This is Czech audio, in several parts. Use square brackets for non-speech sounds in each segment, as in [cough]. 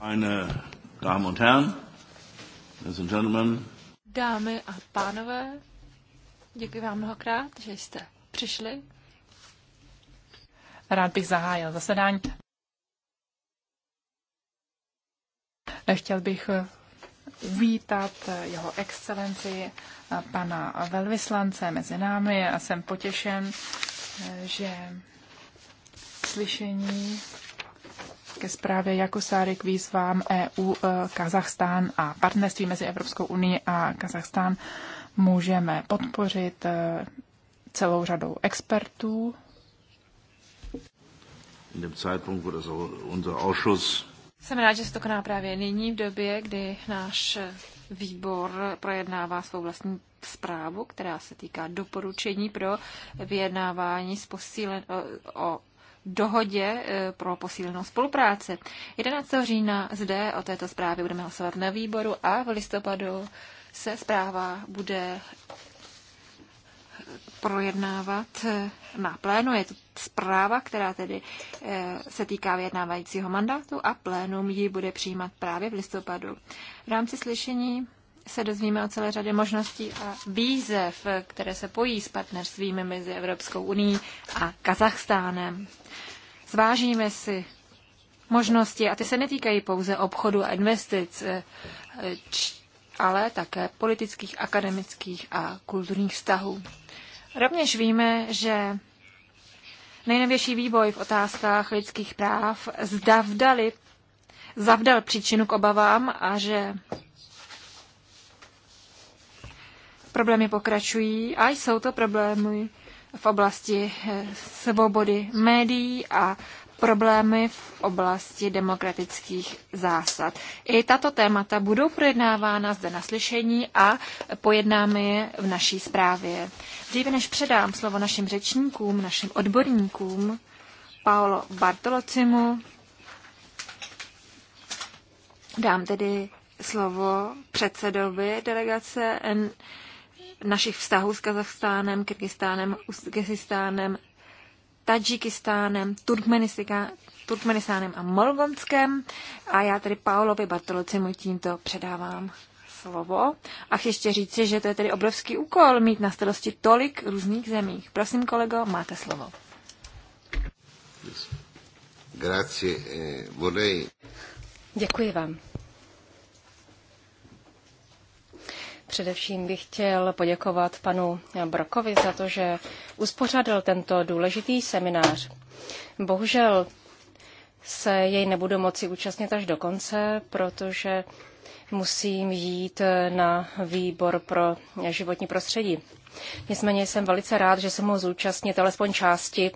Meine Damen und Herren, Ladies and Gentlemen. Dámy a pánové, děkuji vám mnohokrát, že jste přišli. Rád bych zahájil zasedání. Chtěl bych vítat jeho excelenci pana velvyslance mezi námi a jsem potěšen, že slyšení ke zprávě jako Sáry k výzvám EU, eh, Kazachstán a partnerství mezi Evropskou unii a Kazachstán můžeme podpořit eh, celou řadou expertů. Jsem rád, že se to koná právě nyní, v době, kdy náš eh, výbor projednává svou vlastní zprávu, která se týká doporučení pro vyjednávání s posílen, o, o dohodě eh, pro posílenou spolupráci. 11. října zde o této zprávě budeme hlasovat na výboru a v listopadu se zpráva bude eh, projednávat eh, na plénu. Je to zpráva, která tedy se týká vyjednávajícího mandátu a plénum ji bude přijímat právě v listopadu. V rámci slyšení se dozvíme o celé řadě možností a výzev, které se pojí s partnerstvími mezi Evropskou uní a Kazachstánem. Zvážíme si možnosti, a ty se netýkají pouze obchodu a investic, eh, ale také politických, akademických a kulturních vztahů. Rovněž víme, že nejnovější vývoj v otázkách lidských práv zdavdali, zavdal příčinu k obavám a že Problémy pokračují a jsou to problémy v oblasti eh, svobody médií a problémy v oblasti demokratických zásad. I tato témata budou projednávána zde na slyšení a pojednáme je v naší zprávě. Dříve než předám slovo našim řečníkům, našim odborníkům, Paolo Bartolocimu, dám tedy slovo předsedovi delegace N- našich vztahů s Kazachstánem, Kyrgyzstánem, Uzbekistánem, Tadžikistánem, Turkmenistánem a Molgonskem. A já tedy Paolovi Bartoloci mu tímto předávám slovo. A ještě říci, že to je tedy obrovský úkol mít na starosti tolik různých zemích. Prosím, kolego, máte slovo. Eh, Děkuji vám. Především bych chtěl poděkovat panu Brokovi za to, že uspořádal tento důležitý seminář. Bohužel se jej nebudu moci účastnit až do konce, protože musím jít na výbor pro životní prostředí. Nicméně jsem velice rád, že se mohl zúčastnit alespoň části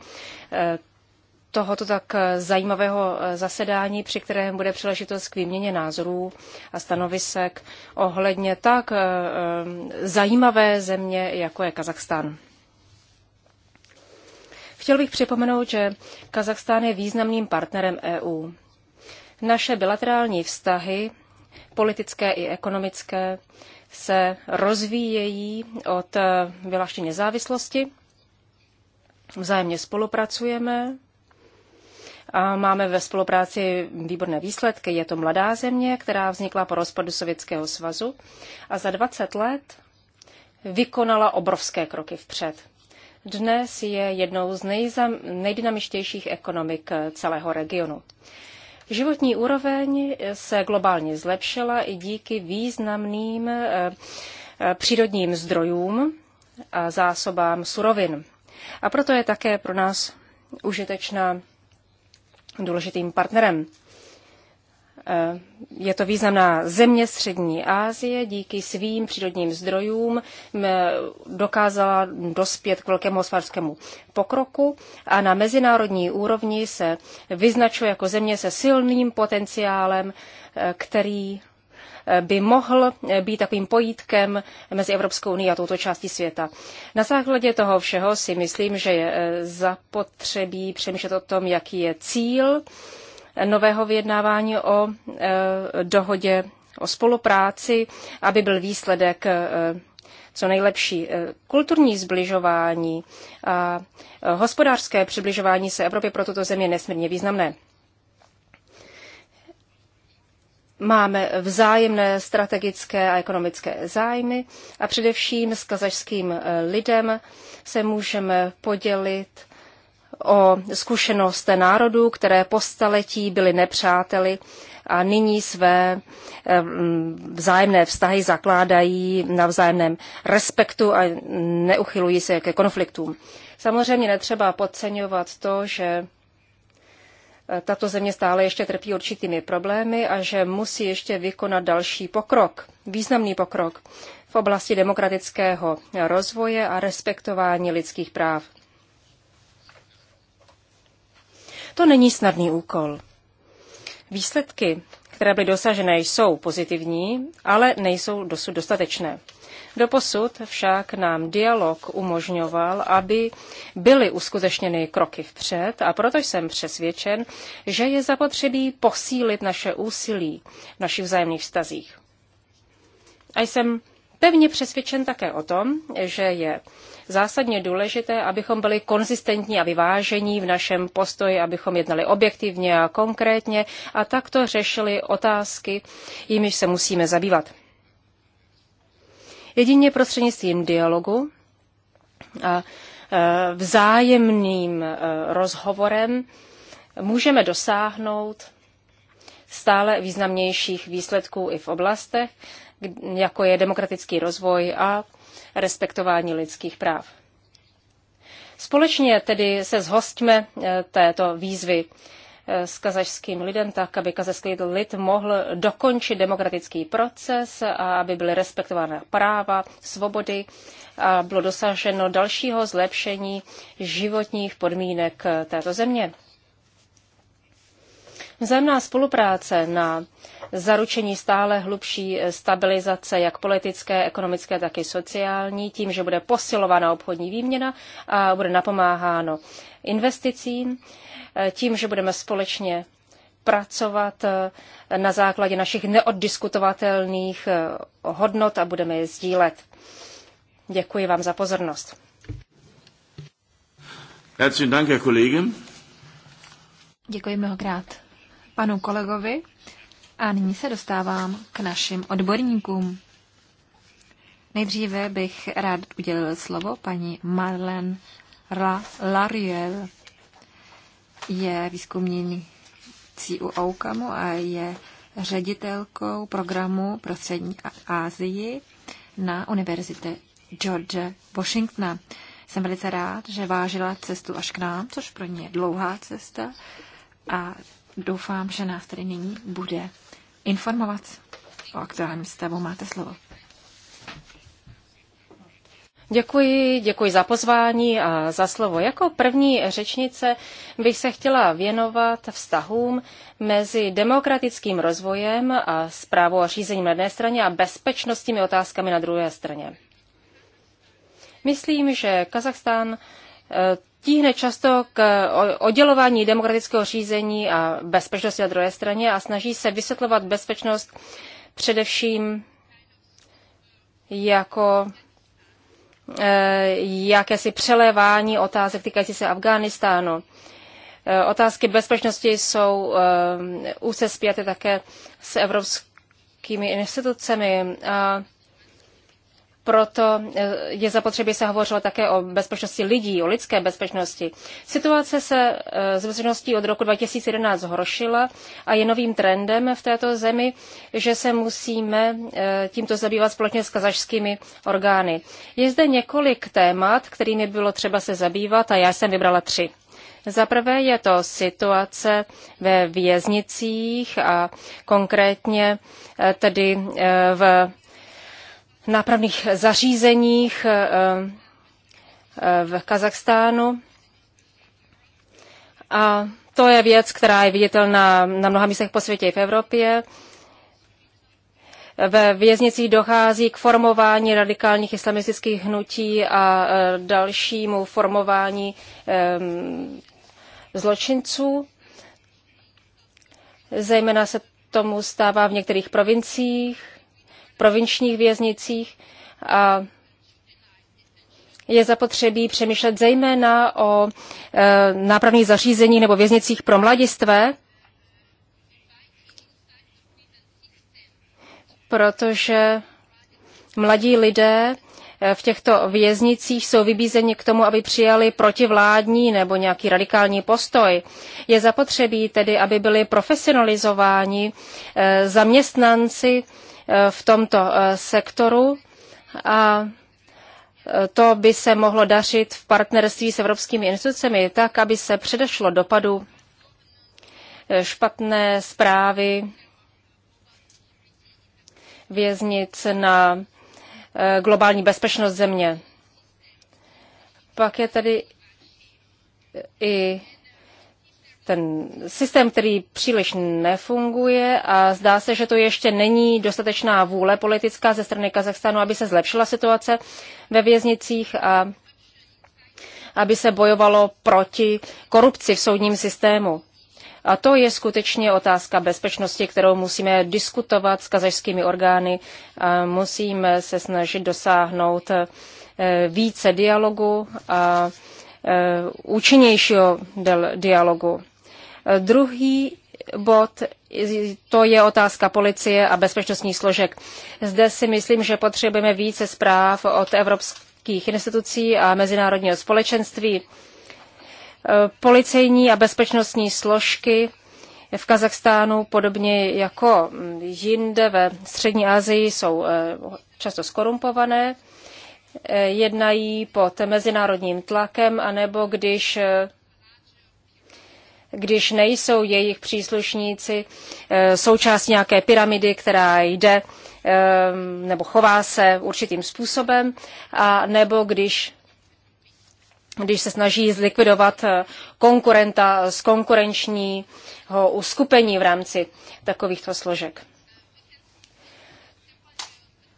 eh, tohoto tak eh, zajímavého eh, zasedání, při kterém bude příležitost k výměně názorů a stanovisek ohledně tak eh, zajímavé země, jako je Kazachstán. Chtěl bych připomenout, že Kazachstán je významným partnerem EU. Naše bilaterální vztahy, politické i ekonomické, se rozvíjejí od vylaštění nezávislosti. Vzájemně spolupracujeme a máme ve spolupráci výborné výsledky. Je to mladá země, která vznikla po rozpadu Sovětského svazu a za 20 let vykonala obrovské kroky vpřed. Dnes je jednou z nejzam, nejdynamičtějších ekonomik celého regionu. Životní úroveň se globálně zlepšila i díky významným eh, eh, přírodním zdrojům a zásobám surovin. A proto je také pro nás užitečná důležitým partnerem. Eh, je to významná země Střední Asie, díky svým přírodním zdrojům eh, dokázala dospět k velkému hospodářskému pokroku a na mezinárodní úrovni se vyznačuje jako země se silným potenciálem, eh, který by mohl být takovým pojítkem mezi Evropskou unii a touto částí světa. Na základě toho všeho si myslím, že je eh, zapotřebí přemýšlet o tom, jaký je cíl nového vyjednávání o eh, dohodě o spolupráci, aby byl výsledek eh, co nejlepší. Kulturní zbližování a hospodářské přibližování se Evropě pro tuto zemi je nesmírně významné. máme vzájemné strategické a ekonomické zájmy a především s kazašským eh, lidem se můžeme podělit o zkušenost národů, které po staletí byly nepřáteli a nyní své eh, mm, vzájemné vztahy zakládají na vzájemném respektu a neuchylují se ke konfliktům. Samozřejmě netřeba podceňovat to, že tato země stále ještě trpí určitými problémy a že musí ještě vykonat další pokrok, významný pokrok v oblasti demokratického rozvoje a respektování lidských práv. To není snadný úkol. Výsledky, které byly dosažené, jsou pozitivní, ale nejsou dosud dostatečné. Doposud však nám dialog umožňoval, aby byly uskutečněny kroky vpřed a proto jsem přesvědčen, že je zapotřebí posílit naše úsilí v našich vzájemných vztazích. A jsem pevně přesvědčen také o tom, že je zásadně důležité, abychom byli konzistentní a vyvážení v našem postoji, abychom jednali objektivně a konkrétně a takto řešili otázky, jimiž se musíme zabývat. Jedině prostřednictvím dialogu a e, vzájemným e, rozhovorem můžeme dosáhnout stále významnějších výsledků i v oblastech, jako je demokratický rozvoj a respektování lidských práv. Společně tedy se zhostíme e, této výzvy Eh, s kazašským lidem, tak aby kazašský lid mohl dokončit demokratický proces a aby byly respektována práva, svobody a bylo dosaženo dalšího zlepšení životních podmínek této země. Vzájemná spolupráce na zaručení stále hlubší eh, stabilizace, jak politické, ekonomické, tak i sociální, tím, že bude posilována obchodní výměna a bude napomáháno investicím, eh, tím, že budeme společně pracovat eh, na základě našich neoddiskutovatelných hodnot a budeme je sdílet. Děkuji vám za pozornost. Herzlichen Dank, Herr Kollege. Děkuji mnohokrát panu kolegovi a nyní se dostávám k našim odborníkům. Nejdříve bych rád udělil slovo paní Marlen Lariel. Je výzkumnící u OUKAMu a je ředitelkou programu pro střední Asii na univerzitě George Washingtona. Jsem velice rád, že vážila cestu až k nám, což pro ně je dlouhá cesta a doufám, že nás tedy nyní bude informovat o aktuálním stavu. Máte slovo. Děkuji, děkuji za pozvání a za slovo. Jako první řečnice bych se chtěla věnovat vztahům mezi demokratickým rozvojem a zprávou a řízením na jedné straně a bezpečnostními otázkami na druhé straně. Myslím, že Kazachstán eh, tíhne často k eh, oddělování demokratického řízení a bezpečnosti na druhé straně a snaží se vysvětlovat bezpečnost především jako eh, jakési přelévání otázek týkající se Afghánistánu. Eh, otázky bezpečnosti jsou úzce zpěty také s evropskými institucemi. A proto eh, je zapotřebí se hovořilo také o bezpečnosti lidí, o lidské bezpečnosti. Situace se eh, s bezpečností od roku 2011 zhoršila a je novým trendem v této zemi, že se musíme eh, tímto zabývat společně s kazašskými orgány. Je zde několik témat, kterými bylo třeba se zabývat a já jsem vybrala tři. Za prvé je to situace ve věznicích a konkrétně tedy v nápravných zařízeních eh, eh, v Kazachstánu. A to je věc, která je viditelná na mnoha místech po světě i v Evropě. Ve věznicích dochází k formování radikálních islamistických hnutí a eh, dalšímu formování zločinců. Zejména se tomu stává v některých provinciích provinčních věznicích a je zapotřebí přemýšlet zejména o e, nápravných zařízení nebo věznicích pro mladistvé, protože mladí lidé e, v těchto věznicích jsou vybízeni k tomu, aby přijali protivládní nebo nějaký radikální postoj. Je zapotřebí tedy, aby byli profesionalizováni e, zaměstnanci v tomto eh, sektoru a eh, to by se mohlo dařit v partnerství s evropskými institucemi tak, aby se předešlo dopadu eh, špatné zprávy věznic na globální bezpečnost země. Pak je tady i ten systém, který příliš nefunguje a zdá se, že to ještě není dostatečná vůle politická ze strany Kazachstánu, aby se zlepšila situace ve věznicích a aby se bojovalo proti korupci v soudním systému. A to je skutečně otázka bezpečnosti, kterou musíme diskutovat s kazašskými orgány. A musíme se snažit dosáhnout eh, více dialogu a eh, účinnějšího dialogu. Druhý bod, to je otázka policie a bezpečnostních složek. Zde si myslím, že potřebujeme více zpráv od evropských institucí a mezinárodního společenství. Policejní a bezpečnostní složky v Kazachstánu, podobně jako jinde ve Střední Asii, jsou eh, často skorumpované, eh, jednají pod mezinárodním tlakem, anebo když eh, když nejsou jejich příslušníci eh, součást nějaké pyramidy, která jde eh, nebo chová se určitým způsobem, a nebo když když se snaží zlikvidovat eh, konkurenta z konkurenčního uskupení v rámci takovýchto složek.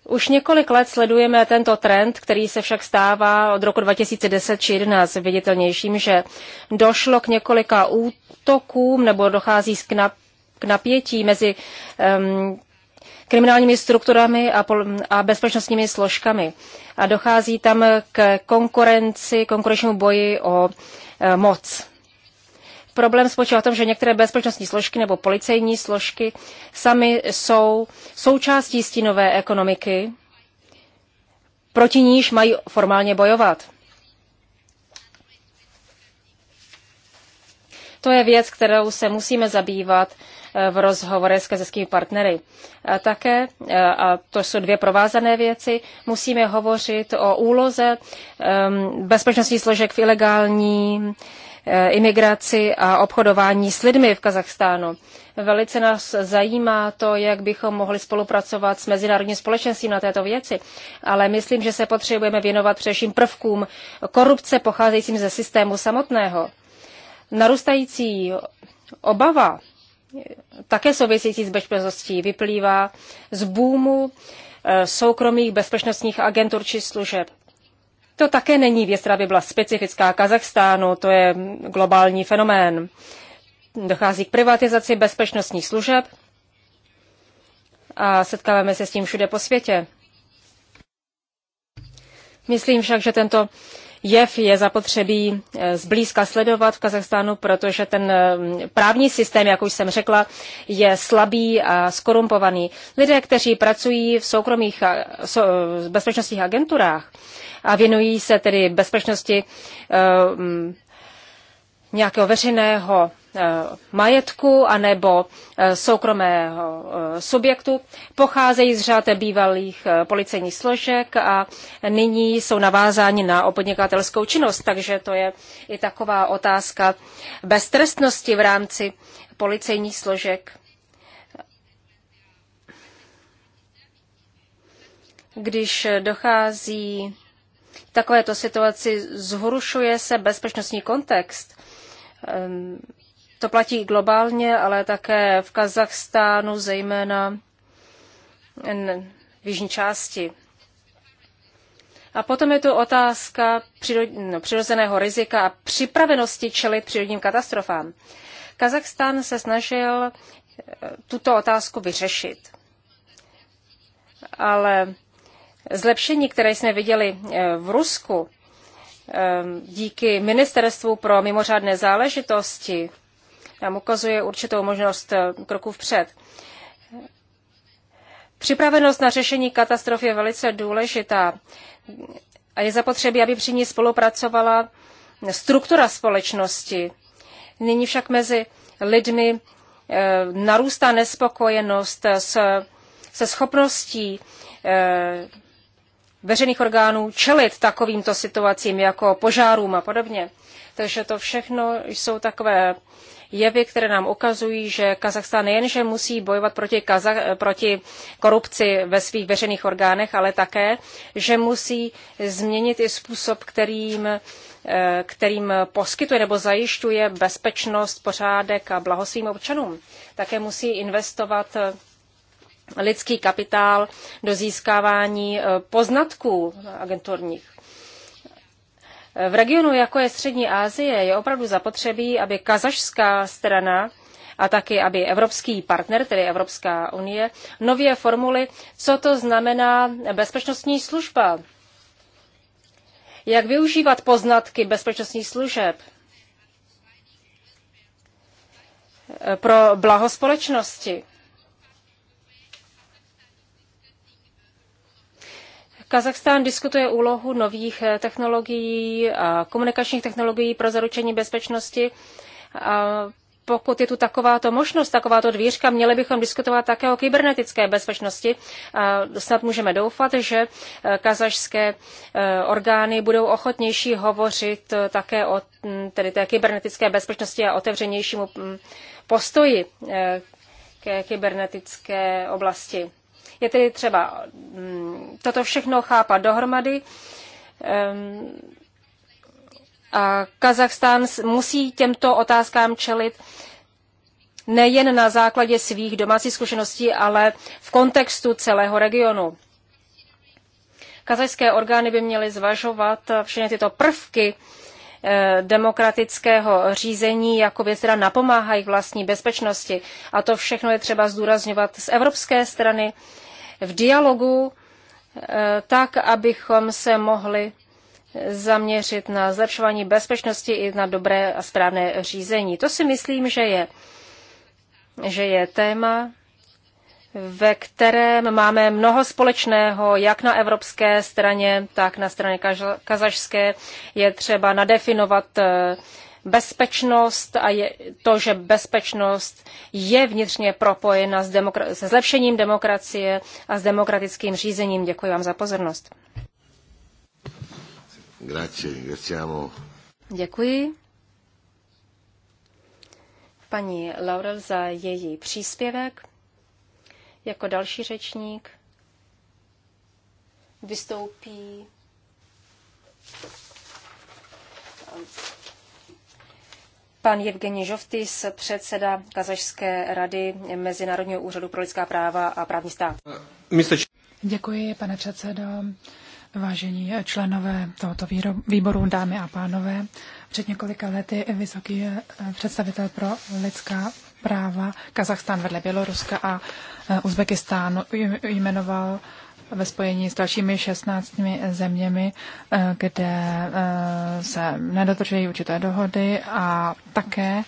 Už několik let sledujeme tento trend, který se však stává od roku 2010 či 2011 viditelnějším, že došlo k několika útokům nebo dochází k, k napětí mezi um, kriminálními strukturami a, pol- a bezpečnostními složkami. A dochází tam k konkurenci, konkurenčnímu boji o e, moc. Problém spočívá v tom, že některé bezpečnostní složky nebo policejní složky sami jsou součástí stínové ekonomiky, proti níž mají formálně bojovat. To je věc, kterou se musíme zabývat eh, v rozhovorech s kazeckými partnery. A také, eh, a to jsou dvě provázané věci, musíme hovořit o úloze ehm, bezpečnostních složek v ilegální Eh, imigraci a obchodování s lidmi v Kazachstánu. Velice nás zajímá to, jak bychom mohli spolupracovat s mezinárodním společenstvím na této věci, ale myslím, že se potřebujeme věnovat především prvkům korupce pocházejícím ze systému samotného. Narůstající obava také související s bezpečností vyplývá z boomu eh, soukromých bezpečnostních agentur či služeb. To také není věc, která by byla specifická Kazachstánu, to je globální fenomén. Dochází k privatizaci bezpečnostních služeb a setkáváme se s tím všude po světě. Myslím však, že tento jev je zapotřebí eh, zblízka sledovat v Kazachstánu, protože ten eh, právní systém, jak už jsem řekla, je slabý a skorumpovaný. Lidé, kteří pracují v soukromých eh, bezpečnostních agenturách a věnují se tedy bezpečnosti nějakého veřejného Eh, majetku anebo eh, soukromého eh, subjektu, pocházejí z řad bývalých policejních složek a nyní jsou navázáni na opodnikatelskou činnost, takže to je i taková otázka beztrestnosti v rámci policejních složek. Když dochází takovéto situaci, zhoršuje se bezpečnostní kontext ehm, to platí globálně, ale také v Kazachstánu, zejména v jižní části. A potom je tu otázka no, přirozeného rizika a připravenosti čelit přírodním katastrofám. Kazachstán se snažil eh, tuto otázku vyřešit. Ale zlepšení, které jsme viděli eh, v Rusku, eh, díky Ministerstvu pro mimořádné záležitosti nám ukazuje určitou možnost eh, kroku vpřed. Připravenost na řešení katastrof je velice důležitá a je zapotřebí, aby při ní spolupracovala struktura společnosti. Nyní však mezi lidmi eh, narůstá nespokojenost se schopností eh, veřejných orgánů čelit takovýmto situacím jako požárům a podobně. Takže to všechno jsou takové jevy, které nám ukazují, že Kazachstán nejenže musí bojovat proti, Kaza- proti korupci ve svých veřejných orgánech, ale také, že musí změnit i způsob, kterým eh, kterým poskytuje nebo zajišťuje bezpečnost, pořádek a blaho svým občanům. Také musí investovat eh, lidský kapitál do získávání eh, poznatků agenturních. V regionu, jako je Střední Asie, je opravdu zapotřebí, aby kazašská strana a taky, aby evropský partner, tedy Evropská unie, nově formuly, co to znamená bezpečnostní služba. Jak využívat poznatky bezpečnostních služeb pro blaho společnosti. Kazachstán diskutuje úlohu nových eh, technologií a komunikačních technologií pro zaručení bezpečnosti. A pokud je tu takováto možnost, takováto dvířka, měli bychom diskutovat také o kybernetické bezpečnosti. A snad můžeme doufat, že eh, kazašské eh, orgány budou ochotnější hovořit také o mm, tedy té kybernetické bezpečnosti a otevřenějšímu mm, postoji ke kybernetické oblasti. Je tedy třeba mm, toto všechno chápat dohromady. A Kazachstán musí těmto otázkám čelit nejen na základě svých domácích zkušeností, ale v kontextu celého regionu. Kazajské orgány by měly zvažovat eh, všechny tyto prvky, Eh, demokratického řízení jako věc, která napomáhají k vlastní bezpečnosti. A to všechno je třeba zdůrazňovat z evropské strany v dialogu, eh, tak, abychom se mohli zaměřit na zlepšování bezpečnosti i na dobré a správné řízení. To si myslím, že je, že je téma, ve kterém máme mnoho společného, jak na evropské straně, tak na straně kazašské. Je třeba nadefinovat eh, bezpečnost a je to, že bezpečnost je vnitřně propojena s demokra- se zlepšením demokracie a s demokratickým řízením. Děkuji vám za pozornost. Děkuji. Paní Laurel za její příspěvek. Jako další řečník vystoupí pan Evgeni Žovtis, předseda Kazašské rady Mezinárodního úřadu pro lidská práva a právní stát. Děkuji, pane předsedo. Vážení členové tohoto výboru, dámy a pánové, před několika lety vysoký eh, představitel pro lidská práva. Kazachstán vedle Běloruska a eh, Uzbekistán jmenoval ve spojení s dalšími 16 zeměmi, eh, kde eh, se nedotržují určité dohody a také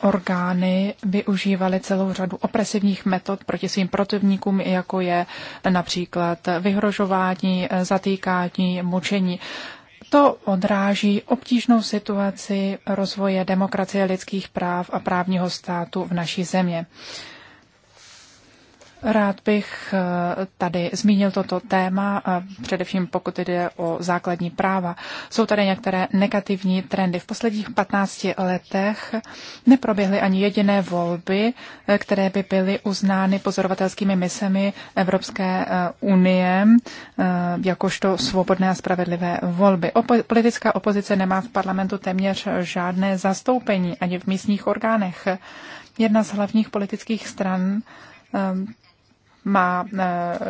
orgány využívaly celou řadu opresivních metod proti svým protivníkům, jako je například vyhrožování, zatýkání, mučení. To odráží obtížnou situaci rozvoje demokracie lidských práv a právního státu v naší země. Rád bych eh, tady zmínil toto téma, eh, především pokud jde o základní práva. Jsou tady některé negativní trendy. V posledních 15 letech neproběhly ani jediné volby, eh, které by byly uznány pozorovatelskými misemi Evropské unie jakožto svobodné a spravedlivé volby. Opo- politická opozice nemá v parlamentu téměř žádné zastoupení ani v místních orgánech. Jedna z hlavních politických stran má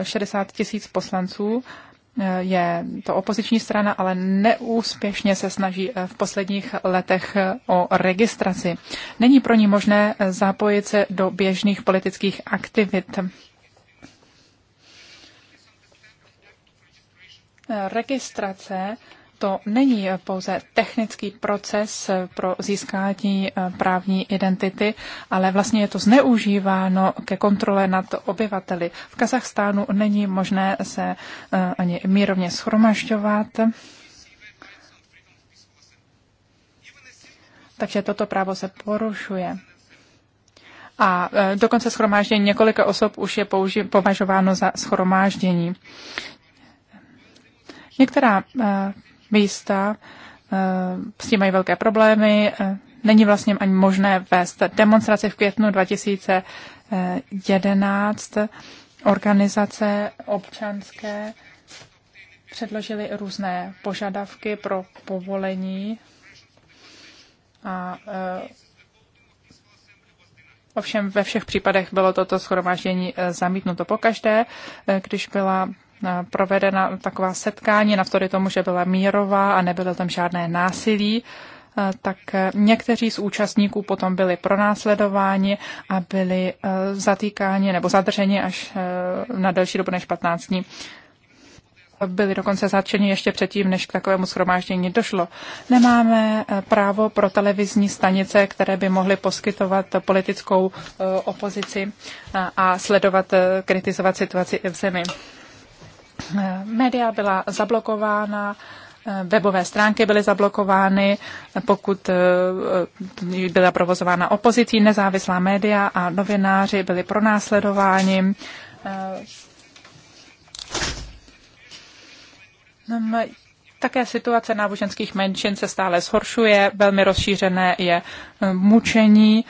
60 eh, tisíc poslanců, eh, je to opoziční strana, ale neúspěšně se snaží eh, v posledních letech o registraci. Není pro ní možné zapojit se do běžných politických aktivit. Registrace to není pouze technický proces pro získání eh, právní identity, ale vlastně je to zneužíváno ke kontrole nad obyvateli. V Kazachstánu není možné se eh, ani mírovně schromažďovat. Takže toto právo se porušuje. A eh, dokonce schromáždění několika osob už je použi- považováno za schromáždění. Některá místa eh, s tím mají velké problémy. Eh, není vlastně ani možné vést demonstraci v květnu 2011. Organizace občanské předložili různé požadavky pro povolení a eh, Ovšem ve všech případech bylo toto schromáždění zamítnuto pokaždé, když byla Eh, provedena taková setkání, navzdory tomu, že byla mírová a nebylo tam žádné násilí, eh, tak někteří z účastníků potom byli pronásledováni a byli eh, zatýkáni nebo zadrženi až na delší dobu než 15 dní. Byli dokonce zatčeni ještě předtím, než k takovému schromáždění došlo. Nemáme právo pro televizní stanice, které by mohly poskytovat politickou opozici a sledovat, kritizovat situaci v zemi. Eh, média byla zablokována, eh, webové stránky byly zablokovány, eh, pokud byla provozována opozicí, nezávislá média a novináři byli pronásledováni. Mm, také situace náboženských menšin se stále zhoršuje, velmi rozšířené je mučení.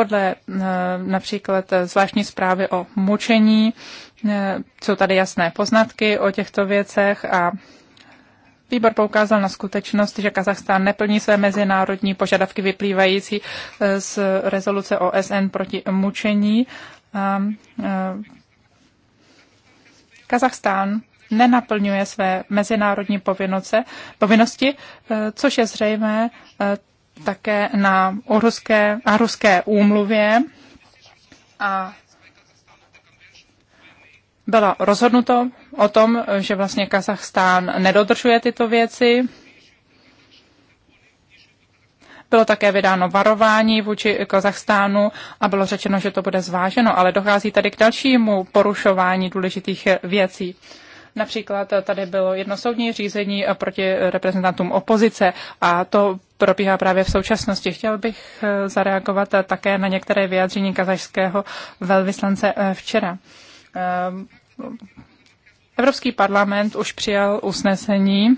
Podle eh, například eh, zvláštní zprávy o mučení eh, jsou tady jasné poznatky o těchto věcech a Výbor poukázal na skutečnost, že Kazachstán neplní své mezinárodní požadavky vyplývající z rezoluce OSN proti mučení. Kazachstán nenaplňuje své mezinárodní povinnosti, což je zřejmé také na ruské, a ruské úmluvě a bylo rozhodnuto o tom, že vlastně Kazachstán nedodržuje tyto věci. Bylo také vydáno varování vůči Kazachstánu a bylo řečeno, že to bude zváženo, ale dochází tady k dalšímu porušování důležitých věcí. Například tady bylo jedno soudní řízení proti reprezentantům opozice a to probíhá právě v současnosti. Chtěl bych eh, zareagovat také na některé vyjádření kazašského velvyslance eh, včera. Eh, Evropský parlament už přijal usnesení.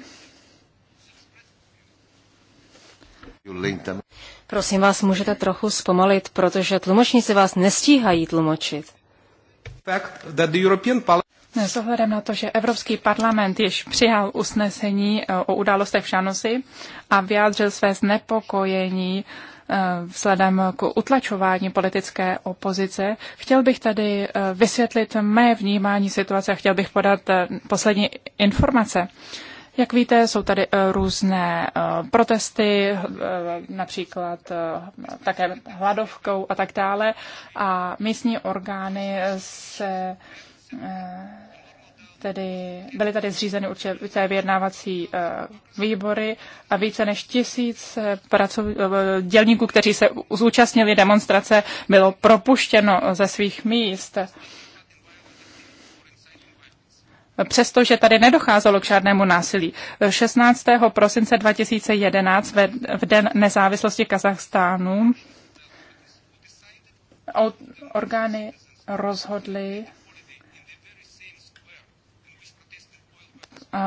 Prosím vás, můžete trochu zpomalit, protože tlumočníci vás nestíhají tlumočit. S ohledem na to, že Evropský parlament již přijal usnesení eh, o událostech v Šanosi a vyjádřil své znepokojení eh, vzhledem k utlačování politické opozice. Chtěl bych tady eh, vysvětlit mé vnímání situace a chtěl bych podat poslední informace. Jak víte, jsou tady různé protesty, například také hladovkou a tak dále. A místní orgány se tedy byly tady zřízeny určité vyjednávací eh, výbory a více než tisíc eh, pracov, eh, dělníků, kteří se zúčastnili demonstrace, bylo propuštěno ze svých míst. Přestože tady nedocházelo k žádnému násilí. 16. prosince 2011 ve, v den nezávislosti Kazachstánu orgány rozhodly,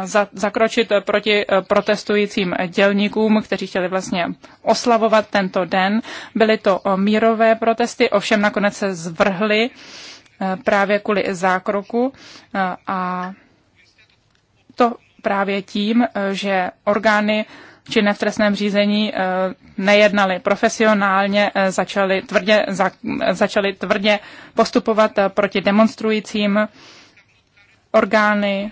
za, zakročit eh, proti eh, protestujícím dělníkům, kteří chtěli vlastně oslavovat tento den. Byly to eh, mírové protesty, ovšem nakonec se zvrhly právě kvůli zákroku a to právě tím, že orgány činné v trestném řízení nejednali profesionálně, začali tvrdě, začali tvrdě postupovat proti demonstrujícím orgány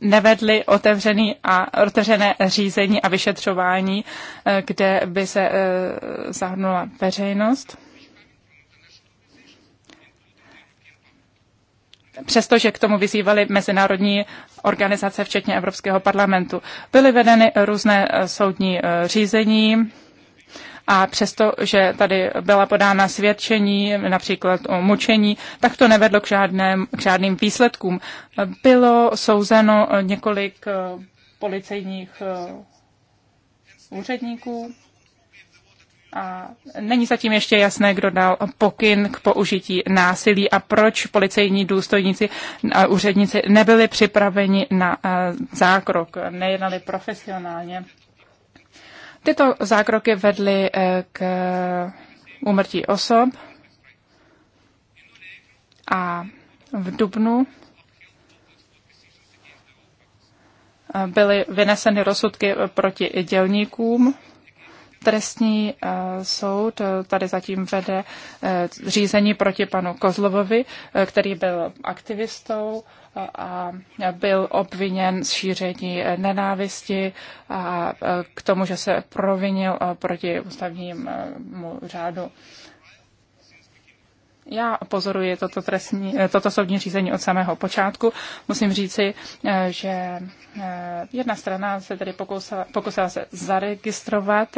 nevedli otevřený a, otevřené řízení a vyšetřování, eh, kde by se eh, zahrnula veřejnost. přestože k tomu vyzývaly mezinárodní organizace, včetně Evropského parlamentu. Byly vedeny různé eh, soudní řízení, a přesto, že tady byla podána svědčení, například o mučení, tak to nevedlo k, žádném, k žádným výsledkům. Bylo souzeno několik eh, policejních eh, úředníků a není zatím ještě jasné, kdo dal pokyn k použití násilí a proč policejní důstojníci a úředníci nebyli připraveni na eh, zákrok, nejednali profesionálně. Tyto zákroky vedly eh, k úmrtí osob a v Dubnu eh, byly vyneseny rozsudky proti dělníkům. Trestní eh, soud tady zatím vede řízení proti panu Kozlovovi, který byl aktivistou a byl obviněn z šíření nenávisti a k tomu, že se provinil eh, proti ústavnímu řádu. Já pozoruji toto, trestní, eh, toto soudní řízení od samého počátku. Musím říci, eh, že eh, jedna strana se tedy pokusila, pokusila se zaregistrovat.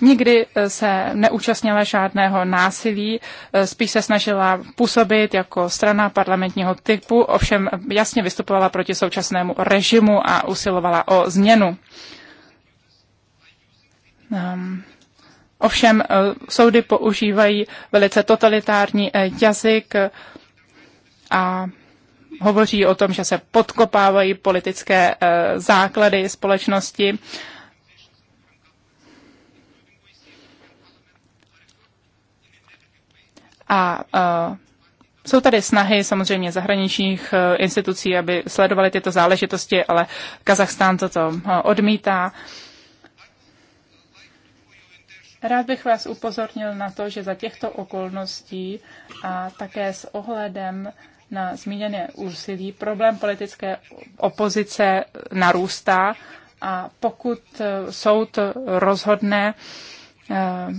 Nikdy se neúčastnila žádného násilí, spíš se snažila působit jako strana parlamentního typu, ovšem jasně vystupovala proti současnému režimu a usilovala o změnu. Um Ovšem eh, soudy používají velice totalitární eh, jazyk eh, a hovoří o tom, že se podkopávají politické základy společnosti. A jsou tady snahy samozřejmě zahraničních institucí, aby sledovali tyto záležitosti, ale Kazachstán toto odmítá. Rád bych vás upozornil na to, že za těchto okolností a také s ohledem na zmíněné úsilí problém politické opozice narůstá a pokud eh, soud rozhodne eh,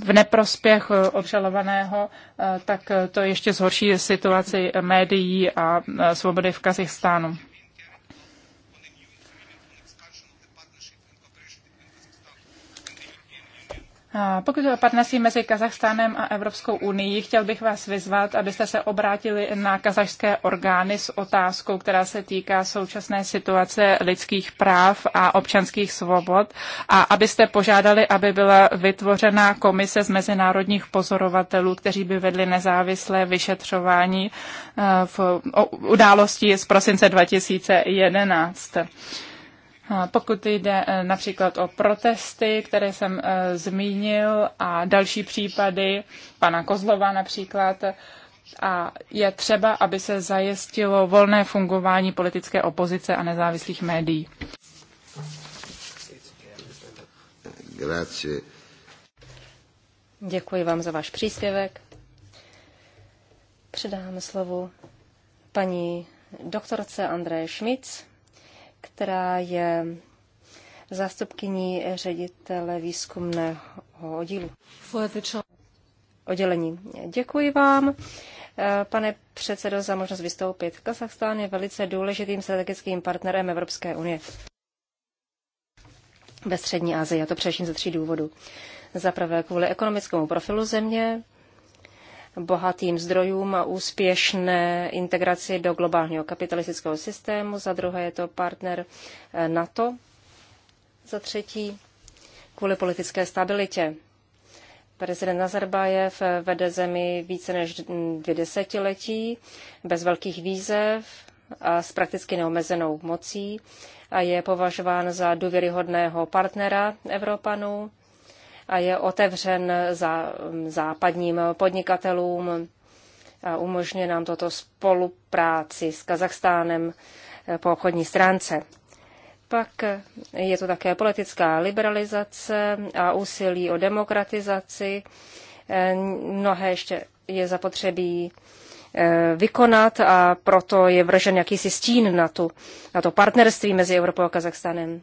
v neprospěch obžalovaného, eh, tak to ještě zhorší situaci médií a svobody v Kazachstánu. Pokud je partnerství mezi Kazachstánem a Evropskou unii, chtěl bych vás vyzvat, abyste se obrátili na kazašské orgány s otázkou, která se týká současné situace lidských práv a občanských svobod a abyste požádali, aby byla vytvořena komise z mezinárodních pozorovatelů, kteří by vedli nezávislé vyšetřování eh, v události z prosince 2011. Pokud jde e, například o protesty, které jsem e, zmínil, a další případy, pana Kozlova například, a je třeba, aby se zajistilo volné fungování politické opozice a nezávislých médií. Děkuji vám za váš příspěvek. Předám slovo paní doktorce Andreje Šmic která je zástupkyní ředitele výzkumného oddílu. Oddělení. Děkuji vám, eh, pane předsedo, za možnost vystoupit. Kazachstán je velice důležitým strategickým partnerem Evropské unie ve střední Asii, a to především ze tří důvodů. Za prvé kvůli ekonomickému profilu země, bohatým zdrojům a úspěšné integraci do globálního kapitalistického systému, za druhé je to partner eh, NATO, za třetí kvůli politické stabilitě. Prezident Nazarbájev eh, vede zemi více než dvě desetiletí bez velkých výzev a s prakticky neomezenou mocí a je považován za důvěryhodného partnera Evropanů a je otevřen za západním podnikatelům a umožňuje nám toto spolupráci s Kazachstánem e, po obchodní stránce. Pak je to také politická liberalizace a úsilí o demokratizaci. E, mnohé ještě je zapotřebí e, vykonat a proto je vržen jakýsi stín na, tu, na to partnerství mezi Evropou a Kazachstánem.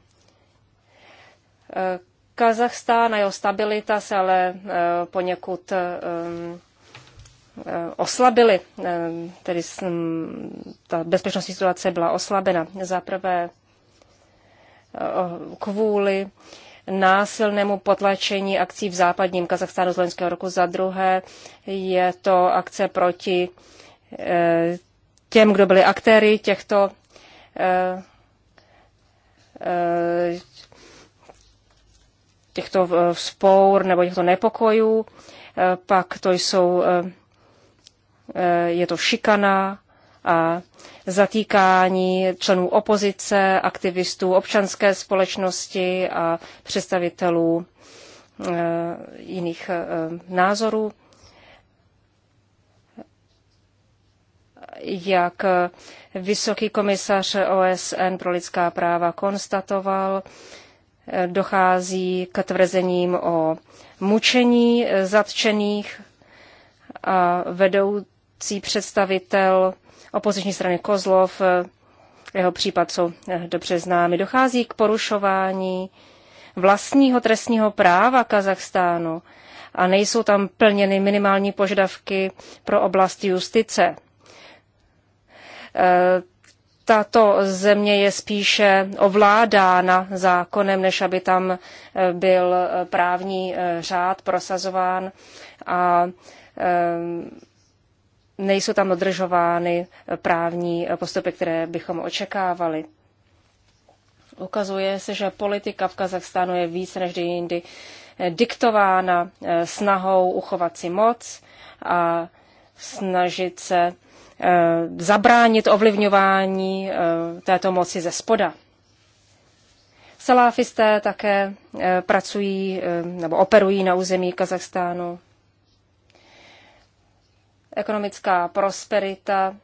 Kazachstán a jeho stabilita se ale eh, poněkud eh, eh, oslabily, tedy ta bezpečnostní situace byla oslabena. Za prvé kvůli násilnému potlačení akcí v západním Kazachstánu z loňského roku. Za druhé je to akce proti těm, kdo byli aktéry těchto těchto eh, vzpour nebo těchto nepokojů. Eh, pak to jsou, eh, je to šikana a zatýkání členů opozice, aktivistů občanské společnosti a představitelů jiných názorů. Jak vysoký komisař OSN pro lidská práva konstatoval, dochází k tvrzením o mučení zatčených a vedoucí představitel opoziční strany Kozlov, jeho případ jsou dobře známy. Dochází k porušování vlastního trestního práva Kazachstánu a nejsou tam plněny minimální požadavky pro oblast justice tato země je spíše ovládána zákonem, než aby tam eh, byl eh, právní eh, řád prosazován a nejsou tam dodržovány právní postupy, které bychom očekávali. Ukazuje se, že politika v Kazachstánu je více než jindy diktována snahou uchovat si moc a snažit se Eh, zabránit ovlivňování eh, této moci ze spoda. Salafisté také eh, pracují nebo operují na území Kazachstánu. Ekonomická prosperita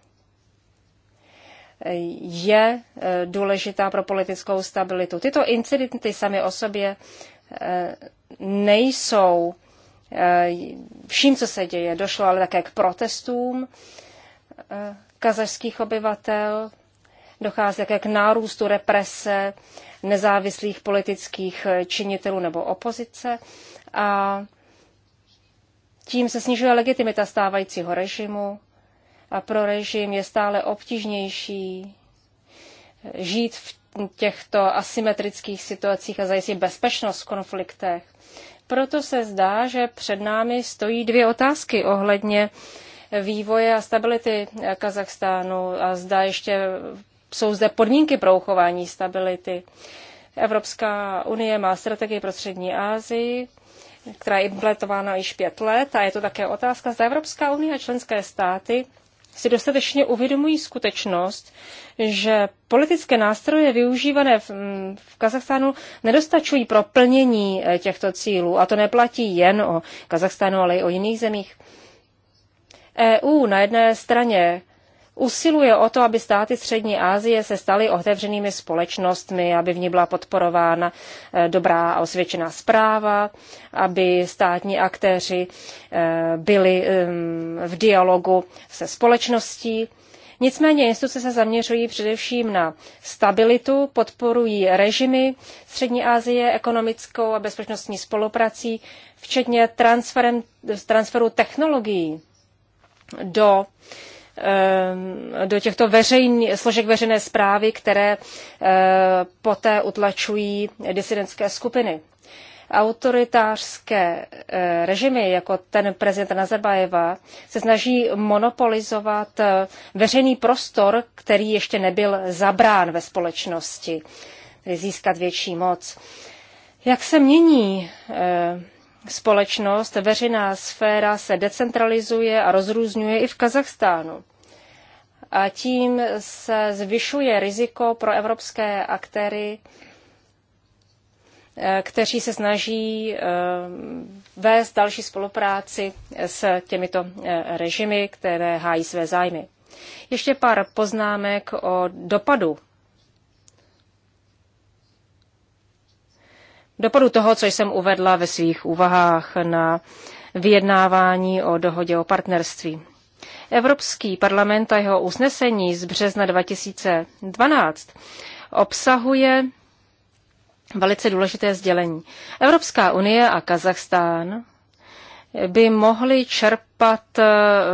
je důležitá pro politickou stabilitu. Tyto incidenty sami o sobě nejsou vším, co se děje. Došlo ale také k protestům Eh, kazašských obyvatel, dochází také k nárůstu represe nezávislých politických eh, činitelů nebo opozice a tím se snižuje legitimita stávajícího režimu a pro režim je stále obtížnější eh, žít v těchto asymetrických situacích a zajistit bezpečnost v konfliktech. Proto se zdá, že před námi stojí dvě otázky ohledně vývoje a stability Kazachstánu a zda ještě jsou zde podmínky pro uchování stability. Evropská unie má strategii pro střední Asii, která je implementována již pět let a je to také otázka, zda Evropská unie a členské státy si dostatečně uvědomují skutečnost, že politické nástroje využívané v, mm, v Kazachstánu nedostačují pro plnění eh, těchto cílů. A to neplatí jen o Kazachstánu, ale i o jiných zemích. EU na jedné straně usiluje o to, aby státy Střední Asie se staly otevřenými společnostmi, aby v ní byla podporována e, dobrá a osvědčená zpráva, aby státní aktéři e, byli v dialogu se společností. Nicméně instituce se zaměřují především na stabilitu, podporují režimy Střední Asie ekonomickou a bezpečnostní spoluprací, včetně transferu technologií do ehm, do těchto veřejný, složek veřejné zprávy, které eh, poté utlačují disidentské skupiny. Autoritářské eh, režimy, jako ten prezident Nazarbajeva, se snaží monopolizovat eh, veřejný prostor, který ještě nebyl zabrán ve společnosti, tedy získat větší moc. Jak se mění společnost, veřejná sféra se decentralizuje a rozrůzňuje i v Kazachstánu. A tím se zvyšuje riziko pro evropské aktéry, eh, kteří se snaží eh, vést další spolupráci s těmito eh, režimy, které hájí své zájmy. Ještě pár poznámek o dopadu dopadu toho, co jsem uvedla ve svých úvahách na vyjednávání o dohodě o partnerství. Evropský parlament a jeho usnesení z března 2012 obsahuje velice důležité sdělení. Evropská unie a Kazachstán by mohli čerpat eh,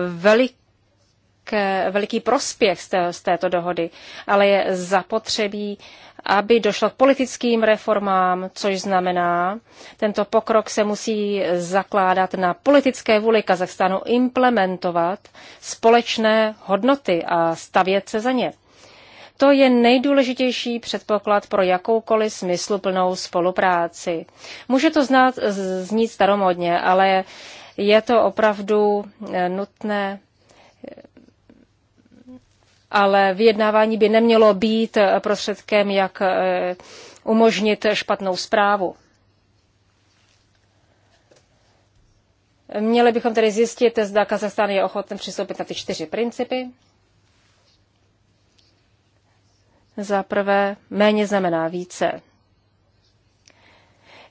veliké, veliký prospěch z, té, z této dohody, ale je zapotřebí aby došlo k politickým reformám, což znamená, tento pokrok se musí zakládat na politické vůli Kazachstánu implementovat společné hodnoty a stavět se za ně. To je nejdůležitější předpoklad pro jakoukoliv smysluplnou spolupráci. Může to znát, znít staromodně, ale je to opravdu eh, nutné eh, ale vyjednávání by nemělo být prostředkem, jak eh, umožnit špatnou zprávu. Měli bychom tedy zjistit, zda Kazachstán je ochoten přistoupit na ty čtyři principy. Za prvé, méně znamená více.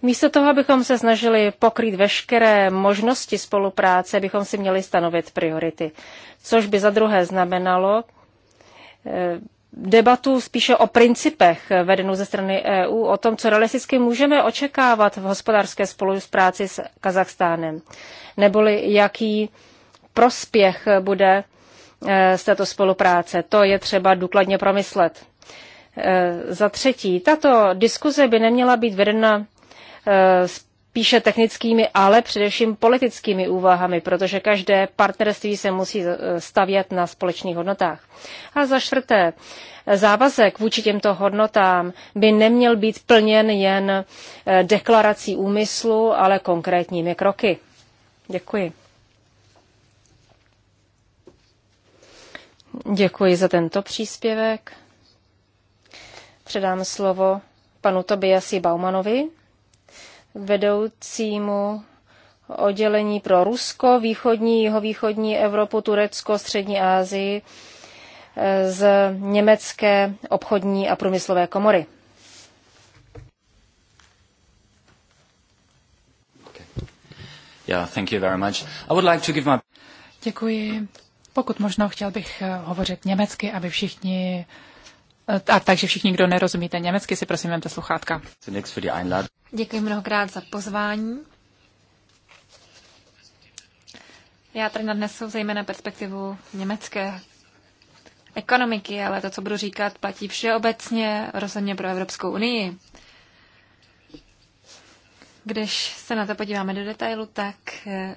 Místo toho, abychom se snažili pokrýt veškeré možnosti spolupráce, bychom si měli stanovit priority, což by za druhé znamenalo, Eh, debatu spíše o principech vedenou ze strany EU, o tom, co realisticky můžeme očekávat v hospodářské spolupráci s Kazachstánem, neboli jaký prospěch bude eh, z této spolupráce. To je třeba důkladně promyslet. Eh, za třetí, tato diskuze by neměla být vedena píše technickými, ale především politickými úvahami, protože každé partnerství se musí eh, stavět na společných hodnotách. A za čtvrté, závazek vůči těmto hodnotám by neměl být plněn jen eh, deklarací úmyslu, ale konkrétními kroky. Děkuji. Děkuji za tento příspěvek. Předám slovo panu Tobiasi Baumanovi vedoucímu oddělení pro Rusko, východní, jihovýchodní Evropu, Turecko, Střední Asii eh, z Německé obchodní a průmyslové komory. Děkuji. Pokud možno, chtěl bych hovořit německy, aby všichni a takže všichni, kdo nerozumíte německy, si prosím vemte sluchátka. Děkuji mnohokrát za pozvání. Já tady nadnesu zejména perspektivu německé ekonomiky, ale to, co budu říkat, platí všeobecně, rozhodně pro Evropskou unii. Když se na to podíváme do detailu, tak eh,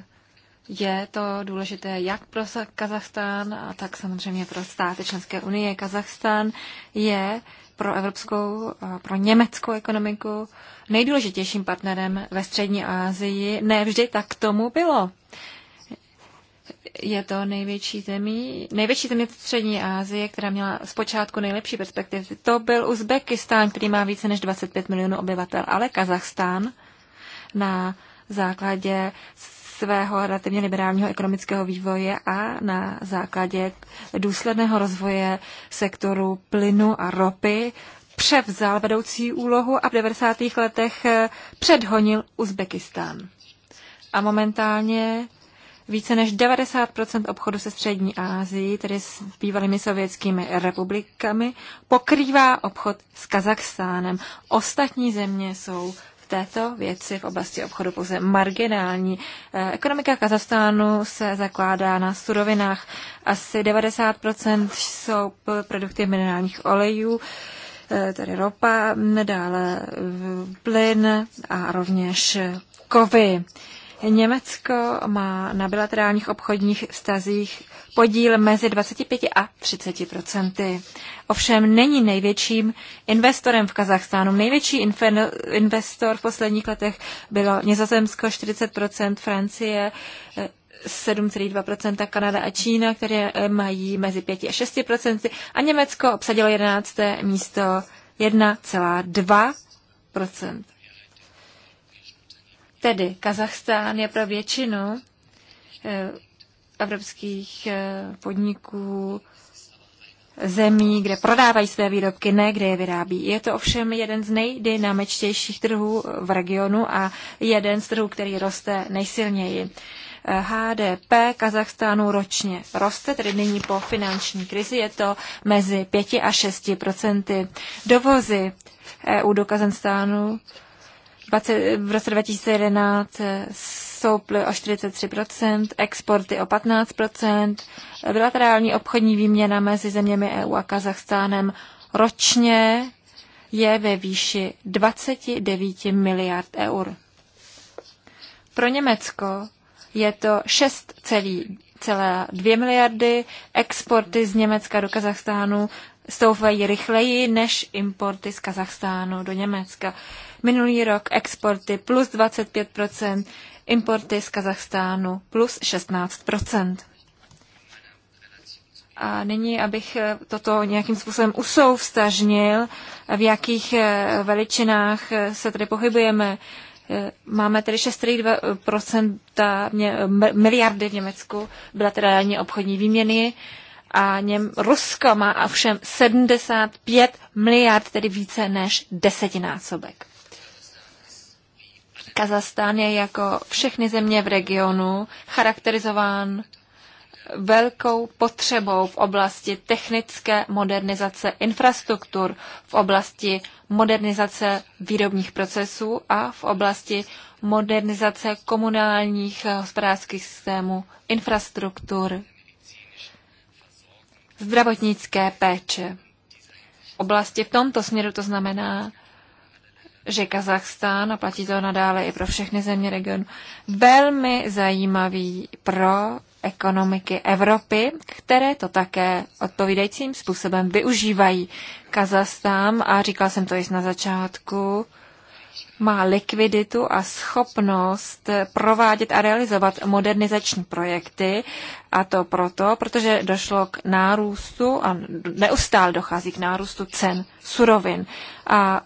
je to důležité jak pro Kazachstán, a tak samozřejmě pro státy členské unie. Kazachstán je pro evropskou, pro německou ekonomiku nejdůležitějším partnerem ve střední Asii. Ne vždy tak tomu bylo. Je to největší zemí, největší země střední Asie, která měla zpočátku nejlepší perspektivy. To byl Uzbekistán, který má více než 25 milionů obyvatel, ale Kazachstán na základě svého relativně liberálního ekonomického vývoje a na základě důsledného rozvoje sektoru plynu a ropy převzal vedoucí úlohu a v 90. letech eh, předhonil Uzbekistán. A momentálně více než 90 obchodu se Střední Ázií, tedy s bývalými sovětskými republikami, pokrývá obchod s Kazachstánem. Ostatní země jsou této věci v oblasti obchodu pouze marginální. Eh, ekonomika Kazachstánu se zakládá na surovinách. Asi 90 jsou produkty minerálních olejů, eh, tedy ropa, dále plyn a rovněž kovy. Německo má na bilaterálních obchodních vztazích podíl mezi 25 a 30 procenty. Ovšem není největším investorem v Kazachstánu. Největší investor v posledních letech bylo Nizozemsko 40 Francie 7,2%, Kanada a Čína, které eh, mají mezi 5 a 6%, procenty. a Německo obsadilo 11. místo 1,2%. Tedy Kazachstán je pro většinu eh, evropských eh, podniků zemí, kde prodávají své výrobky, ne kde je vyrábí. Je to ovšem jeden z nejdynamičtějších trhů v regionu a jeden z trhů, který roste nejsilněji. HDP eh, Kazachstánu ročně roste, tedy nyní po finanční krizi je to mezi 5 a 6 procenty. Dovozy EU do Kazachstánu 20, v roce 2011 eh, souply o 43%, exporty o 15%, bilaterální obchodní výměna mezi zeměmi EU a Kazachstánem ročně je ve výši 29 miliard eur. Pro Německo je to 6,2 miliardy. Exporty z Německa do Kazachstánu stoupají rychleji než importy z Kazachstánu do Německa. Minulý rok exporty plus 25%, importy z Kazachstánu plus 16%. A nyní, abych eh, toto nějakým způsobem usouvstažnil, v jakých eh, veličinách eh, se tady pohybujeme. Máme tedy 6,2 miliardy v Německu bilaterální obchodní výměny a Něm, Rusko má ovšem 75 miliard, tedy více než desetinásobek. Kazachstán je jako všechny země v regionu charakterizován velkou potřebou v oblasti technické modernizace infrastruktur, v oblasti modernizace výrobních procesů a v oblasti modernizace komunálních hospodářských systémů, infrastruktur, zdravotnické péče. oblasti v tomto směru to znamená, že Kazachstán, a platí to nadále i pro všechny země regionu, velmi zajímavý pro ekonomiky Evropy, které to také odpovídajícím způsobem využívají. Kazachstán, a říkal jsem to již na začátku, má likviditu a schopnost provádět a realizovat modernizační projekty a to proto, protože došlo k nárůstu a neustále dochází k nárůstu cen surovin. A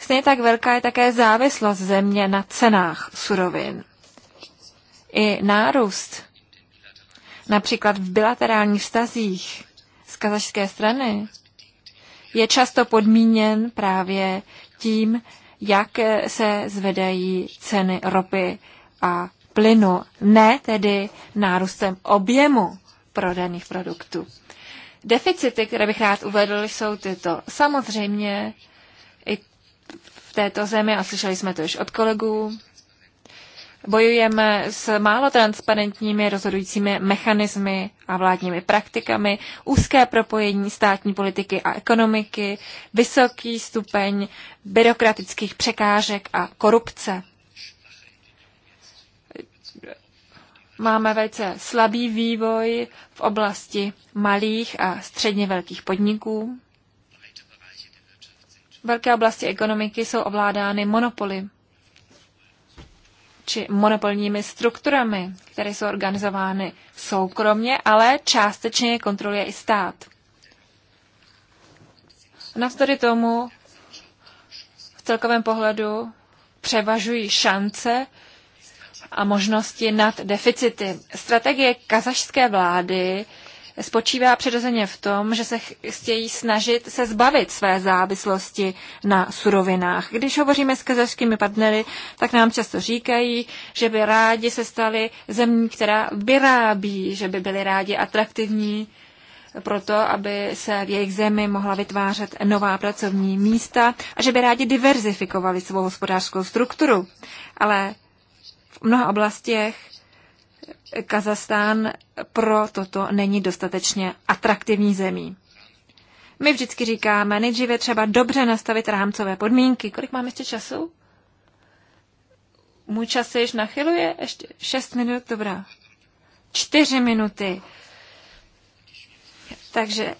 Stejně tak velká je také závislost země na cenách surovin. I nárůst například v bilaterálních vztazích z kazašské strany je často podmíněn právě tím, jak se zvedají ceny ropy a plynu, ne tedy nárůstem objemu prodaných produktů. Deficity, které bych rád uvedl, jsou tyto. Samozřejmě této zemi, a slyšeli jsme to již od kolegů, bojujeme s málo transparentními rozhodujícími mechanismy a vládními praktikami, úzké propojení státní politiky a ekonomiky, vysoký stupeň byrokratických překážek a korupce. Máme velice slabý vývoj v oblasti malých a středně velkých podniků. Velké oblasti ekonomiky jsou ovládány monopoly či monopolními strukturami, které jsou organizovány soukromně, ale částečně je kontroluje i stát. Navzdory tomu v celkovém pohledu převažují šance a možnosti nad deficity. Strategie kazašské vlády spočívá přirozeně v tom, že se chtějí snažit se zbavit své závislosti na surovinách. Když hovoříme s kazařskými partnery, tak nám často říkají, že by rádi se stali zemí, která vyrábí, že by byli rádi atraktivní proto, aby se v jejich zemi mohla vytvářet nová pracovní místa a že by rádi diverzifikovali svou hospodářskou strukturu. Ale v mnoha oblastech Kazachstán pro toto není dostatečně atraktivní zemí. My vždycky říkáme, nejdříve třeba dobře nastavit rámcové podmínky. Kolik máme ještě času? Můj čas se již nachyluje? Ještě šest minut, dobrá. Čtyři minuty. Takže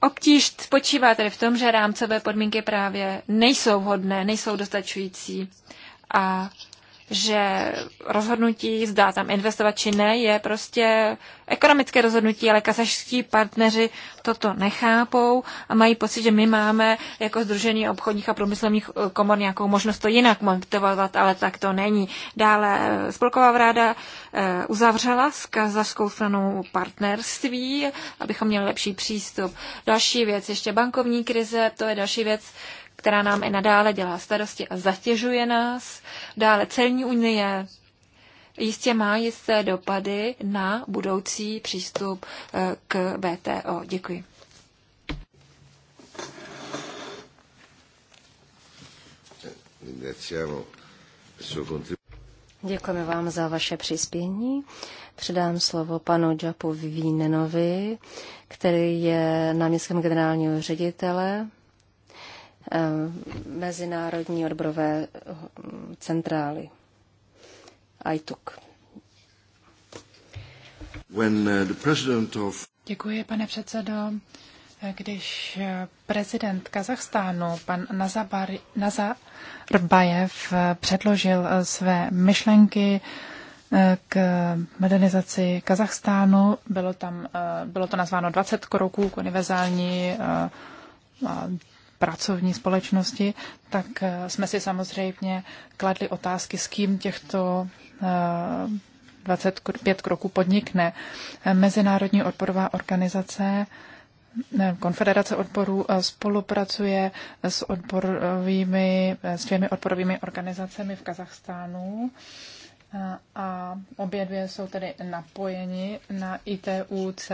obtíž spočívá tedy v tom, že rámcové podmínky právě nejsou vhodné, nejsou dostačující. A že rozhodnutí, zdá tam investovat či ne, je prostě ekonomické rozhodnutí, ale kazašští partneři toto nechápou a mají pocit, že my máme jako Združení obchodních a průmyslových eh, komor nějakou možnost to jinak motivovat, ale tak to není. Dále eh, Spolková vráda eh, uzavřela s kazašskou stranou partnerství, abychom měli lepší přístup. Další věc, ještě bankovní krize, to je další věc, která nám i nadále dělá starosti a zatěžuje nás. Dále celní unie jistě má jisté dopady na budoucí přístup eh, k BTO. Děkuji. Děkujeme vám za vaše přispění. Předám slovo panu Džapu Vínenovi, který je náměstkem generálního ředitele Eh, Mezinárodní odborové eh, centrály ITUC. Eh, of... Děkuji, pane předsedo. Když prezident Kazachstánu, pan Nazarbajev, předložil své myšlenky k modernizaci Kazachstánu, bylo, tam, bylo to nazváno 20 kroků k univerzální pracovní společnosti, tak eh, jsme si samozřejmě kladli otázky, s kým těchto 25 eh, kroků podnikne. Mezinárodní odborová organizace eh, Konfederace odborů spolupracuje s, odborovými, s dvěmi odborovými organizacemi v Kazachstánu a obě dvě jsou tedy napojeni na ITUC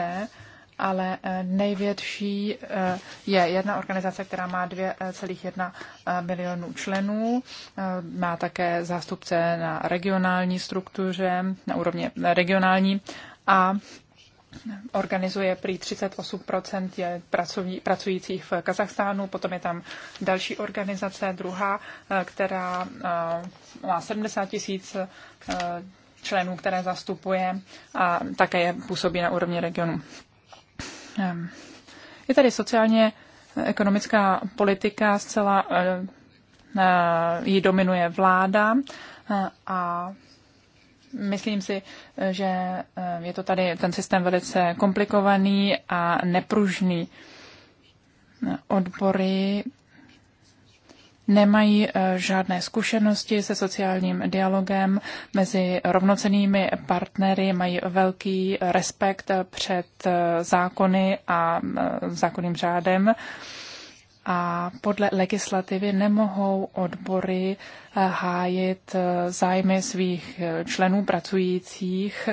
ale eh, největší eh, je jedna organizace, která má 2,1 eh, milionů členů. Má také zástupce na regionální struktuře, na úrovni regionální a organizuje prý 38% je pracují, pracujících v Kazachstánu, potom je tam další organizace, druhá, která má 70 tisíc členů, které zastupuje a také je působí na úrovni regionu. Ehm, je tady sociálně ekonomická politika zcela eh, eh, jí dominuje vláda eh, a Myslím si, že je to tady ten systém velice komplikovaný a nepružný. Odbory nemají eh, žádné zkušenosti se sociálním dialogem mezi rovnocenými partnery, mají velký respekt před eh, zákony a eh, zákonným řádem a podle legislativy nemohou odbory hájit zájmy svých členů pracujících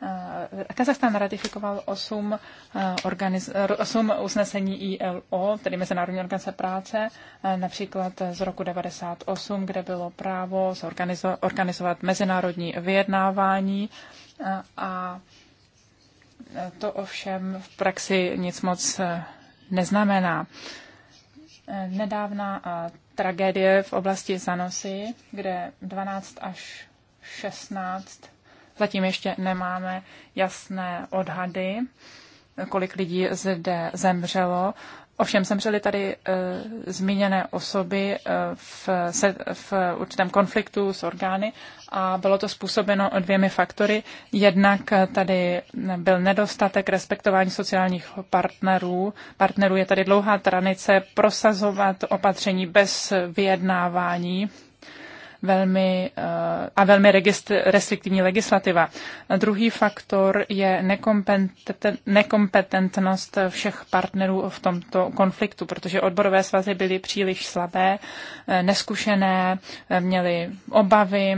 Eh, Kazachstán ratifikoval osm eh, organiz, eh, osm usnesení ILO, tedy Mezinárodní organizace práce, například z roku 98, kde bylo právo organizovat mezinárodní vyjednávání a to ovšem v praxi nic moc neznamená. Nedávná tragédie v oblasti Zanosy, kde 12 až 16 Zatím ještě nemáme jasné odhady, kolik lidí zde zemřelo. Ovšem zemřely tady e, zmíněné osoby e, v, se, v určitém konfliktu s orgány a bylo to způsobeno dvěmi faktory. Jednak eh, tady byl nedostatek respektování sociálních partnerů. Partnerů je tady dlouhá tranice prosazovat opatření bez vyjednávání velmi, eh, a velmi restriktivní legislativa. A druhý faktor je nekompetentnost všech partnerů v tomto konfliktu, protože odborové svazy byly příliš slabé, eh, neskušené, eh, měly obavy,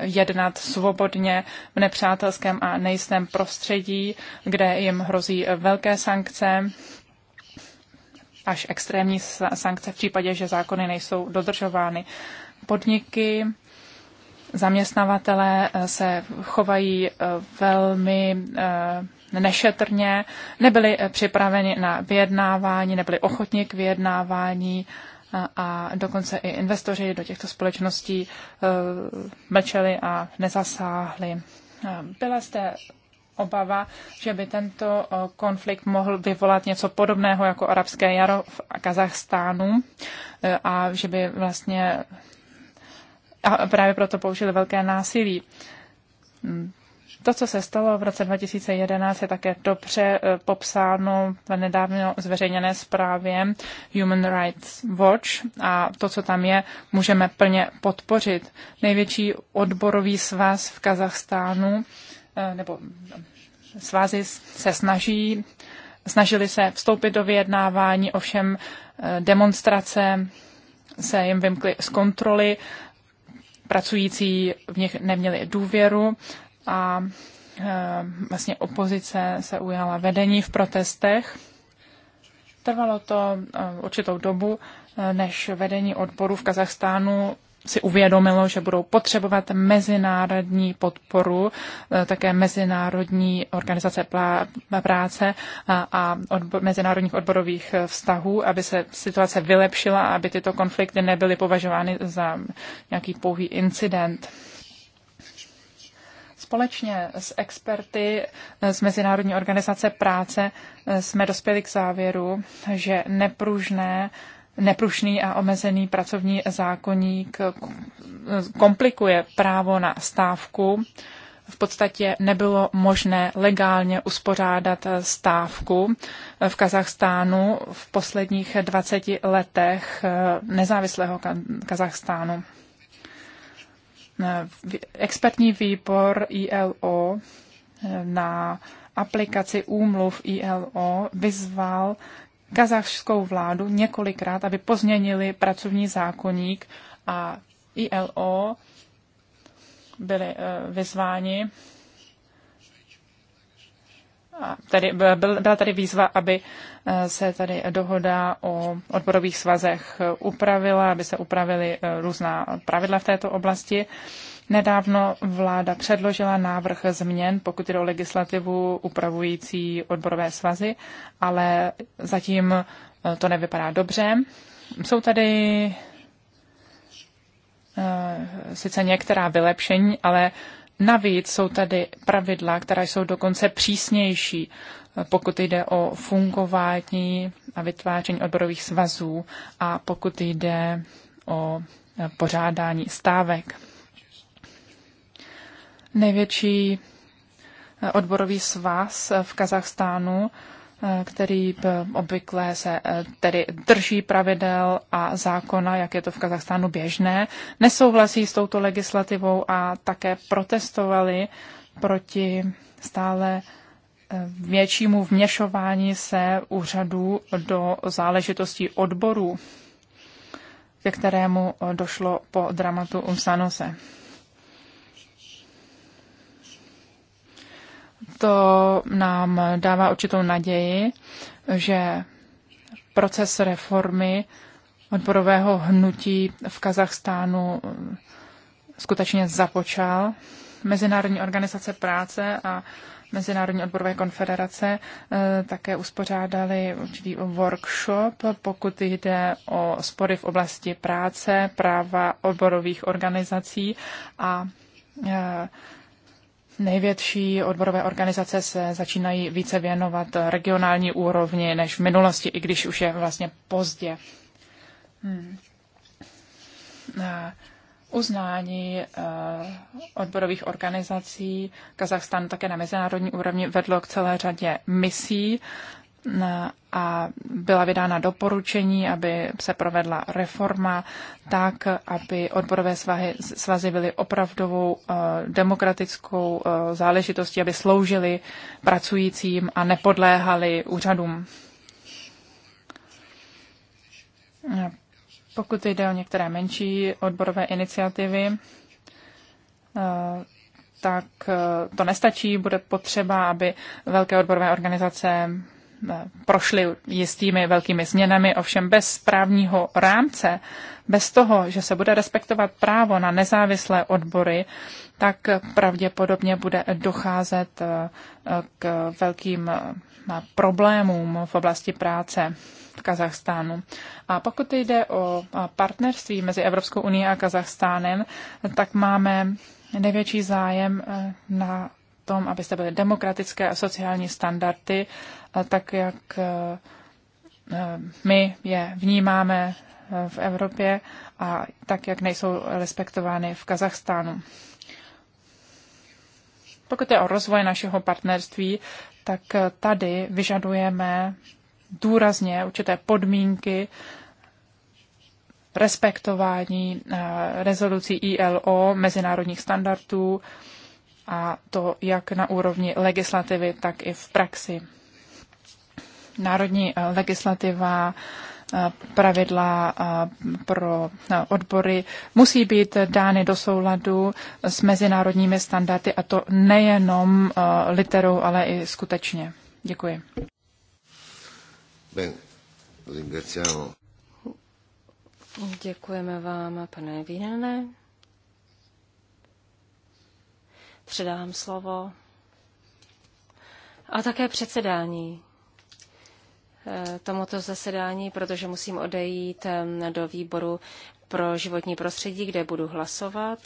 jednat svobodně v nepřátelském a nejistém prostředí, kde jim hrozí velké sankce až extrémní sankce v případě, že zákony nejsou dodržovány podniky, zaměstnavatele eh, se chovají eh, velmi eh, nešetrně, nebyli připraveni na vyjednávání, nebyli ochotni k vyjednávání a dokonce i investoři do těchto společností mlčeli a nezasáhli. Byla jste obava, že by tento konflikt mohl vyvolat něco podobného jako arabské jaro v Kazachstánu a že by vlastně a právě proto použili velké násilí. Hmm. To, co se stalo v roce 2011, je také dobře eh, popsáno v nedávno zveřejněné zprávě Human Rights Watch a to, co tam je, můžeme plně podpořit. Největší odborový svaz v Kazachstánu, eh, nebo eh, svazy se snaží, snažili se vstoupit do vyjednávání, ovšem demonstrace se jim vymkly z kontroly pracující v nich neměli důvěru a e, vlastně opozice se ujala vedení v protestech. Trvalo to e, určitou dobu, e, než vedení odboru v Kazachstánu si uvědomilo, že budou potřebovat mezinárodní podporu, eh, také mezinárodní organizace práce a odbo- mezinárodních odborových eh, vztahů, aby se situace vylepšila, a aby tyto konflikty nebyly považovány za nějaký pouhý incident. Společně s experty eh, z Mezinárodní organizace práce jsme dospěli k závěru, že nepružné neprušný a omezený pracovní zákonník komplikuje právo na stávku. V podstatě nebylo možné legálně uspořádat stávku v Kazachstánu v posledních 20 letech eh, nezávislého Kazachstánu. Eh, expertní výbor ILO eh, na aplikaci úmluv ILO vyzval kazachskou vládu několikrát, aby pozměnili pracovní zákonník a ILO byli eh, vyzváni, a tady, byla tady výzva, aby eh, se tady dohoda o odborových svazech eh, upravila, aby se upravily různá pravidla v této oblasti. Nedávno vláda předložila návrh změn, pokud jde o legislativu upravující odborové svazy, ale zatím eh, to nevypadá dobře. Jsou tady eh, sice některá vylepšení, ale navíc jsou tady pravidla, která jsou dokonce přísnější, eh, pokud jde o fungování a vytváření odborových svazů a pokud jde o pořádání stávek největší eh, odborový svaz eh, v Kazachstánu, eh, který obvykle se tedy drží pravidel a zákona, jak je to v Kazachstánu běžné, nesouhlasí s touto legislativou a také protestovali proti stále většímu vměšování se úřadů do záležitostí odborů, ke kterému došlo po dramatu Umsanose. to nám dává určitou naději, že proces reformy odborového hnutí v Kazachstánu eh, skutečně započal. Mezinárodní organizace práce a Mezinárodní odborové konfederace eh, také uspořádali určitý workshop, pokud jde o spory v oblasti práce, práva odborových organizací a eh, největší odborové organizace se začínají více věnovat regionální úrovni než v minulosti, i když už je vlastně pozdě. Hmm. Uznání eh, odborových organizací Kazachstánu také na mezinárodní úrovni vedlo k celé řadě misí a byla vydána doporučení, aby se provedla reforma tak, aby odborové svahy, svazy byly opravdovou eh, demokratickou eh, záležitostí, aby sloužily pracujícím a nepodléhaly úřadům. Pokud jde o některé menší odborové iniciativy, eh, tak to nestačí, bude potřeba, aby velké odborové organizace prošly jistými velkými změnami, ovšem bez právního rámce, bez toho, že se bude respektovat právo na nezávislé odbory, tak pravděpodobně bude docházet eh, k velkým eh, problémům v oblasti práce v Kazachstánu. A pokud jde o eh, partnerství mezi Evropskou unii a Kazachstánem, tak máme největší zájem na tom, abyste byly demokratické a sociální standardy, eh, tak jak eh, eh, my je vnímáme v Evropě a tak, jak nejsou respektovány v Kazachstánu. Pokud je o rozvoj našeho partnerství, tak tady vyžadujeme důrazně určité podmínky respektování rezolucí ILO, mezinárodních standardů, a to jak na úrovni legislativy, tak i v praxi. Národní eh, legislativa eh, pravidla eh, pro odbory musí být dány do souladu s mezinárodními standardy a to nejenom literou, ale i skutečně. Děkuji. Děkujeme vám, pane Vínené předávám slovo. A také předsedání eh, tomuto zasedání, protože musím odejít eh, do výboru pro životní prostředí, kde budu hlasovat.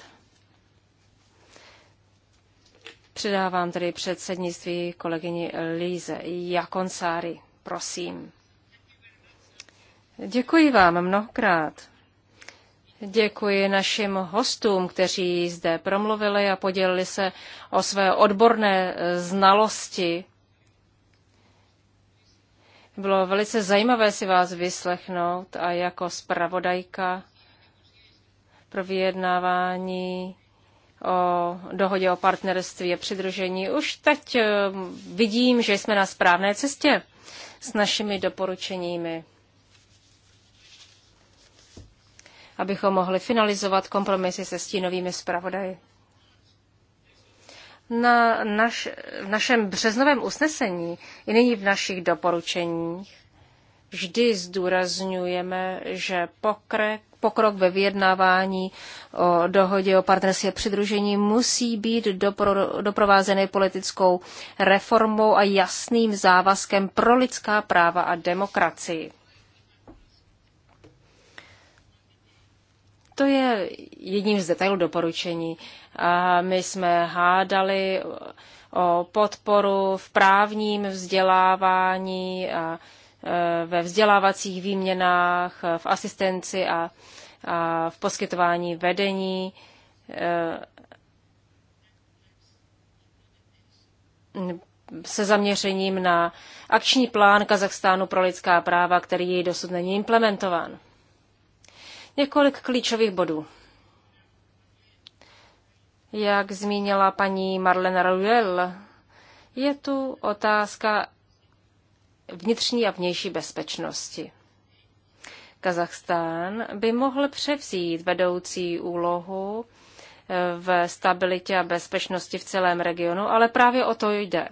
Předávám tedy předsednictví kolegyni Líze Jakoncári. Prosím. Děkuji vám mnohokrát. Děkuji našim hostům, kteří zde promluvili a podělili se o své odborné eh, znalosti. Bylo velice zajímavé si vás vyslechnout a jako zpravodajka pro vyjednávání o dohodě o partnerství a přidružení. Už teď eh, vidím, že jsme na správné cestě s našimi doporučeními. abychom mohli finalizovat kompromisy se stínovými zpravodaji. Na naš, v našem březnovém usnesení i nyní v našich doporučeních vždy zdůrazňujeme, že pokrek, pokrok ve vyjednávání o dohodě o partnerství a přidružení musí být dopro, doprovázený politickou reformou a jasným závazkem pro lidská práva a demokracii. To je jedním z detailů doporučení. A my jsme hádali o podporu v právním vzdělávání, a e, ve vzdělávacích výměnách, v asistenci a, a v poskytování vedení. E, se zaměřením na akční plán Kazachstánu pro lidská práva, který dosud není implementován. Několik klíčových bodů. Jak zmínila paní Marlena Ruel, je tu otázka vnitřní a vnější bezpečnosti. Kazachstán by mohl převzít vedoucí úlohu eh, v stabilitě a bezpečnosti v celém regionu, ale právě o to jde.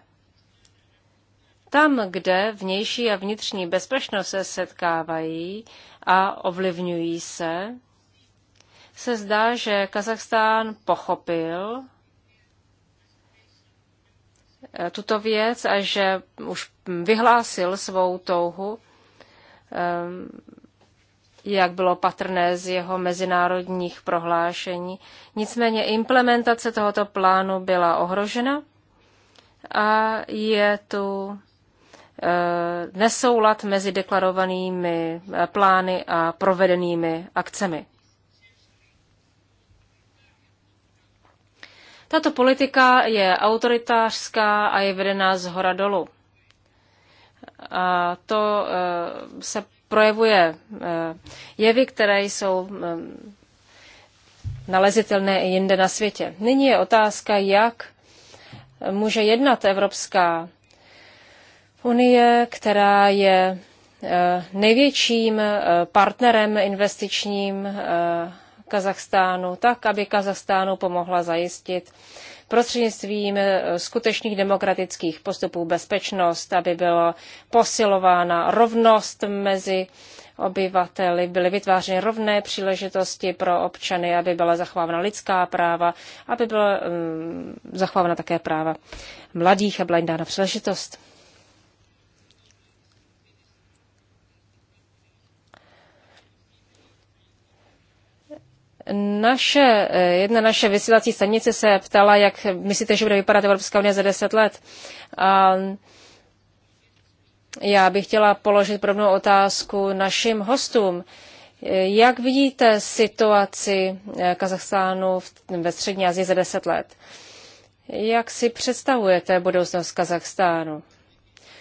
Tam, kde vnější a vnitřní bezpečnost se setkávají a ovlivňují se, se zdá, že Kazachstán pochopil eh, tuto věc a že už vyhlásil svou touhu, eh, jak bylo patrné z jeho mezinárodních prohlášení. Nicméně implementace tohoto plánu byla ohrožena a je tu Eh, nesoulad mezi deklarovanými eh, plány a provedenými akcemi. Tato politika je autoritářská a je vedená z hora dolu. A to eh, se projevuje jevy, které jsou nalezitelné i jinde na světě. Nyní je otázka, jak může jednat Evropská Unie, která je eh, největším eh, partnerem investičním eh, Kazachstánu, tak aby Kazachstánu pomohla zajistit prostřednictvím skutečných demokratických postupů bezpečnost, aby byla posilována rovnost mezi obyvateli, byly vytvářeny rovné příležitosti pro občany, aby byla zachována lidská práva, aby byla um, zachována také práva mladých a byla jim dána příležitost. Naše, eh, jedna naše vysílací stanice se ptala, jak myslíte, že bude vypadat Evropská unie za deset let. A já bych chtěla položit podobnou otázku našim hostům. Eh, jak vidíte situaci eh, Kazachstánu ve střední Asii za deset let? Jak si představujete budoucnost Kazachstánu?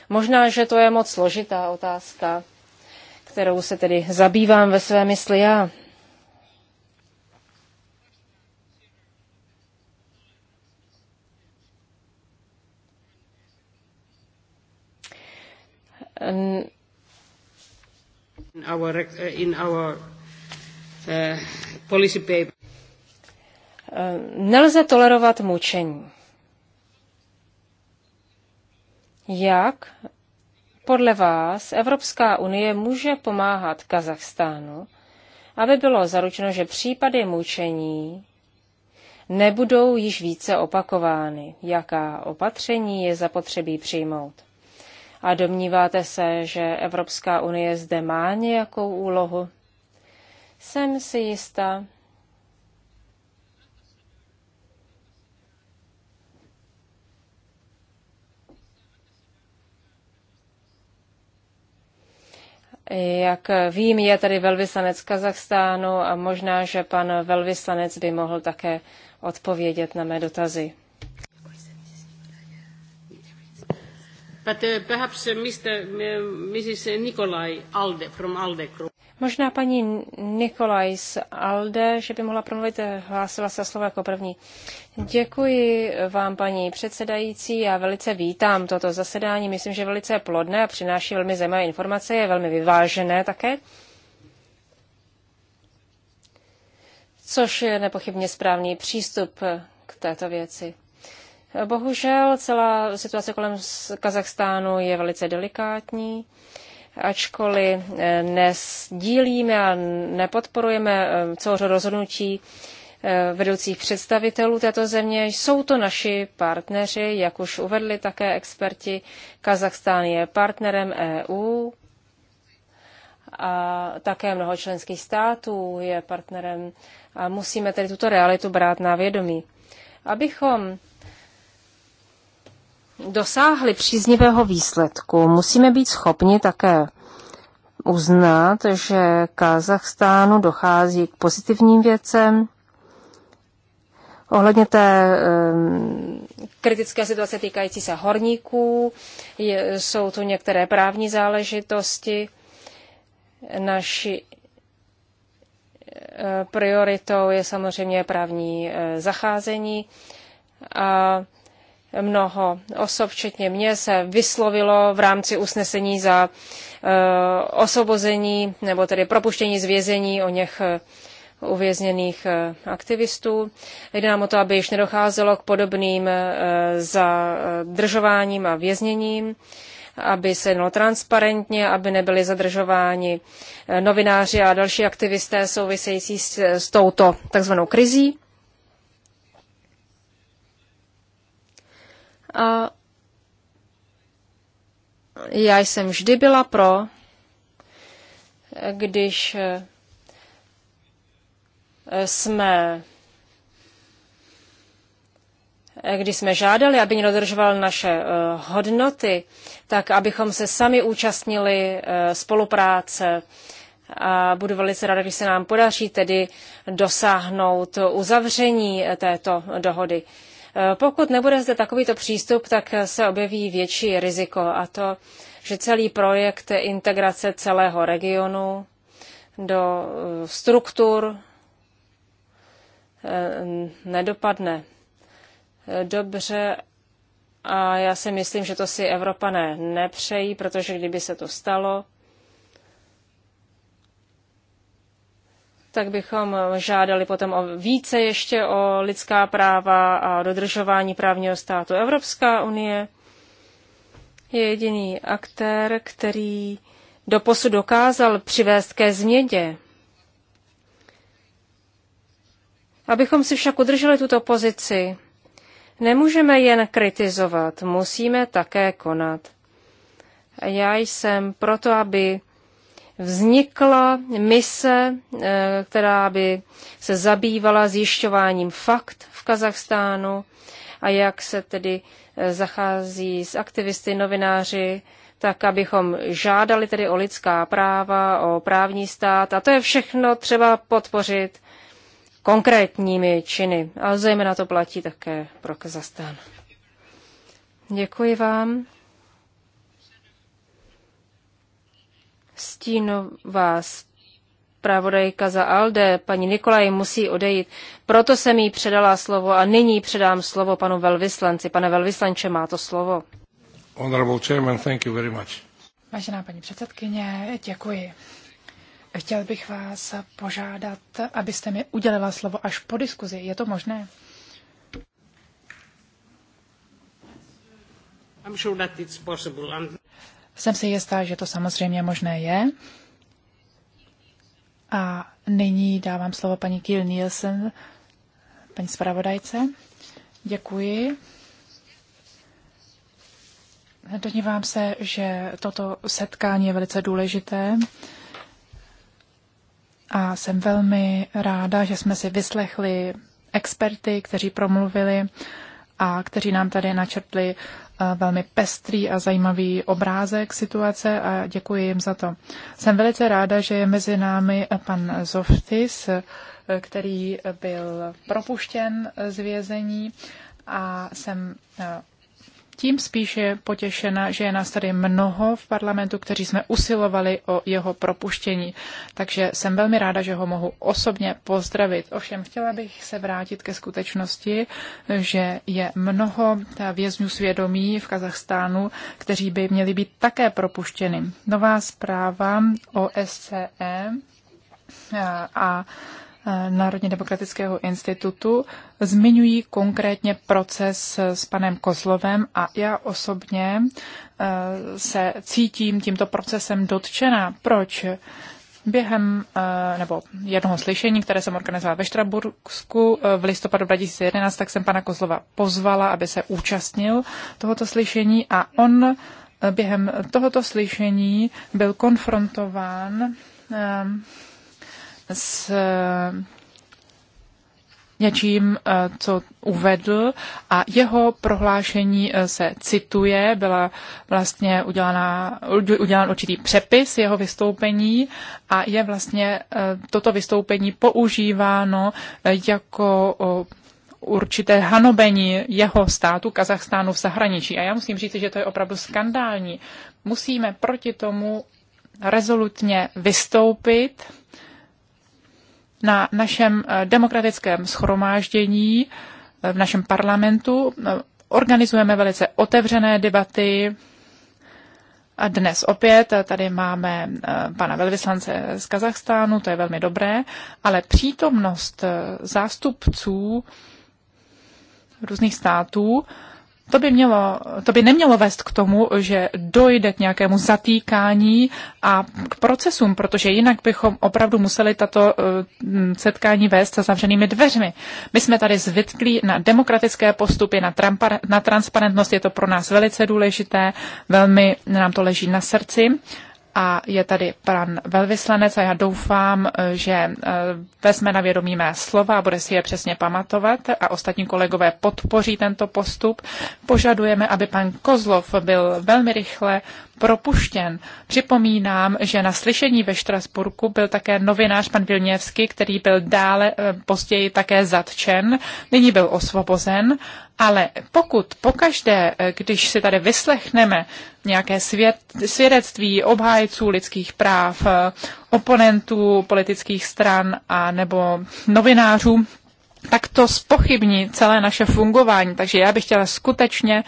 Možná, že to je moc složitá otázka, kterou se tedy zabývám ve své mysli já. Eh, eh, policy eh, Nelze tolerovat mučení. Jak podle vás Evropská unie může pomáhat Kazachstánu, aby bylo zaručeno, že případy mučení nebudou již více opakovány? Jaká opatření je zapotřebí přijmout? A domníváte se, že Evropská unie zde má nějakou úlohu? Jsem si jistá, Jak vím, je tady velvyslanec Kazachstánu a možná, že pan velvyslanec by mohl také odpovědět na mé dotazy. Uh, perhaps uh, Mr. Uh, Mrs. Alde from Alde Group. Možná paní Nikolaj z Alde, že by mohla promluvit, eh, hlásila se slovo jako první. Děkuji vám, paní předsedající. Já velice vítám toto zasedání. Myslím, že velice plodné a přináší velmi zajímavé informace, je velmi vyvážené také. Což je nepochybně správný přístup eh, k této věci. Bohužel celá situace kolem Kazachstánu je velice delikátní, ačkoliv eh, nesdílíme a nepodporujeme eh, celou řadu rozhodnutí eh, vedoucích představitelů této země. Jsou to naši partneři, jak už uvedli také experti. Kazachstán je partnerem EU a také mnoho členských států je partnerem a musíme tedy tuto realitu brát na vědomí. Abychom dosáhli příznivého výsledku, musíme být schopni také uznat, že Kazachstánu dochází k pozitivním věcem. Ohledně té kritické situace týkající se horníků, je, jsou tu některé právní záležitosti. Naši e, prioritou je samozřejmě právní e, zacházení. A mnoho osob, včetně mě, se vyslovilo v rámci usnesení za e, osvobození nebo tedy propuštění z vězení o něch e, uvězněných e, aktivistů. Jde nám o to, aby již nedocházelo k podobným zadržováním a vězněním aby se jednalo transparentně, aby nebyli zadržováni novináři a další aktivisté související s, s touto takzvanou krizí. a já jsem vždy byla pro, když eh, jsme eh, když jsme žádali, aby někdo dodržoval naše eh, hodnoty, tak abychom se sami účastnili spolupráce. A budu velice ráda, když se nám podaří tedy dosáhnout uzavření této dohody. Pokud nebude zde takovýto přístup, tak se objeví větší riziko a to, že celý projekt integrace celého regionu do eh, struktur eh, nedopadne dobře a já si myslím, že to si Evropané nepřejí, protože kdyby se to stalo, tak bychom žádali potom o více ještě o lidská práva a dodržování právního státu. Evropská unie je jediný aktér, který doposud dokázal přivést ke změně. Abychom si však udrželi tuto pozici, nemůžeme jen kritizovat, musíme také konat. Já jsem proto, aby vznikla mise, eh, která by se zabývala zjišťováním fakt v Kazachstánu a jak se tedy eh, zachází s aktivisty, novináři, tak abychom žádali tedy o lidská práva, o právní stát a to je všechno třeba podpořit konkrétními činy. A zejména to platí také pro Kazachstán. Děkuji vám. Stínová zpravodajka za ALDE, paní Nikolaj, musí odejít. Proto jsem jí předala slovo a nyní předám slovo panu velvyslanci. Pane velvyslanče, má to slovo. Honorable Chairman, thank you very much. Vážená paní předsedkyně, děkuji. Chtěl bych vás požádat, abyste mi udělila slovo až po diskuzi. Je to možné? I'm sure that it's possible. Jsem si jistá, že to samozřejmě možné je. A nyní dávám slovo paní Kiel Nielsen, paní zpravodajce. Děkuji. Dodívám se, že toto setkání je velice důležité a jsem velmi ráda, že jsme si vyslechli experty, kteří promluvili a kteří nám tady načrtli velmi pestrý a zajímavý obrázek situace a děkuji jim za to. Jsem velice ráda, že je mezi námi pan Zoftis, který byl propuštěn z vězení a jsem tím spíše potěšena, že je nás tady mnoho v parlamentu, kteří jsme usilovali o jeho propuštění. Takže jsem velmi ráda, že ho mohu osobně pozdravit. Ovšem, chtěla bych se vrátit ke skutečnosti, že je mnoho vězňů svědomí v Kazachstánu, kteří by měli být také propuštěni. Nová zpráva o SCE a Eh, Národně demokratického institutu zmiňují konkrétně proces s panem Kozlovem a já osobně eh, se cítím tímto procesem dotčena. Proč? Během eh, nebo jednoho slyšení, které jsem organizovala ve Štrabursku v listopadu 2011, tak jsem pana Kozlova pozvala, aby se účastnil tohoto slyšení a on během tohoto slyšení byl konfrontován s eh, něčím, eh, co uvedl a jeho prohlášení eh, se cituje, byla vlastně udělaná, udělán určitý přepis jeho vystoupení a je vlastně toto vystoupení používáno jako určité hanobení jeho státu Kazachstánu v zahraničí. A já musím říct, že to je opravdu skandální. Musíme proti tomu rezolutně vystoupit na našem eh, demokratickém schromáždění, eh, v našem parlamentu. Eh, organizujeme velice otevřené debaty. A dnes opět tady máme pana velvyslance z Kazachstánu, to je velmi dobré, ale přítomnost zástupců různých států to by, mělo, to by nemělo vést k tomu, že dojde k nějakému zatýkání a k procesům, protože jinak bychom opravdu museli tato eh, setkání vést se zavřenými dveřmi. My jsme tady zvyklí na demokratické postupy, na, trampar, na transparentnost, je to pro nás velice důležité, velmi nám to leží na srdci a je tady pan velvyslanec a já doufám, eh, že eh, vezme na vědomí mé slova a bude si je přesně pamatovat a ostatní kolegové podpoří tento postup. Požadujeme, aby pan Kozlov byl velmi rychle propuštěn. Připomínám, že na slyšení ve Štrasburku byl také novinář pan Vilněvský, který byl dále eh, později také zatčen. Nyní byl osvobozen ale pokud pokaždé, eh, když si tady vyslechneme nějaké svět, svědectví obhájců lidských práv, eh, oponentů politických stran a nebo novinářů, tak to spochybní celé naše fungování. Takže já bych chtěla skutečně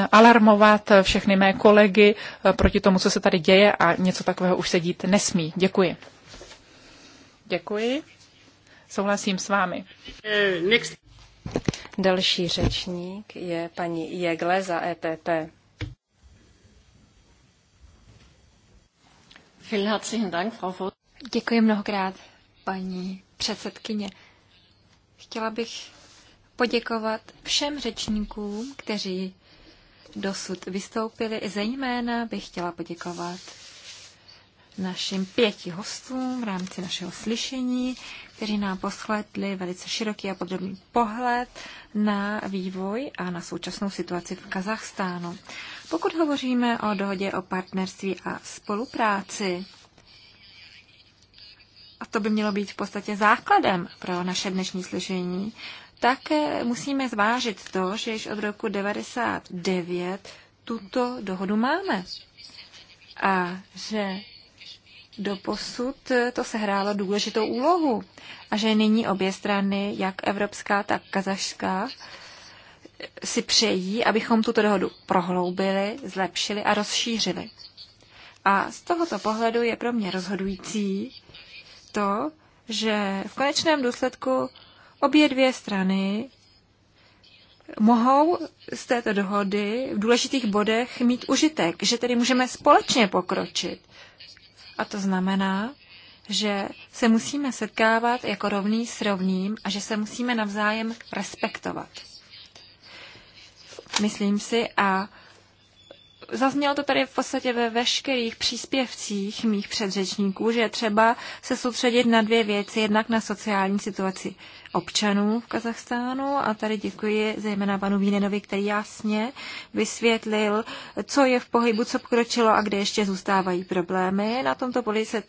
eh, alarmovat všechny mé kolegy proti tomu, co se tady děje a něco takového už se dít nesmí. Děkuji. Děkuji. Souhlasím s vámi. Next. Další řečník je paní Jegle za EPP. Děkuji mnohokrát, paní předsedkyně. Chtěla bych poděkovat všem řečníkům, kteří dosud vystoupili. Zejména bych chtěla poděkovat našim pěti hostům v rámci našeho slyšení, kteří nám poskytli velice široký a podrobný pohled na vývoj a na současnou situaci v Kazachstánu. Pokud hovoříme o dohodě o partnerství a spolupráci, a to by mělo být v podstatě základem pro naše dnešní slyšení, tak eh, musíme zvážit to, že již od roku 99 tuto dohodu máme. A že doposud eh, to sehrálo důležitou úlohu a že nyní obě strany, jak evropská, tak kazašská, si přejí, abychom tuto dohodu prohloubili, zlepšili a rozšířili. A z tohoto pohledu je pro mě rozhodující to, že v konečném důsledku obě dvě strany mohou z této dohody v důležitých bodech mít užitek, že tedy můžeme společně pokročit a to znamená, že se musíme setkávat jako rovný s rovným a že se musíme navzájem respektovat. Myslím si a Zaznělo to tady v podstatě ve veškerých příspěvcích mých předřečníků, že je třeba se soustředit na dvě věci. Jednak na sociální situaci občanů v Kazachstánu a tady děkuji zejména panu Vínenovi, který jasně vysvětlil, co je v pohybu, co pokročilo a kde ještě zůstávají problémy. Na tomto poli se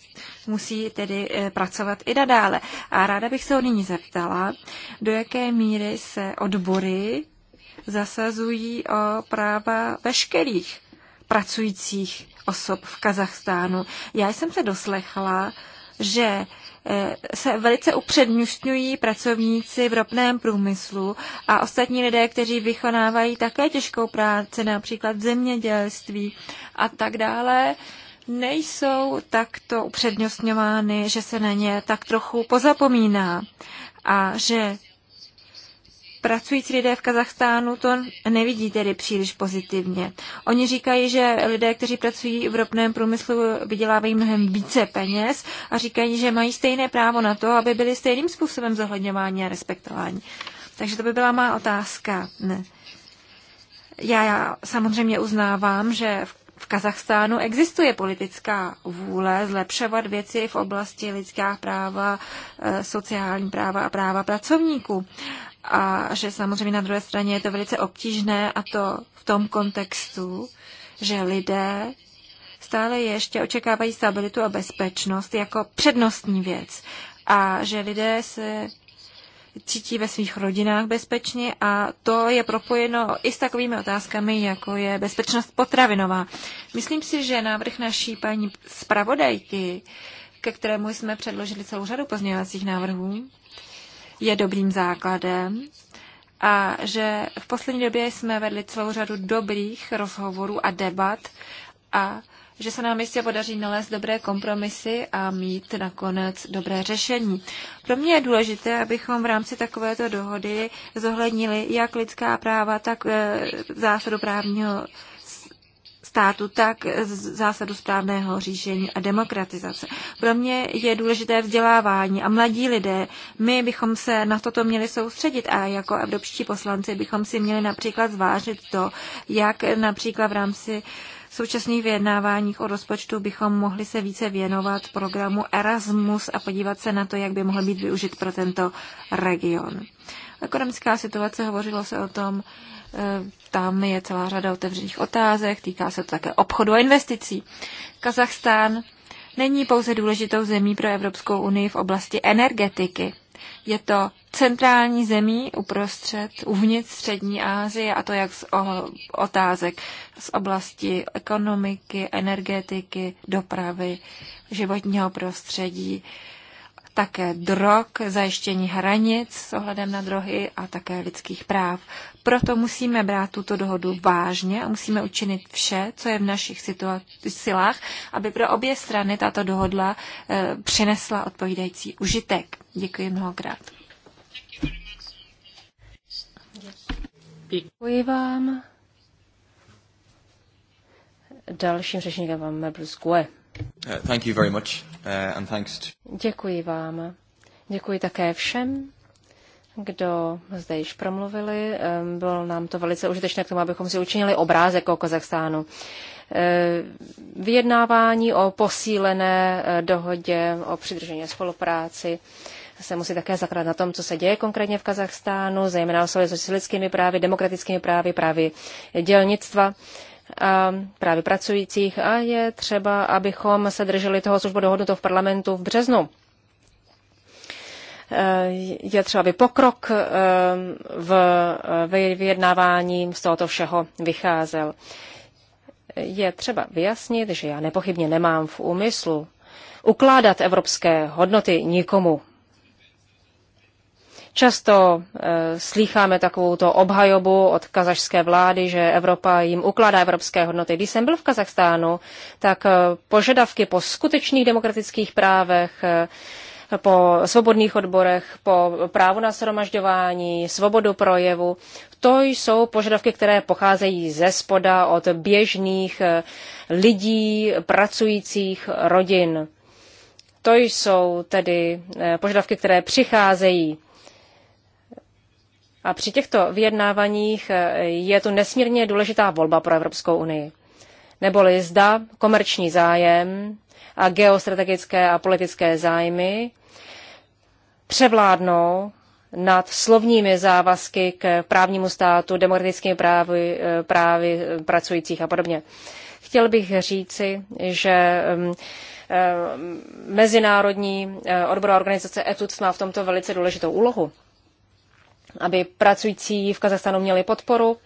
musí tedy eh, pracovat i nadále. A ráda bych se o nyní zeptala, do jaké míry se odbory zasazují o práva veškerých pracujících osob v Kazachstánu. Já jsem se doslechla, že eh, se velice upřednostňují pracovníci v ropném průmyslu a ostatní lidé, kteří vykonávají také těžkou práci, například v zemědělství a tak dále, nejsou takto upřednostňovány, že se na ně tak trochu pozapomíná a že pracující lidé v Kazachstánu to nevidí tedy příliš pozitivně. Oni říkají, že lidé, kteří pracují v ropném průmyslu, vydělávají mnohem více peněz a říkají, že mají stejné právo na to, aby byli stejným způsobem zohledňováni a respektováni. Takže to by byla má otázka. Ne. Já, já samozřejmě uznávám, že v v Kazachstánu existuje politická vůle zlepšovat věci v oblasti lidská práva, eh, sociální práva a práva pracovníků a že samozřejmě na druhé straně je to velice obtížné a to v tom kontextu, že lidé stále ještě očekávají stabilitu a bezpečnost jako přednostní věc a že lidé se cítí ve svých rodinách bezpečně a to je propojeno i s takovými otázkami, jako je bezpečnost potravinová. Myslím si, že návrh naší paní zpravodajky, ke kterému jsme předložili celou řadu pozměňovacích návrhů, je dobrým základem a že v poslední době jsme vedli celou řadu dobrých rozhovorů a debat a že se nám jistě podaří nalézt dobré kompromisy a mít nakonec dobré řešení. Pro mě je důležité, abychom v rámci takovéto dohody zohlednili jak lidská práva, tak eh, zásadu právního státu, tak zásadu správného řízení a demokratizace. Pro mě je důležité vzdělávání a mladí lidé. My bychom se na toto měli soustředit a jako evropští poslanci bychom si měli například zvážit to, jak například v rámci současných vyjednáváních o rozpočtu bychom mohli se více věnovat programu Erasmus a podívat se na to, jak by mohl být využit pro tento region. Ekonomická situace, hovořilo se o tom, Eh, tam je celá řada otevřených otázek, týká se to také obchodu a investicí. Kazachstán není pouze důležitou zemí pro Evropskou unii v oblasti energetiky. Je to centrální zemí uprostřed, uvnitř Střední Asie, a to jak z otázek z oblasti ekonomiky, energetiky, dopravy, životního prostředí také drog, zajištění hranic s ohledem na drohy a také lidských práv. Proto musíme brát tuto dohodu vážně a musíme učinit vše, co je v našich silách, aby pro obě strany tato dohodla e, eh, přinesla odpovídající užitek. Děkuji mnohokrát. Děkuji vám. Dalším řečníkem vám Mebl Uh, thank you very much uh, and thanks to... Děkuji vám. Děkuji také všem, kdo zde již promluvili. Um, bylo nám to velice užitečné k tomu, abychom si učinili obrázek o Kazachstánu. Uh, vyjednávání o posílené dohodě o přidržení spolupráci se musí také zakládat na tom, co se děje konkrétně v Kazachstánu, zejména o souvislosti s lidskými právy, demokratickými právy, právy dělnictva a právě pracujících a je třeba, abychom se drželi toho, což bylo dohodnuto v parlamentu v březnu. E, je třeba, aby pokrok e, e, v vyjednávání z tohoto všeho vycházel. Je třeba vyjasnit, že já nepochybně nemám v úmyslu ukládat evropské hodnoty nikomu Často e, slýcháme takovouto obhajobu od kazašské vlády, že Evropa jim ukládá evropské hodnoty. Když jsem byl v Kazachstánu, tak e, požadavky po skutečných demokratických právech, e, po svobodných odborech, po právu na shromažďování, svobodu projevu, to jsou požadavky, které pocházejí ze spoda od běžných lidí, pracujících rodin. To jsou tedy požadavky, které přicházejí a při těchto vyjednávaních eh, je tu nesmírně důležitá volba pro Evropskou unii. Neboli zda komerční zájem a geostrategické a politické zájmy převládnou nad slovními závazky k právnímu státu, demokratickým právy, eh, právy eh, pracujících a podobně. Chtěl bych říci, že mm, mezinárodní odborová organizace ETUC má v tomto velice důležitou úlohu aby pracující v Kazachstánu měli podporu.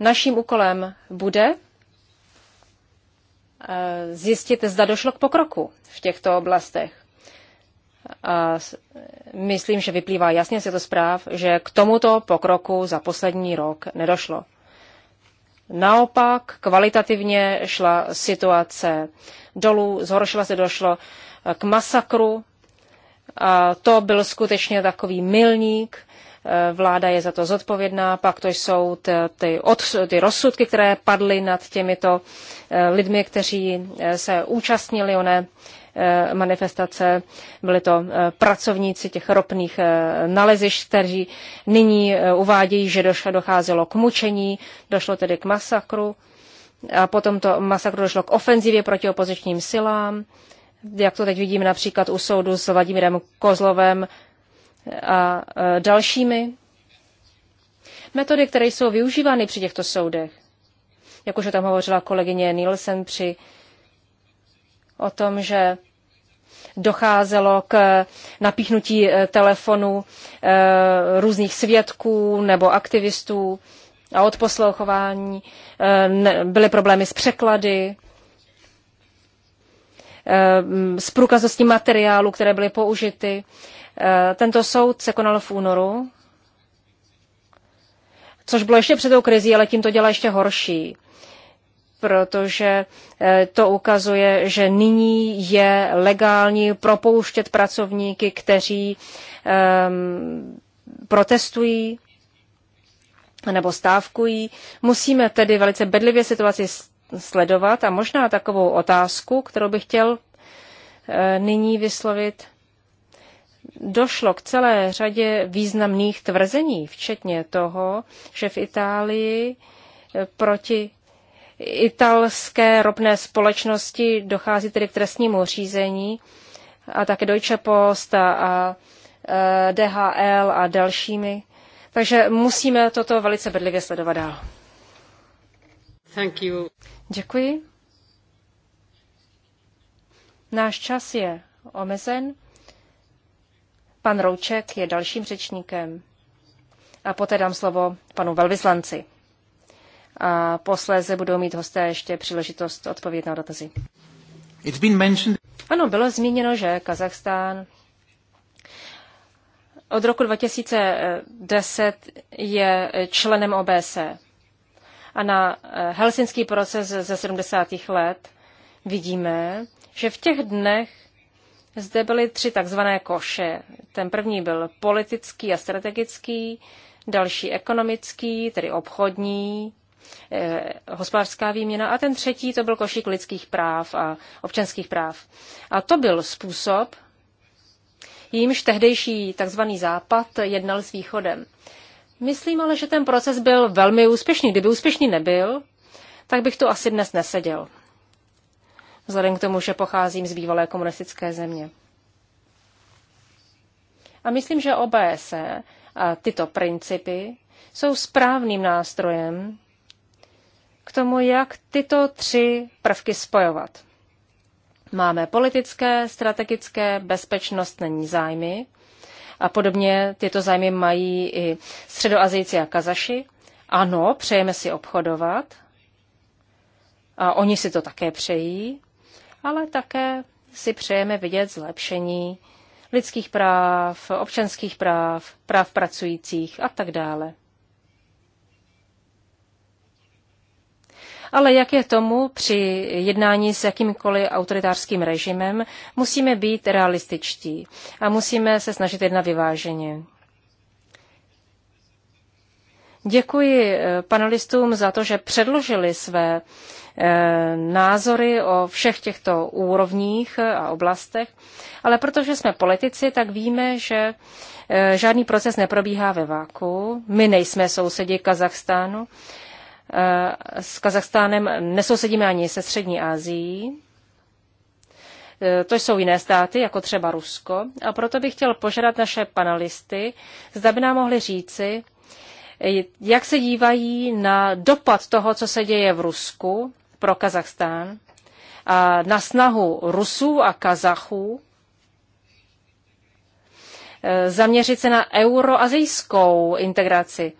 Naším úkolem bude eh, zjistit, zda došlo k pokroku v těchto oblastech. A myslím, že vyplývá jasně z to zpráv, že k tomuto pokroku za poslední rok nedošlo. Naopak kvalitativně šla situace dolů, zhoršila se, došlo eh, k masakru. A to byl skutečně takový milník vláda je za to zodpovědná, pak to jsou ty, od, ty rozsudky, které padly nad těmito eh, lidmi, kteří eh, se účastnili oné eh, manifestace. Byli to pracovníci těch ropných nalezišť, kteří nyní uvádějí, že došlo docházelo k mučení, došlo tedy k masakru. A potom to masakru došlo k ofenzivě proti opozičním silám. Jak to teď vidíme například u soudu s Vladimirem Kozlovem, a dalšími metody, které jsou využívány při těchto soudech. Jak už o tom hovořila kolegyně Nielsen při o tom, že docházelo k napíchnutí e, telefonu e, různých svědků nebo aktivistů a odposlouchování. E, byly problémy s překlady, s průkazností materiálu, které byly použity. Eh, tento soud se konal v únoru, což bylo ještě před tou krizí, ale tím to dělá ještě horší, protože eh, to ukazuje, že nyní je legální propouštět pracovníky, kteří um, protestují nebo stávkují. Musíme tedy velice bedlivě situaci sledovat a možná takovou otázku, kterou bych chtěl eh, nyní vyslovit, došlo k celé řadě významných tvrzení, včetně toho, že v Itálii eh, proti italské ropné společnosti dochází tedy k trestnímu řízení a také Deutsche Post a, a eh, DHL a dalšími. Takže musíme toto velice bedlivě sledovat dál. Thank you. Děkuji. Náš čas je omezen. Pan Rouček je dalším řečníkem. A poté dám slovo panu velvyslanci. A posléze budou mít hosté ještě příležitost odpovědět na dotazy. It's been mentioned... Ano, bylo zmíněno, že Kazachstán od roku 2010 je členem OBSE. A na eh, helsinský proces ze 70. let vidíme, že v těch dnech zde byly tři takzvané koše. Ten první byl politický a strategický, další ekonomický, tedy obchodní, eh, hospodářská výměna a ten třetí to byl košík lidských práv a občanských práv. A to byl způsob, jímž tehdejší takzvaný západ jednal s východem. Myslím ale, že ten proces byl velmi úspěšný. Kdyby úspěšný nebyl, tak bych tu asi dnes neseděl vzhledem k tomu, že pocházím z bývalé komunistické země. A myslím, že OBSE a tyto principy jsou správným nástrojem k tomu, jak tyto tři prvky spojovat. Máme politické, strategické, bezpečnostní zájmy a podobně tyto zájmy mají i středoazijci a kazaši. Ano, přejeme si obchodovat a oni si to také přejí, ale také si přejeme vidět zlepšení lidských práv, občanských práv, práv pracujících a tak dále. Ale jak je tomu při jednání s jakýmkoliv autoritářským režimem, musíme být realističtí a musíme se snažit jednat vyváženě. Děkuji eh, panelistům za to, že předložili své Eh, názory o všech těchto úrovních a oblastech, ale protože jsme politici, tak víme, že eh, žádný proces neprobíhá ve váku. My nejsme sousedi Kazachstánu. Eh, s Kazachstánem nesousedíme ani se Střední Asií. To jsou jiné státy, jako třeba Rusko. A proto bych chtěl požádat naše panelisty, zda by nám mohli říci, jak se dívají na dopad toho, co se děje v Rusku pro Kazachstán a na snahu Rusů a Kazachů e, zaměřit se na euroazijskou integraci.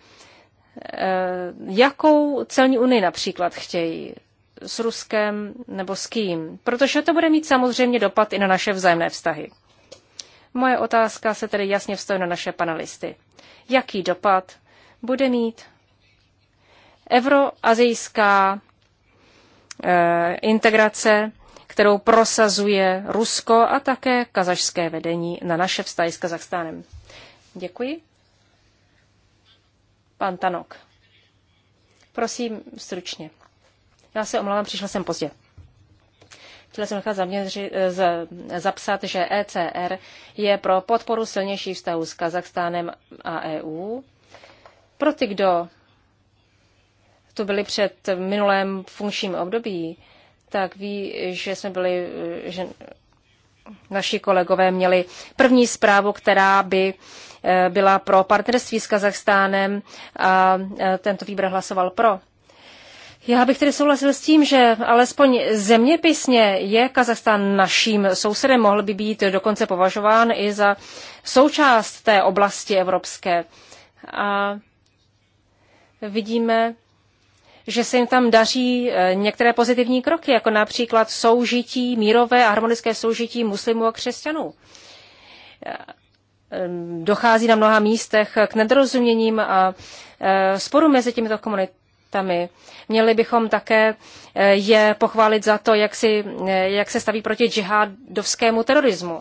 E, jakou celní unii například chtějí? S Ruskem nebo s kým? Protože to bude mít samozřejmě dopad i na naše vzájemné vztahy. Moje otázka se tedy jasně vstojí na naše panelisty. Jaký dopad bude mít euroazijská Eh, integrace, kterou prosazuje Rusko a také kazašské vedení na naše vztahy s Kazachstánem. Děkuji. Pan Tanok. Prosím, stručně. Já se omlouvám, přišla jsem pozdě. Chtěla jsem nechat zaměři, z, zapsat, že ECR je pro podporu silnějších vztahů s Kazachstánem a EU. Pro ty, kdo tu byli před minulém funkčním období, tak ví, že jsme byli, že naši kolegové měli první zprávu, která by eh, byla pro partnerství s Kazachstánem a eh, tento výběr hlasoval pro. Já bych tedy souhlasil s tím, že alespoň zeměpisně je Kazachstán naším sousedem, mohl by být dokonce považován i za součást té oblasti evropské. A vidíme, že se jim tam daří eh, některé pozitivní kroky, jako například soužití, mírové a harmonické soužití muslimů a křesťanů. Eh, dochází na mnoha místech k nedorozuměním a eh, sporu mezi těmito komunitami. Měli bychom také je pochválit za to, jak, si, jak se staví proti džihadovskému terorismu.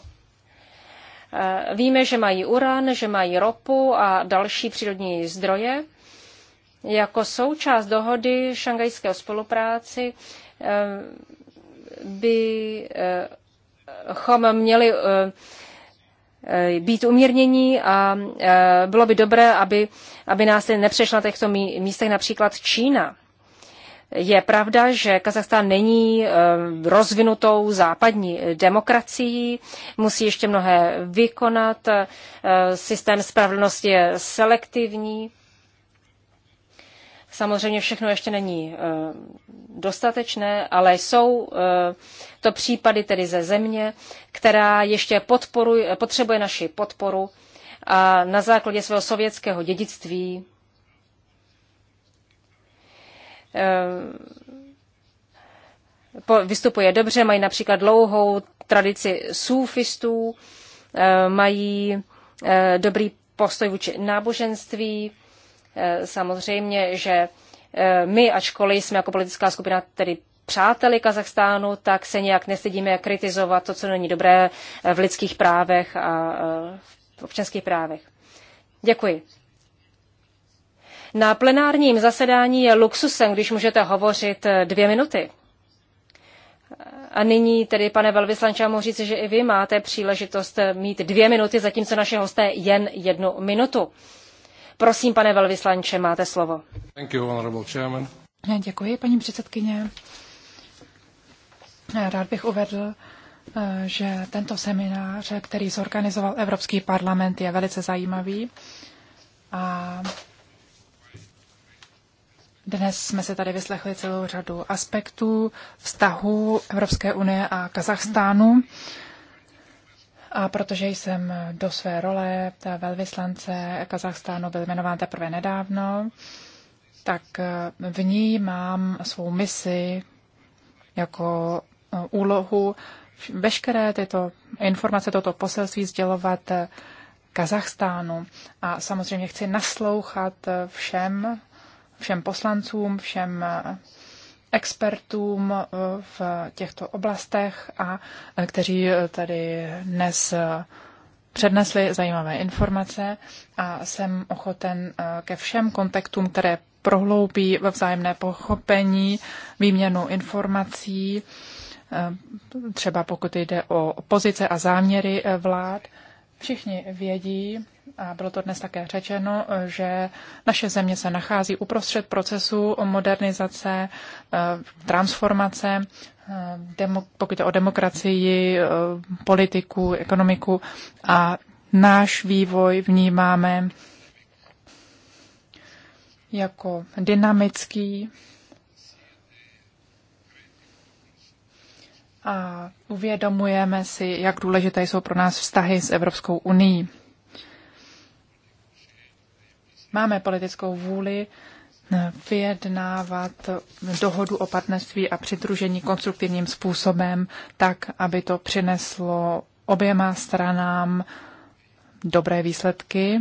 Víme, že mají uran, že mají ropu a další přírodní zdroje jako součást dohody šangajské spolupráci eh, bychom eh, měli eh, být umírnění a bylo by dobré, aby, aby nás nepřešla na těchto místech například Čína. Je pravda, že Kazachstán není rozvinutou západní demokracií, musí ještě mnohé vykonat, systém spravedlnosti je selektivní Samozřejmě všechno ještě není eh, dostatečné, ale jsou eh, to případy tedy ze země, která ještě eh, potřebuje naši podporu a na základě svého sovětského dědictví vystupuje dobře, mají například dlouhou tradici sufistů, mají dobrý postoj vůči náboženství, Eh, samozřejmě, že eh, my, ačkoliv jsme jako politická skupina tedy přáteli Kazachstánu, tak se nějak nestydíme kritizovat to, co není dobré eh, v lidských právech a v občanských právech. Děkuji. Na plenárním zasedání je luxusem, když můžete hovořit dvě minuty. A nyní tedy, pane velvyslanče, mohu říct, že i vy máte příležitost mít dvě minuty, zatímco naše hosté jen jednu minutu. Prosím, pane velvyslanče, máte slovo. Thank you, honorable chairman. Děkuji, paní předsedkyně. Rád bych uvedl, že tento seminář, který zorganizoval Evropský parlament, je velice zajímavý. A dnes jsme se tady vyslechli celou řadu aspektů vztahu Evropské unie a Kazachstánu. A protože jsem do své role velvyslance Kazachstánu byl jmenován teprve nedávno, tak eh, v ní mám svou misi jako eh, úlohu veškeré tyto informace, toto poselství sdělovat eh, Kazachstánu. A samozřejmě chci naslouchat všem, všem poslancům, všem expertům eh, v těchto oblastech a eh, kteří eh, tady dnes přednesli zajímavé informace a jsem ochoten ke všem kontaktům, které prohloubí ve vzájemné pochopení, výměnu informací, třeba pokud jde o pozice a záměry vlád. Všichni vědí, a bylo to dnes také řečeno, že naše země se nachází uprostřed procesu modernizace, e, transformace, e, pokud je o demokracii, e, politiku, ekonomiku a náš vývoj vnímáme jako dynamický a uvědomujeme si, jak důležité jsou pro nás vztahy s Evropskou unii máme politickou vůli eh, vyjednávat dohodu o partnerství a přidružení konstruktivním způsobem, tak, aby to přineslo oběma stranám dobré výsledky.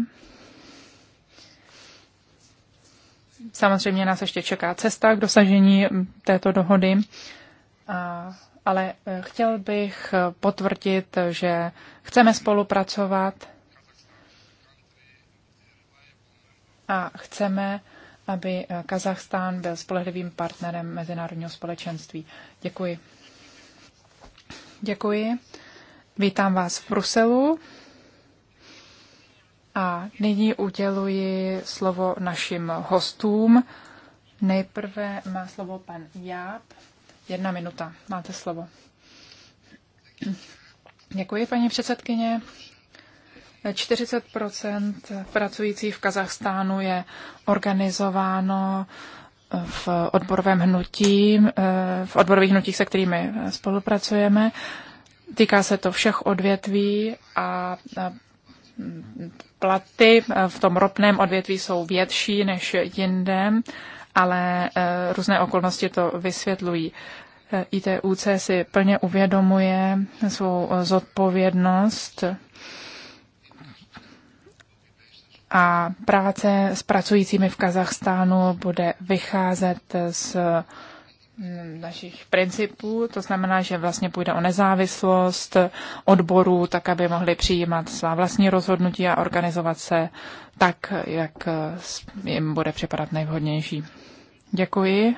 Samozřejmě nás ještě čeká cesta k dosažení mm, této dohody, ale eh, chtěl bych eh, potvrdit, že chceme spolupracovat a chceme, aby Kazachstán byl spolehlivým partnerem mezinárodního společenství. Děkuji. Děkuji. Vítám vás v Bruselu. A nyní uděluji slovo našim hostům. Nejprve má slovo pan Jáb. Jedna minuta. Máte slovo. Děkuji, paní předsedkyně. 40 pracujících v Kazachstánu je organizováno v odborovém hnutí, eh, v odborových hnutích, se kterými eh, spolupracujeme. Týká se to všech odvětví a platy v tom ropném odvětví jsou větší než jinde, ale eh, různé okolnosti to vysvětlují. ITUC si plně uvědomuje svou zodpovědnost a práce s pracujícími v Kazachstánu bude vycházet z mm, našich principů, to znamená, že vlastně půjde o nezávislost odborů, tak aby mohli přijímat svá vlastní rozhodnutí a organizovat se tak, jak eh, jim bude připadat nejvhodnější. Děkuji.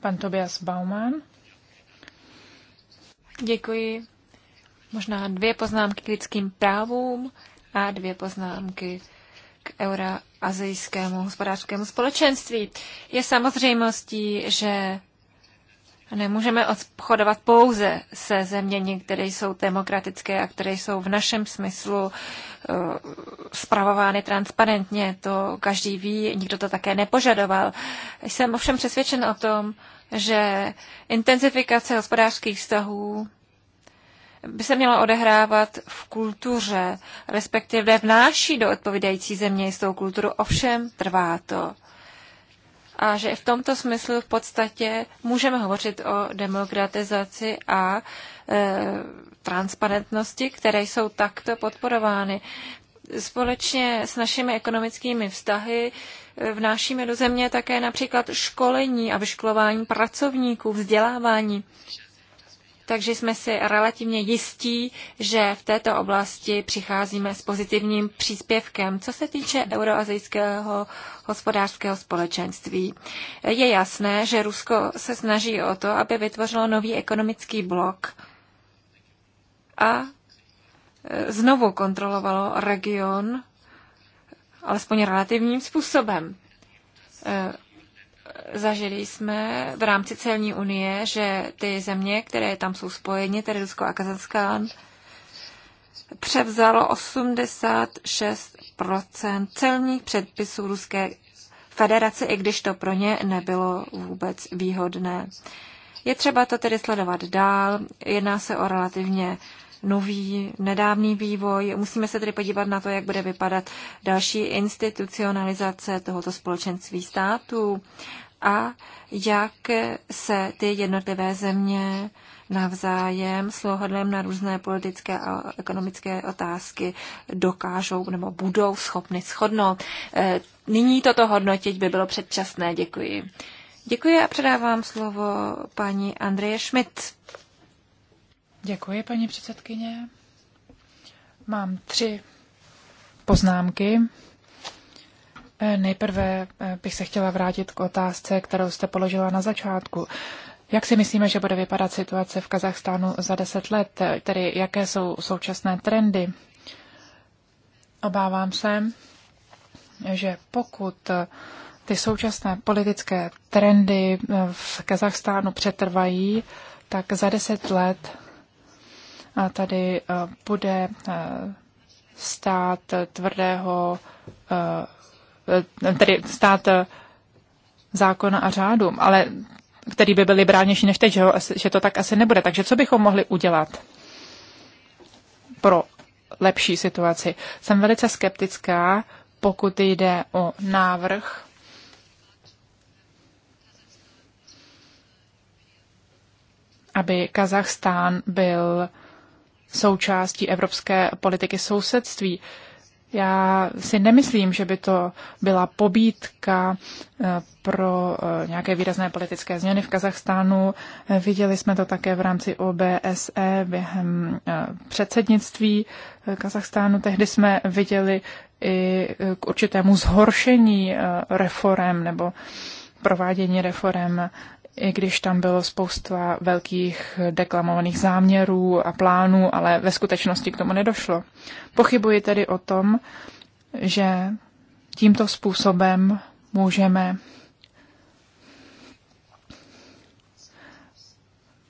Pan Tobias Baumann. Děkuji, Možná dvě poznámky k lidským právům a dvě poznámky k euroazijskému hospodářskému společenství. Je samozřejmostí, že nemůžeme obchodovat pouze se zeměmi, které jsou demokratické a které jsou v našem smyslu eh, spravovány transparentně. To každý ví, nikdo to také nepožadoval. Jsem ovšem přesvědčen o tom, že intenzifikace hospodářských vztahů by se měla odehrávat v kultuře, respektive vnáší do odpovídající země jistou kulturu, ovšem trvá to. A že v tomto smyslu v podstatě můžeme hovořit o demokratizaci a e, transparentnosti, které jsou takto podporovány. Společně s našimi ekonomickými vztahy e, vnášíme do země také například školení a vyškolování pracovníků, vzdělávání takže jsme si relativně jistí, že v této oblasti přicházíme s pozitivním příspěvkem. Co se týče euroazijského hospodářského společenství, je jasné, že Rusko se snaží o to, aby vytvořilo nový ekonomický blok a e, znovu kontrolovalo region alespoň relativním způsobem. E, zažili jsme v rámci celní unie, že ty země, které tam jsou spojeny, tedy Rusko a Kazachstán, převzalo 86 celních předpisů Ruské federace, i když to pro ně nebylo vůbec výhodné. Je třeba to tedy sledovat dál. Jedná se o relativně nový nedávný vývoj. Musíme se tedy podívat na to, jak bude vypadat další institucionalizace tohoto společenství států a jak se ty jednotlivé země navzájem s na různé politické a ekonomické otázky dokážou nebo budou schopny shodnout. E, nyní toto hodnotit by bylo předčasné. Děkuji. Děkuji a předávám slovo paní Andreje Schmidt. Děkuji, paní předsedkyně. Mám tři poznámky. Eh, nejprve eh, bych se chtěla vrátit k otázce, kterou jste položila na začátku. Jak si myslíme, že bude vypadat situace v Kazachstánu za deset let, eh, tedy jaké jsou současné trendy? Obávám se, že pokud ty současné politické trendy v Kazachstánu přetrvají, tak za deset let tady eh, bude eh, stát tvrdého, eh, tedy stát zákona a řádu, ale který by byl liberálnější než teď, že, že to tak asi nebude. Takže co bychom mohli udělat pro lepší situaci? Jsem velice skeptická, pokud jde o návrh aby Kazachstán byl součástí evropské politiky sousedství. Já si nemyslím, že by to byla pobídka eh, pro eh, nějaké výrazné politické změny v Kazachstánu. Eh, viděli jsme to také v rámci OBSE během předsednictví Kazachstánu. Tehdy jsme viděli i k určitému zhoršení reform nebo provádění reform i když tam bylo spousta velkých deklamovaných záměrů a plánů, ale ve skutečnosti k tomu nedošlo. Pochybuji tedy o tom, že tímto způsobem můžeme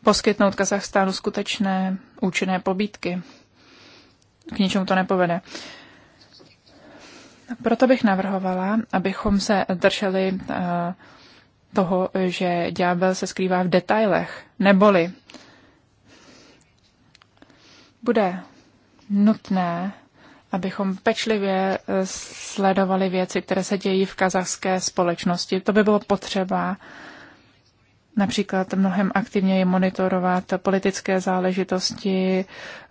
poskytnout Kazachstánu skutečné účinné pobídky. K ničemu to nepovede. Proto bych navrhovala, abychom se drželi eh, toho, že ďábel se skrývá v detailech, neboli bude nutné, abychom pečlivě eh, sledovali věci, které se dějí v kazachské společnosti. To by bylo potřeba například mnohem aktivněji monitorovat politické záležitosti,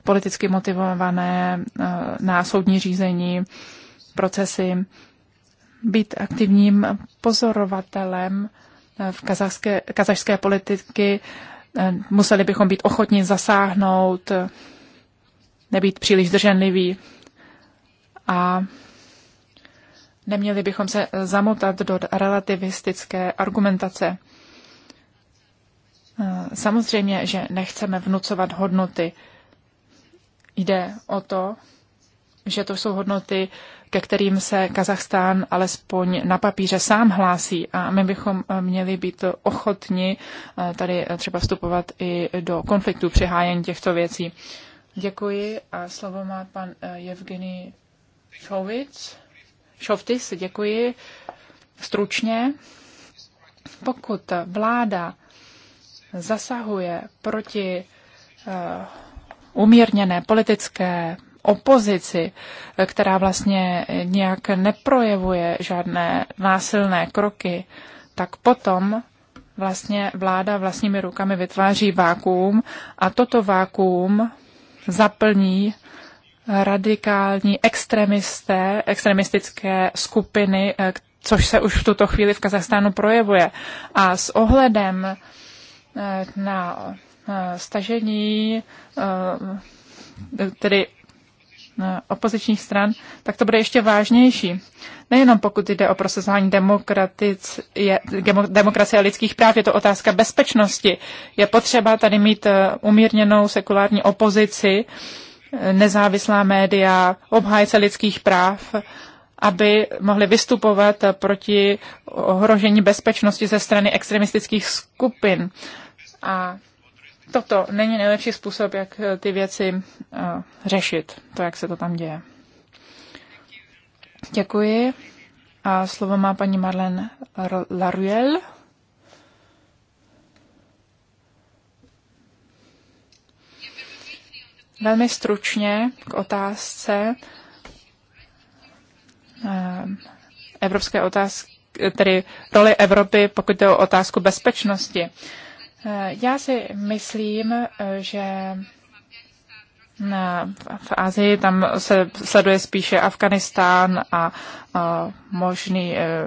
politicky motivované eh, násoudní řízení, procesy, být aktivním pozorovatelem v kazachské, kazašské politiky, museli bychom být ochotní zasáhnout, nebýt příliš drženliví a neměli bychom se zamotat do relativistické argumentace. Samozřejmě, že nechceme vnucovat hodnoty. Jde o to, že to jsou hodnoty, ke kterým se Kazachstán alespoň na papíře sám hlásí a my bychom eh, měli být ochotni eh, tady eh, třeba vstupovat i do konfliktu při hájení těchto věcí. Děkuji a slovo má pan Evgenij Šovic. Šovtis, děkuji. Stručně, pokud vláda zasahuje proti umírněné politické opozici, která vlastně nějak neprojevuje žádné násilné kroky, tak potom vlastně vláda vlastními rukami vytváří vákuum a toto vákuum zaplní radikální extremisté, extremistické skupiny, což se už v tuto chvíli v Kazachstánu projevuje. A s ohledem eh, na eh, stažení eh, tedy opozičních stran, tak to bude ještě vážnější. Nejenom pokud jde o prosazování demokracie a lidských práv, je to otázka bezpečnosti. Je potřeba tady mít eh, umírněnou sekulární opozici, eh, nezávislá média, obhájce lidských práv, aby mohli vystupovat proti ohrožení bezpečnosti ze strany extremistických skupin. A toto není nejlepší způsob, jak eh, ty věci eh, řešit, to, jak se to tam děje. Děkuji. A slovo má paní Marlene Laruel. Velmi stručně k otázce eh, evropské otázky, tedy roli Evropy, pokud jde o otázku bezpečnosti. Já si myslím, že v Asii tam se sleduje spíše Afganistán a, možný, eh,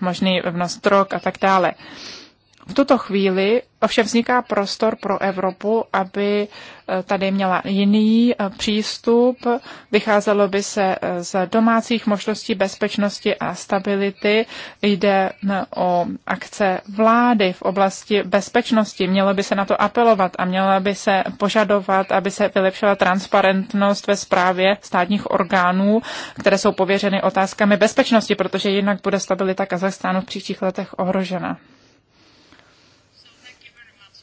možný vnos drog a tak dále. V tuto chvíli ovšem vzniká prostor pro Evropu, aby eh, tady měla jiný eh, přístup. Vycházelo by se eh, z domácích možností bezpečnosti a stability. Jde o akce vlády v oblasti bezpečnosti. Mělo by se na to apelovat a mělo by se požadovat, aby se vylepšila transparentnost ve správě státních orgánů, které jsou pověřeny otázkami bezpečnosti, protože jinak bude stabilita Kazachstánu v příštích letech ohrožena.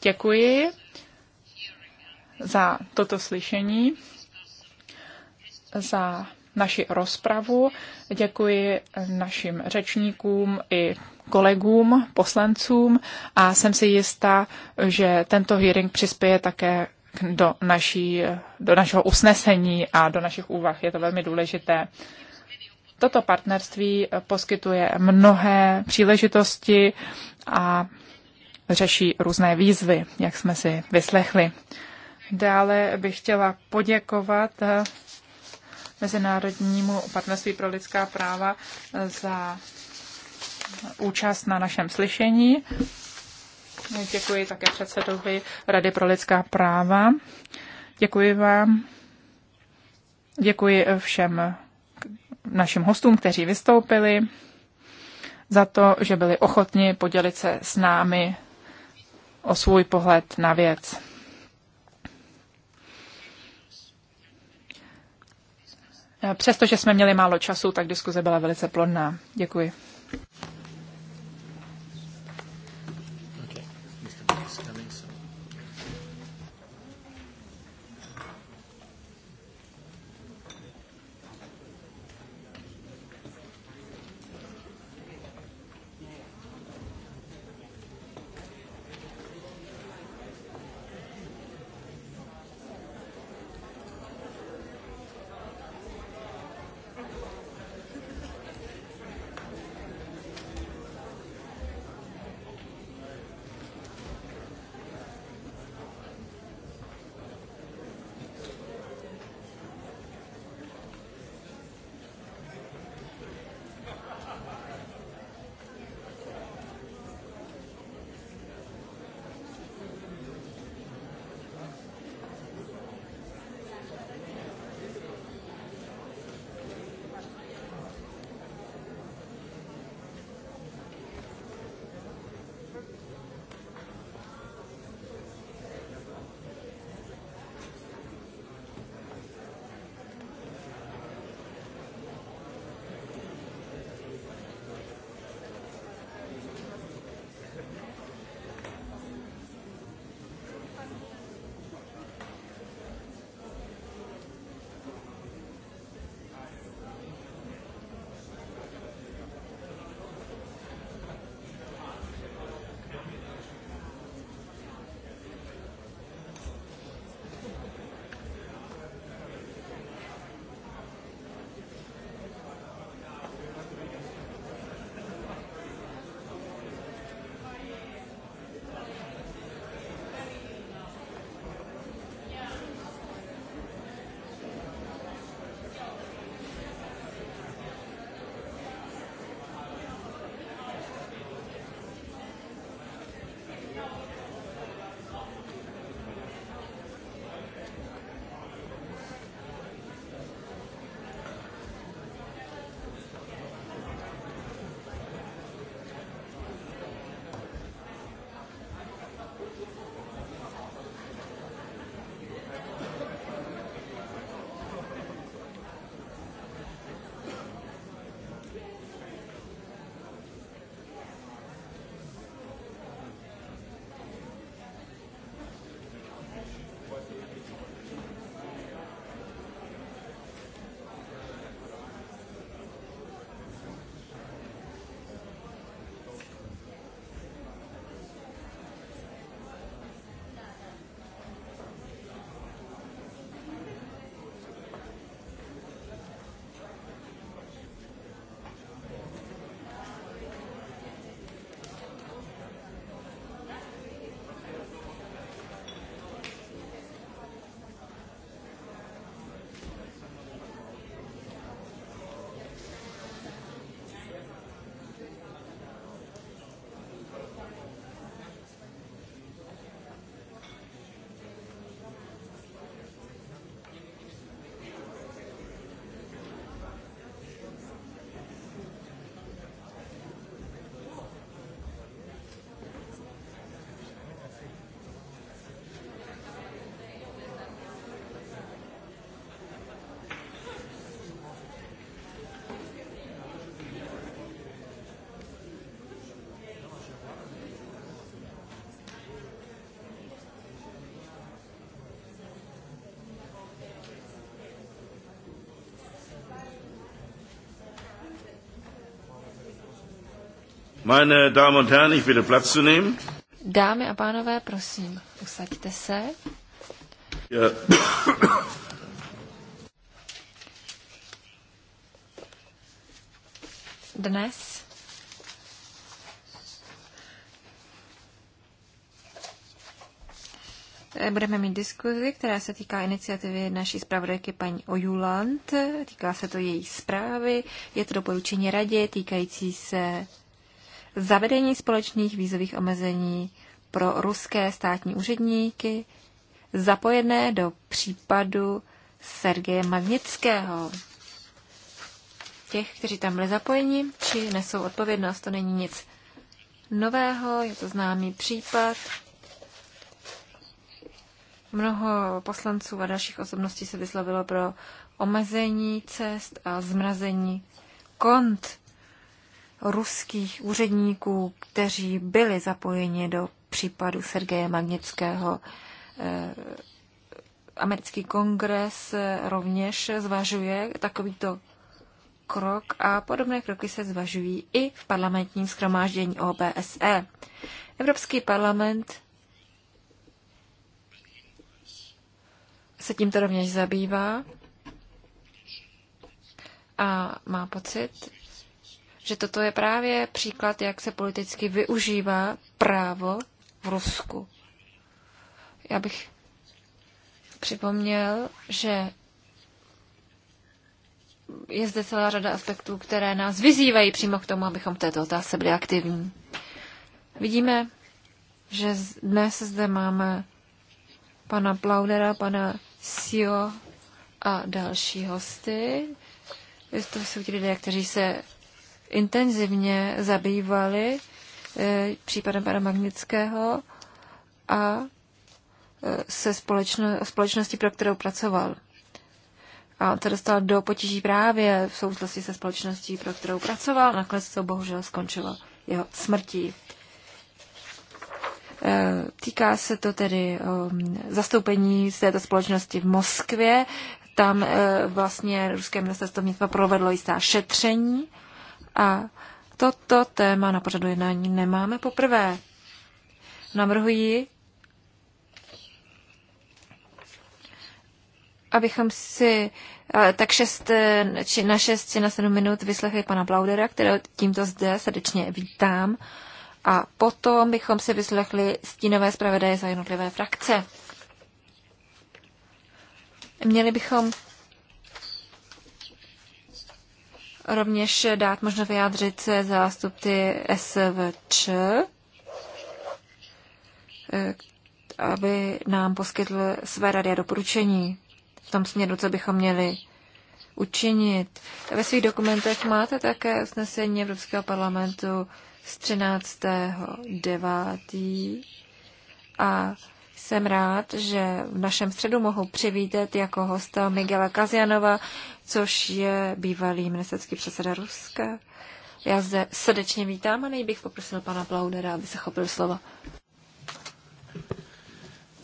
Děkuji za toto slyšení, za naši rozpravu. Děkuji našim řečníkům i kolegům, poslancům a jsem si jistá, že tento hearing přispěje také do, naší, do našeho usnesení a do našich úvah. Je to velmi důležité. Toto partnerství poskytuje mnohé příležitosti a řeší různé výzvy, jak jsme si vyslechli. Dále bych chtěla poděkovat eh, Mezinárodnímu partnerství pro lidská práva eh, za účast na našem slyšení. Děkuji také předsedovi Rady pro lidská práva. Děkuji vám. Děkuji všem našim hostům, kteří vystoupili, za to, že byli ochotni podělit se s námi o svůj pohled na věc. Přestože jsme měli málo času, tak diskuze byla velice plodná. Děkuji. Meine Damen und Herren, ich bitte Platz zu nehmen. Dámy a pánové, prosím, usaďte se. Ja. Dnes budeme mít diskuzi, která se týká iniciativy naší zpravodajky paní Ojuland. Týká se to její zprávy. Je to doporučení radě týkající se zavedení společných vízových omezení pro ruské státní úředníky zapojené do případu Sergeje Magnického. Těch, kteří tam byli zapojeni, či nesou odpovědnost, to není nic nového, je to známý případ. Mnoho poslanců a dalších osobností se vyslovilo pro omezení cest a zmrazení kont ruských úředníků, kteří byli zapojeni do případu Sergeje Magnického. Eh, americký kongres eh, rovněž zvažuje takovýto krok a podobné kroky se zvažují i v parlamentním schromáždění OBSE. Evropský parlament se tímto rovněž zabývá a má pocit, že toto je právě příklad, jak se politicky využívá právo v Rusku. Já bych připomněl, že je zde celá řada aspektů, které nás vyzývají přímo k tomu, abychom v této otázce byli aktivní. Vidíme, že dnes zde máme pana Plaudera, pana Sio a další hosty. To jsou ti lidé, kteří se intenzivně zabývali eh, případem pana Magnického a eh, se společno, společností, pro kterou pracoval. A on se dostal do potíží právě v souvislosti se společností, pro kterou pracoval. Nakonec to bohužel skončilo jeho smrtí. Eh, týká se to tedy ehm, zastoupení z této společnosti v Moskvě. Tam vlastně ruské ministerstvo vnitra provedlo jistá šetření a toto téma na pořadu jednání nemáme poprvé. Navrhuji, abychom si eh, tak eh, šest, či na 6 či na 7 minut vyslechli pana Blaudera, kterého tímto zde srdečně vítám. A potom bychom si vyslechli stínové zpravodaje za jednotlivé frakce. Měli bychom rovněž dát možno vyjádřit zástupci SVČ, eh, aby nám poskytl své rady a doporučení v tom směru, co bychom měli učinit. Ve svých dokumentech máte také usnesení Evropského parlamentu z 13.9. a jsem rád, že v našem středu mohu přivítat jako hosta Miguela Kazianova, což je bývalý ministerský předseda Ruska. Já zde srdečně vítám a nejbych poprosil pana Plaudera, aby se chopil slova.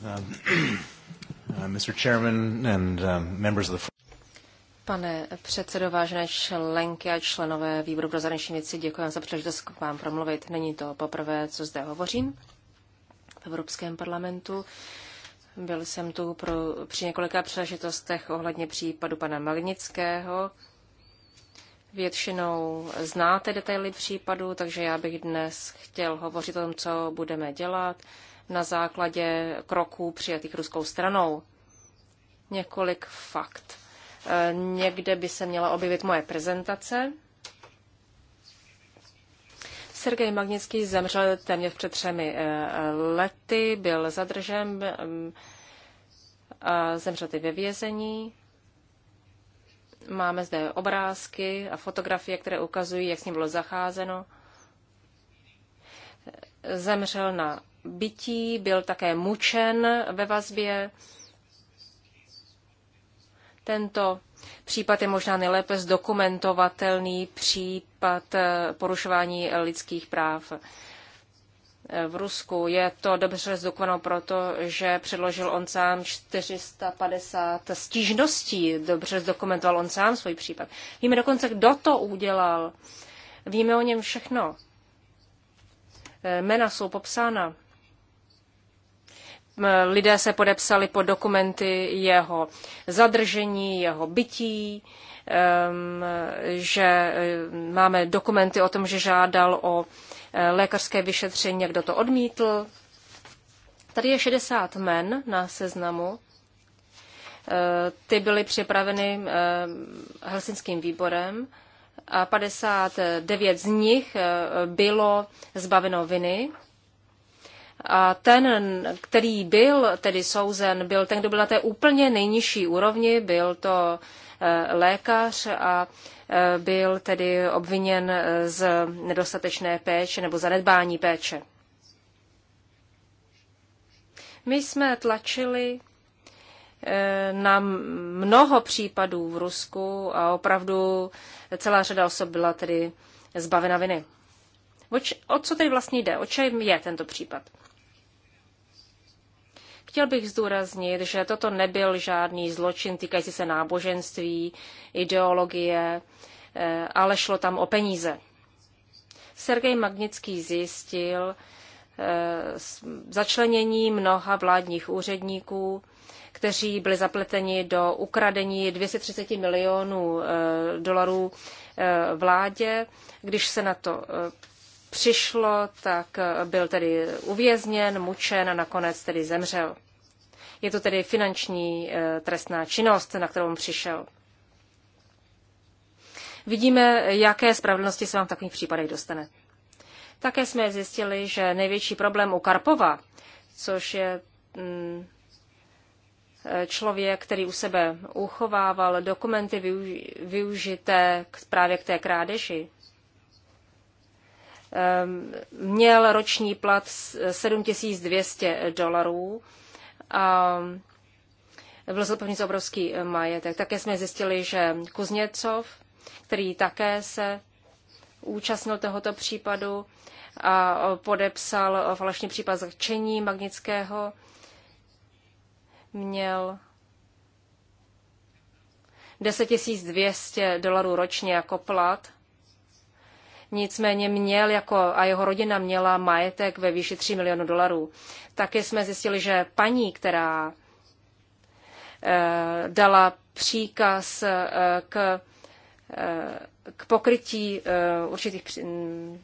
Um, [clears throat] uh, um, Pane předsedo, vážené členky a členové výboru pro zahraniční věci, děkuji za příležitost k vám promluvit. Není to poprvé, co zde hovořím. Evropském parlamentu. Byl jsem tu pro, při několika příležitostech ohledně případu pana Magnického. Většinou znáte detaily případu, takže já bych dnes chtěl hovořit o tom, co budeme dělat na základě kroků přijatých ruskou stranou. Několik fakt. Eh, někde by se měla objevit moje prezentace. Sergej Magnický zemřel téměř před třemi eh, lety, byl zadržen eh, a zemřel ve vězení. Máme zde obrázky a fotografie, které ukazují, jak s ním bylo zacházeno. Zemřel na bytí, byl také mučen ve vazbě. Tento Případ je možná nejlépe zdokumentovatelný případ eh, porušování lidských práv eh, v Rusku. Je to dobře zdokumentováno proto, že předložil on sám 450 stížností. Dobře zdokumentoval on sám svůj případ. Víme dokonce, kdo to udělal. Víme o něm všechno. Eh, jména jsou popsána. Eh, lidé se podepsali pod dokumenty jeho zadržení, jeho bytí, že eh, máme dokumenty o tom, že žádal o eh, lékařské vyšetření, kdo to odmítl. Tady je 60 men na seznamu. Ty byly připraveny Helsinským výborem a 59 z nich bylo zbaveno viny a ten, který byl tedy souzen, byl ten, kdo byl na té úplně nejnižší úrovni, byl to eh, lékař a eh, byl tedy obviněn eh, z nedostatečné péče nebo zanedbání péče. My jsme tlačili na mnoho případů v Rusku a opravdu celá řada osob byla tedy zbavena viny. O co tedy vlastně jde? O čem je tento případ? Chtěl bych zdůraznit, že toto nebyl žádný zločin týkající se náboženství, ideologie, eh, ale šlo tam o peníze. Sergej Magnický zjistil eh, začlenění mnoha vládních úředníků, kteří byli zapleteni do ukradení 230 milionů eh, dolarů vládě. Když se na to přišlo, tak byl tedy uvězněn, mučen a nakonec tedy zemřel. Je to tedy finanční eh, trestná činnost, na kterou přišel. Vidíme, jaké spravedlnosti se vám v takových případech dostane. Také jsme zjistili, že největší problém u Karpova, což je mm, eh, člověk, který u sebe uchovával dokumenty využité právě k té krádeži, ehm, měl roční plat 7200 eh, dolarů a byl pevnice obrovský eh, majetek. Také jsme zjistili, že Kuzněcov, který také se účastnil tohoto případu a podepsal falešný případ zrčení Magnického, měl 10 200 dolarů ročně jako plat nicméně měl jako a jeho rodina měla majetek ve výši 3 milionů dolarů. Také jsme zjistili, že paní, která eh, dala příkaz eh, k, eh, k pokrytí určitých mm,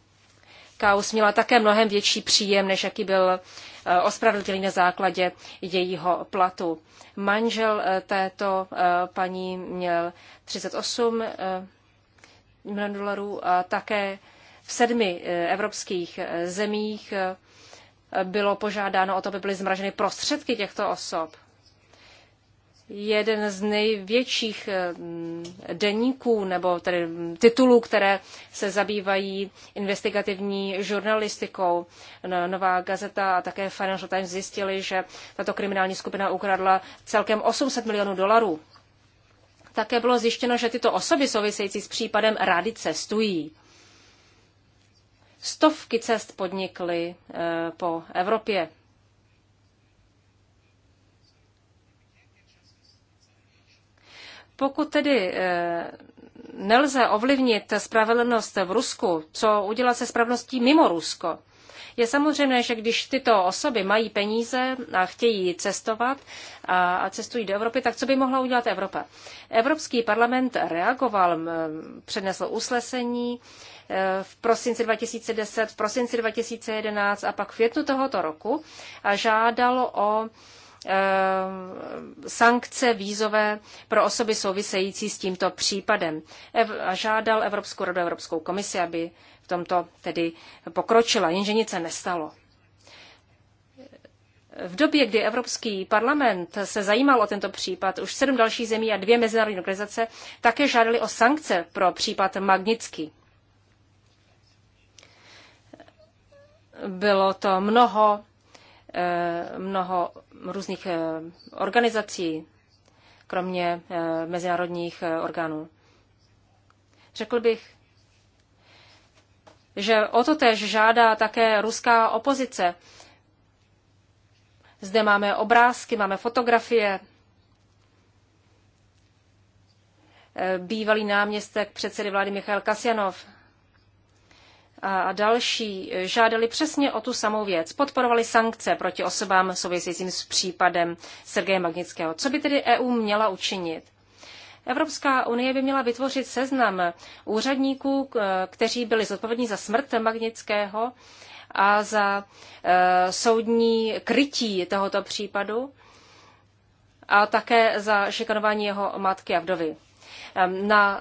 kaus, měla také mnohem větší příjem, než jaký byl ospravedlněný na základě jejího platu. Manžel této paní měl 38 milionů dolarů a také v sedmi eh, evropských eh, zemích eh, bylo požádáno o to, aby byly zmraženy prostředky těchto osob. Jeden z největších deníků nebo tedy titulů, které se zabývají investigativní žurnalistikou, no, Nová gazeta a také Financial Times zjistili, že tato kriminální skupina ukradla celkem 800 milionů dolarů. Také bylo zjištěno, že tyto osoby související s případem rády cestují. Stovky cest podnikly eh, po Evropě. Pokud tedy eh, nelze ovlivnit spravedlnost v Rusku, co udělat se spravedlností mimo Rusko? Je samozřejmé, že když tyto osoby mají peníze a chtějí cestovat a cestují do Evropy, tak co by mohla udělat Evropa? Evropský parlament reagoval, přednesl uslesení e, v prosinci 2010, v prosinci 2011 a pak v květnu tohoto roku a žádalo o Ehm, sankce vízové pro osoby související s tímto případem. A žádal Evropskou radu Evropskou komisi, aby v tomto tedy pokročila, jenže nic se nestalo. V době, kdy Evropský parlament se zajímal o tento případ, už sedm dalších zemí a dvě mezinárodní organizace také žádali o sankce pro případ Magnitsky. Bylo to mnoho Eh, mnoho různých eh, organizací, kromě eh, mezinárodních orgánů. Řekl bych, že o to tež žádá také ruská opozice. Zde máme obrázky, máme fotografie. Bývalý náměstek předsedy vlády Michal Kasjanov a další e, žádali přesně o tu samou věc. Podporovali sankce proti osobám souvisejícím s případem Sergeje Magnického. Co by tedy EU měla učinit? Evropská unie by měla vytvořit seznam úředníků, e, kteří byli zodpovědní za smrt Magnického a za e, soudní krytí tohoto případu a také za šikanování jeho matky a vdovy. Na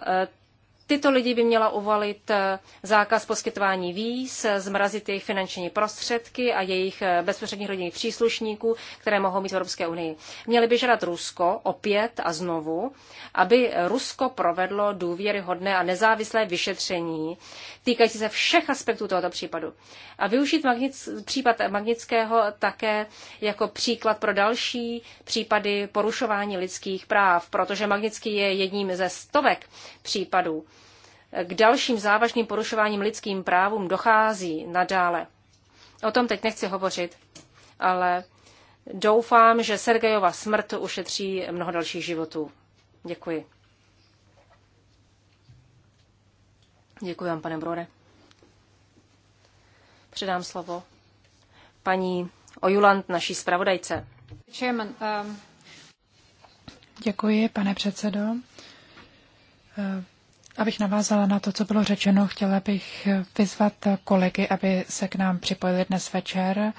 Tyto lidi by měla uvalit eh, zákaz poskytování víz, eh, zmrazit jejich finanční prostředky a jejich eh, bezprostředních rodinných příslušníků, které mohou mít v Evropské unii. Měli by žádat Rusko opět a znovu, aby Rusko provedlo důvěryhodné a nezávislé vyšetření týkající se všech aspektů tohoto případu. A využít magnic, případ Magnického také jako příklad pro další případy porušování lidských práv, protože Magnický je jedním ze stovek případů k dalším závažným porušováním lidským právům dochází nadále. O tom teď nechci hovořit, ale doufám, že Sergejova smrt ušetří mnoho dalších životů. Děkuji. Děkuji vám, pane Brode. Předám slovo paní Ojuland, naší zpravodajce. Um, Děkuji, pane předsedo. Abych navázala na to, co bylo řečeno, chtěla bych vyzvat kolegy, aby se k nám připojili dnes večer,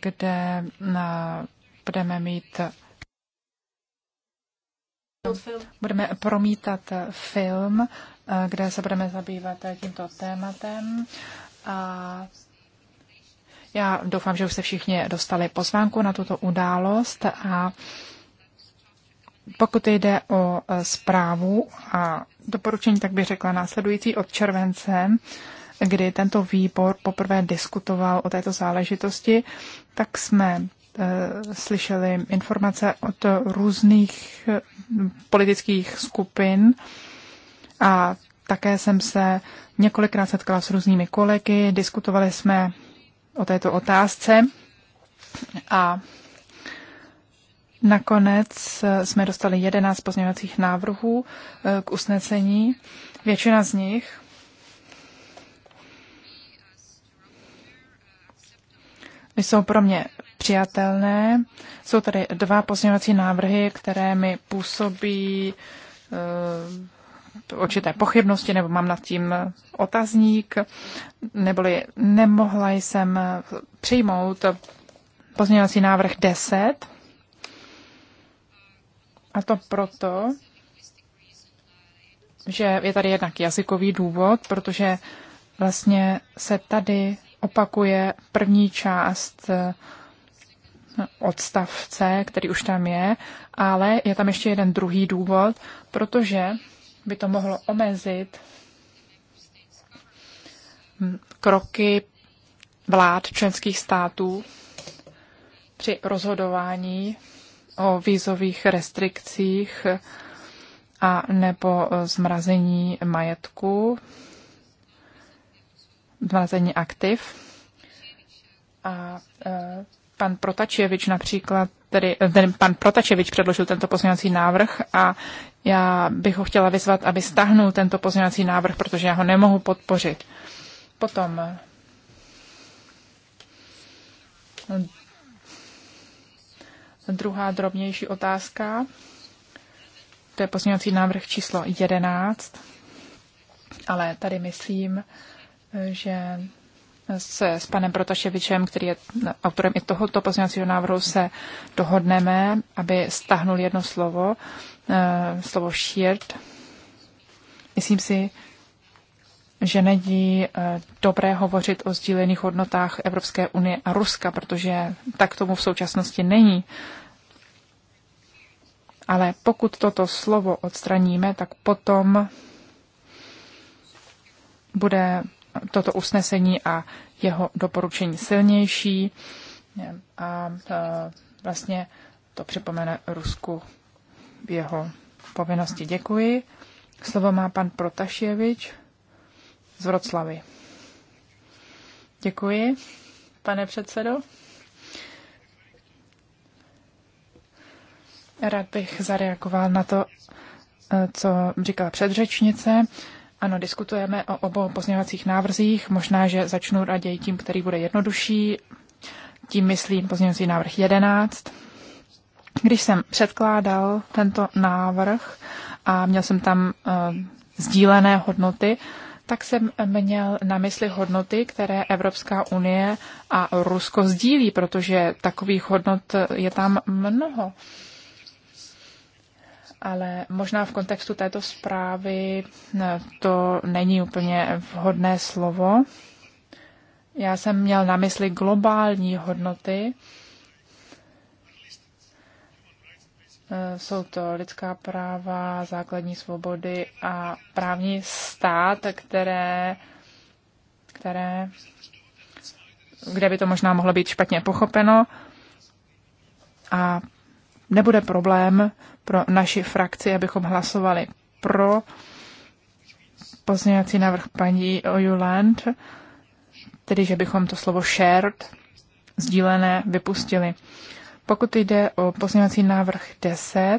kde eh, budeme mít Budeme promítat film, eh, kde se budeme zabývat tímto tématem. A já doufám, že už se všichni dostali pozvánku na tuto událost a pokud jde o e, zprávu a doporučení, tak bych řekla následující od července, kdy tento výbor poprvé diskutoval o této záležitosti, tak jsme e, slyšeli informace od různých e, politických skupin a také jsem se několikrát setkala s různými kolegy, diskutovali jsme o této otázce a Nakonec eh, jsme dostali 11 pozměňovacích návrhů eh, k usnesení. Většina z nich jsou pro mě přijatelné. Jsou tady dva pozměňovací návrhy, které mi působí eh, určité pochybnosti, nebo mám nad tím otazník, neboli nemohla jsem přijmout pozměňovací návrh 10, a to proto, že je tady jednak jazykový důvod, protože vlastně se tady opakuje první část eh, odstavce, který už tam je, ale je tam ještě jeden druhý důvod, protože by to mohlo omezit hm, kroky vlád členských států při rozhodování o vízových restrikcích a nebo zmrazení majetku, zmrazení aktiv. A e, pan Protačevič například, tedy e, ten pan Protačevič předložil tento pozměňovací návrh a já bych ho chtěla vyzvat, aby stahnul tento pozměňovací návrh, protože já ho nemohu podpořit. Potom Druhá drobnější otázka, to je pozměňovací návrh číslo 11, ale tady myslím, že se s panem Protaševičem, který je autorem i tohoto pozměňovacího návrhu, se dohodneme, aby stahnul jedno slovo, eh, slovo shared. Myslím si, že není eh, dobré hovořit o sdílených hodnotách Evropské unie a Ruska, protože tak tomu v současnosti není. Ale pokud toto slovo odstraníme, tak potom bude toto usnesení a jeho doporučení silnější a eh, vlastně to připomene Rusku jeho povinnosti. Děkuji. Slovo má pan Protaševič z Vroclavy. Děkuji, pane předsedo. Rád bych zareagoval na to, eh, co říkala předřečnice. Ano, diskutujeme o obou pozměňovacích návrzích. Možná, že začnu raději tím, který bude jednodušší. Tím myslím pozměňovací návrh 11. Když jsem předkládal tento návrh a měl jsem tam uh, sdílené hodnoty, uh, tak jsem měl na mysli hodnoty, které Evropská unie a Rusko sdílí, protože takových hodnot je tam mnoho. Ale možná v kontextu této zprávy eh, to není úplně vhodné slovo. Já jsem měl na mysli globální hodnoty, Eh, jsou to lidská práva, základní svobody a právní stát, které, které kde by to možná mohlo být špatně pochopeno. A nebude problém pro naši frakci, abychom hlasovali pro pozměňovací návrh paní Ojuland, tedy že bychom to slovo shared, sdílené, vypustili. Pokud jde o pozměňovací návrh 10,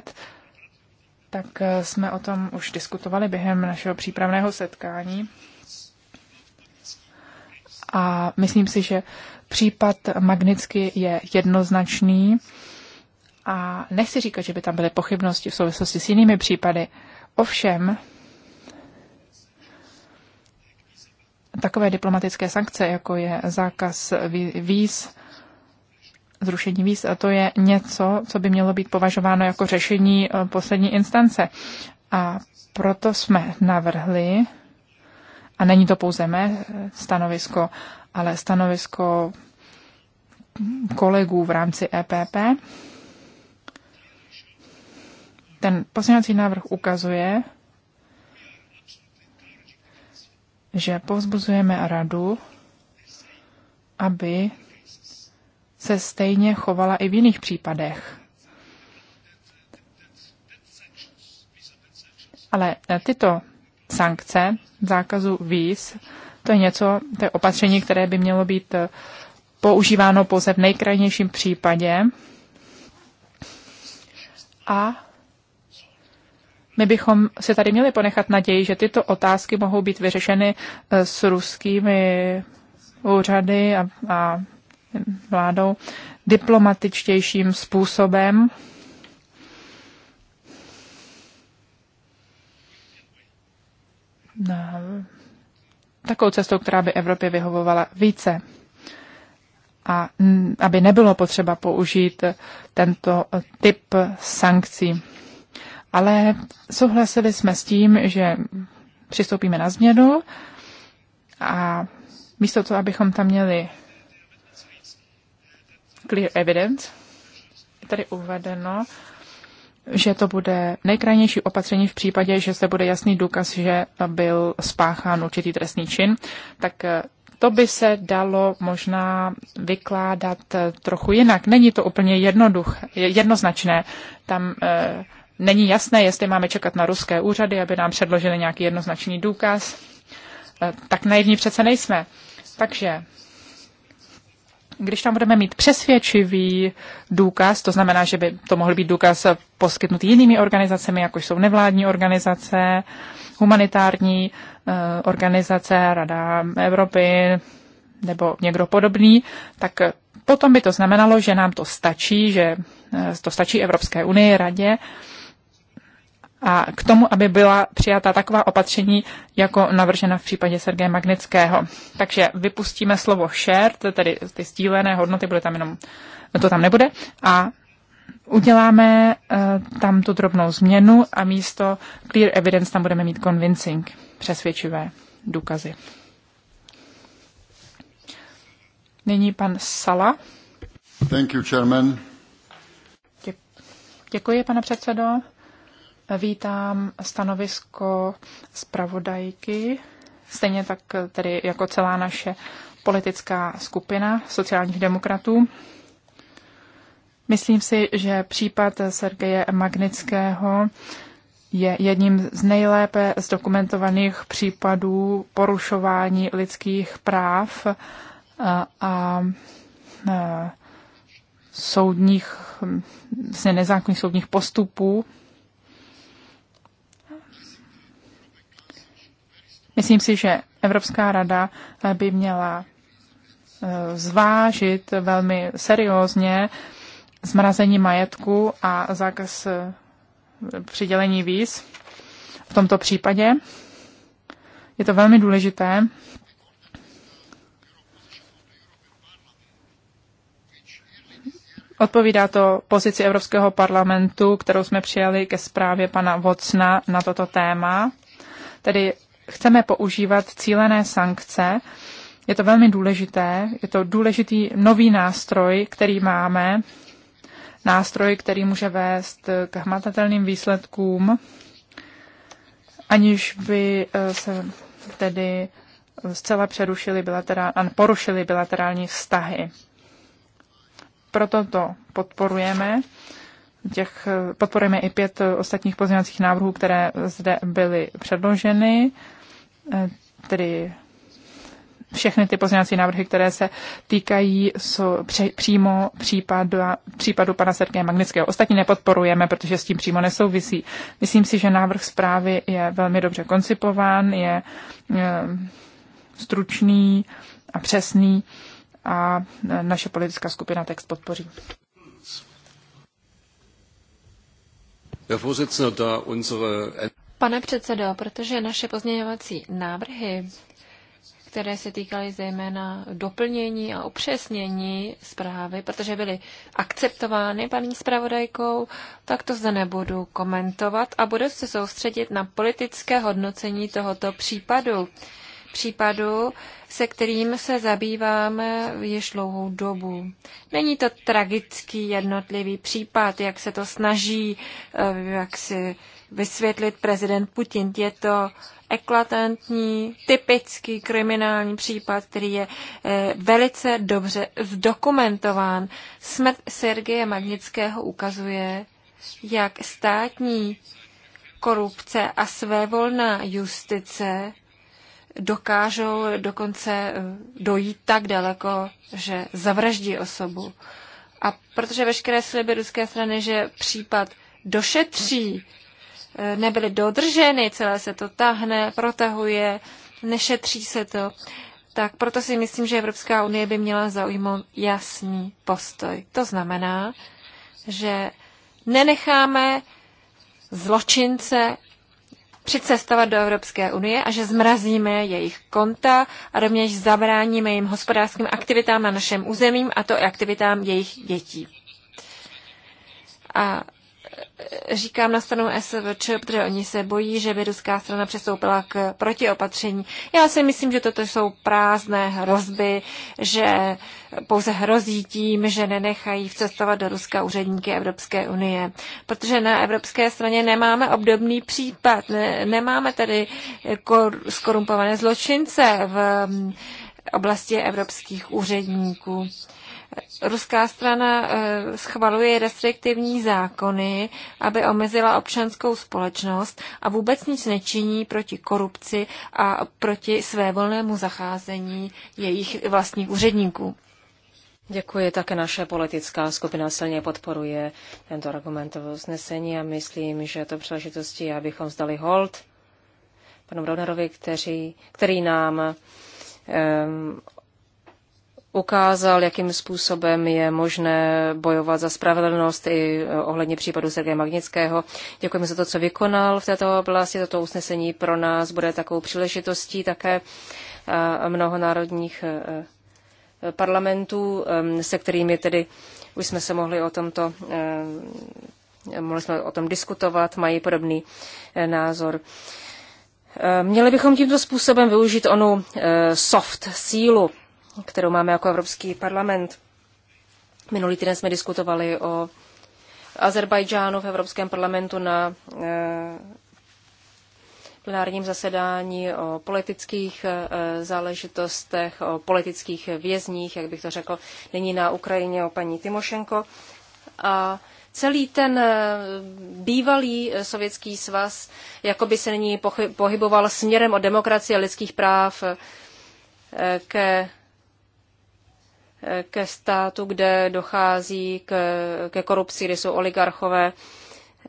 tak eh, jsme o tom už diskutovali během našeho přípravného setkání. A myslím si, že případ Magnicky je jednoznačný. A nechci říkat, že by tam byly pochybnosti v souvislosti s jinými případy. Ovšem, takové diplomatické sankce, jako je zákaz víz, zrušení víz. A to je něco, co by mělo být považováno jako řešení eh, poslední instance. A proto jsme navrhli, a není to pouze mé eh, stanovisko, ale stanovisko kolegů v rámci EPP, ten pozměňovací návrh ukazuje, že povzbuzujeme radu, aby se stejně chovala i v jiných případech. Ale e, tyto sankce zákazu víz, to je něco, to je opatření, které by mělo být e, používáno pouze v nejkrajnějším případě. A my bychom se tady měli ponechat naději, že tyto otázky mohou být vyřešeny e, s ruskými úřady a, a vládou diplomatičtějším způsobem. Na takovou cestou, která by Evropě vyhovovala více a aby nebylo potřeba použít tento typ sankcí. Ale souhlasili jsme s tím, že přistoupíme na změnu a místo toho, abychom tam měli Clear Evidence. Je tady uvedeno, že to bude nejkrajnější opatření v případě, že se bude jasný důkaz, že byl spáchán určitý trestný čin, tak eh, to by se dalo možná vykládat eh, trochu jinak. Není to úplně jednoduché, jednoznačné. Tam e, není jasné, jestli máme čekat na ruské úřady, aby nám předložili nějaký jednoznačný důkaz. E, tak naivní přece nejsme. Takže když tam budeme mít přesvědčivý důkaz, to znamená, že by to mohl být důkaz poskytnutý jinými organizacemi, jako jsou nevládní organizace, humanitární eh, organizace, Rada Evropy nebo někdo podobný, tak potom by to znamenalo, že nám to stačí, že eh, to stačí Evropské unii, radě, a k tomu, aby byla přijata taková opatření, jako navržena v případě Sergeje Magnického. Takže vypustíme slovo shared, tedy ty sdílené hodnoty, bude tam jenom, to tam nebude, a uděláme uh, tam tu drobnou změnu a místo clear evidence tam budeme mít convincing, přesvědčivé důkazy. Nyní pan Sala. Thank you, chairman. Děkuji, pane předsedo. Vítám stanovisko zpravodajky, stejně tak tedy jako celá naše politická skupina sociálních demokratů. Myslím si, že případ Sergeje Magnického je jedním z nejlépe zdokumentovaných případů porušování lidských práv a, a soudních, vlastně nezákonných soudních postupů Myslím si, že Evropská rada eh, by měla eh, zvážit velmi seriózně zmrazení majetku a zákaz eh, přidělení víz v tomto případě. Je to velmi důležité. Odpovídá to pozici Evropského parlamentu, kterou jsme přijali ke zprávě pana Vocna na toto téma. Tedy chceme používat cílené sankce. Je to velmi důležité, je to důležitý nový nástroj, který máme, nástroj, který může vést k hmatatelným výsledkům, aniž by eh, se tedy zcela přerušili bilaterál, porušili bilaterální vztahy. Proto to podporujeme. Těch, eh, podporujeme i pět ostatních pozměňovacích návrhů, které zde byly předloženy. Eh, tedy všechny ty pozměňovací návrhy, které se týkají jsou pře- přímo případu, případu pana Sergeje Magnického. Ostatní nepodporujeme, protože s tím přímo nesouvisí. Myslím si, že návrh zprávy je velmi dobře koncipován, je, je eh, stručný a přesný a eh, naše politická skupina text podpoří. Herr da unsere Pane předsedo, protože naše pozměňovací návrhy, které se týkaly zejména doplnění a upřesnění zprávy, protože byly akceptovány paní zpravodajkou, tak to zde nebudu komentovat a budu se soustředit na politické hodnocení tohoto případu. Případu, se kterým se zabýváme již dlouhou dobu. Není to tragický jednotlivý případ, jak se to snaží, eh, jak si vysvětlit prezident Putin. Je to eklatantní, typický kriminální případ, který je eh, velice dobře zdokumentován. Smrt Sergeje Magnického ukazuje, jak státní korupce a svévolná justice dokážou dokonce eh, dojít tak daleko, že zavraždí osobu. A protože veškeré sliby ruské strany, že případ došetří, nebyly dodrženy, celé se to tahne, protahuje, nešetří se to. Tak proto si myslím, že Evropská unie by měla zaujmout jasný postoj. To znamená, že nenecháme zločince přicestovat do Evropské unie a že zmrazíme jejich konta a rovněž zabráníme jim hospodářským aktivitám na našem území a to i aktivitám jejich dětí. A říkám na stranu SVČ, protože oni se bojí, že by ruská strana přestoupila k protiopatření. Já si myslím, že toto jsou prázdné hrozby, že pouze hrozí tím, že nenechají vcestovat do Ruska úředníky Evropské unie. Protože na evropské straně nemáme obdobný případ, ne, nemáme tedy kor, skorumpované zločince v mm, oblasti evropských úředníků. Ruská strana eh, schvaluje restriktivní zákony, aby omezila občanskou společnost a vůbec nic nečiní proti korupci a proti svévolnému zacházení jejich vlastních úředníků. Děkuji. Také naše politická skupina silně podporuje tento argument usnesení a myslím, že to příležitosti, abychom zdali hold panu Brownerovi, který, který nám um, ukázal, jakým způsobem je možné bojovat za spravedlnost i eh, ohledně případu Sergeje Magnického. Děkujeme za to, co vykonal v této oblasti. Toto usnesení pro nás bude takovou příležitostí také eh, mnoho národních eh, parlamentů, se kterými tedy už jsme se mohli o tomto mohli jsme o tom diskutovat, mají podobný názor. Měli bychom tímto způsobem využít onu soft sílu, kterou máme jako Evropský parlament. Minulý týden jsme diskutovali o Azerbajdžánu v Evropském parlamentu na eh, plenárním zasedání o politických eh, záležitostech, o politických vězních, jak bych to řekl, nyní na Ukrajině o paní Timošenko. A celý ten eh, bývalý sovětský svaz jako by se nyní pohyboval směrem od demokracie lidských práv ke ke státu, kde dochází k, ke korupci, kde jsou oligarchové.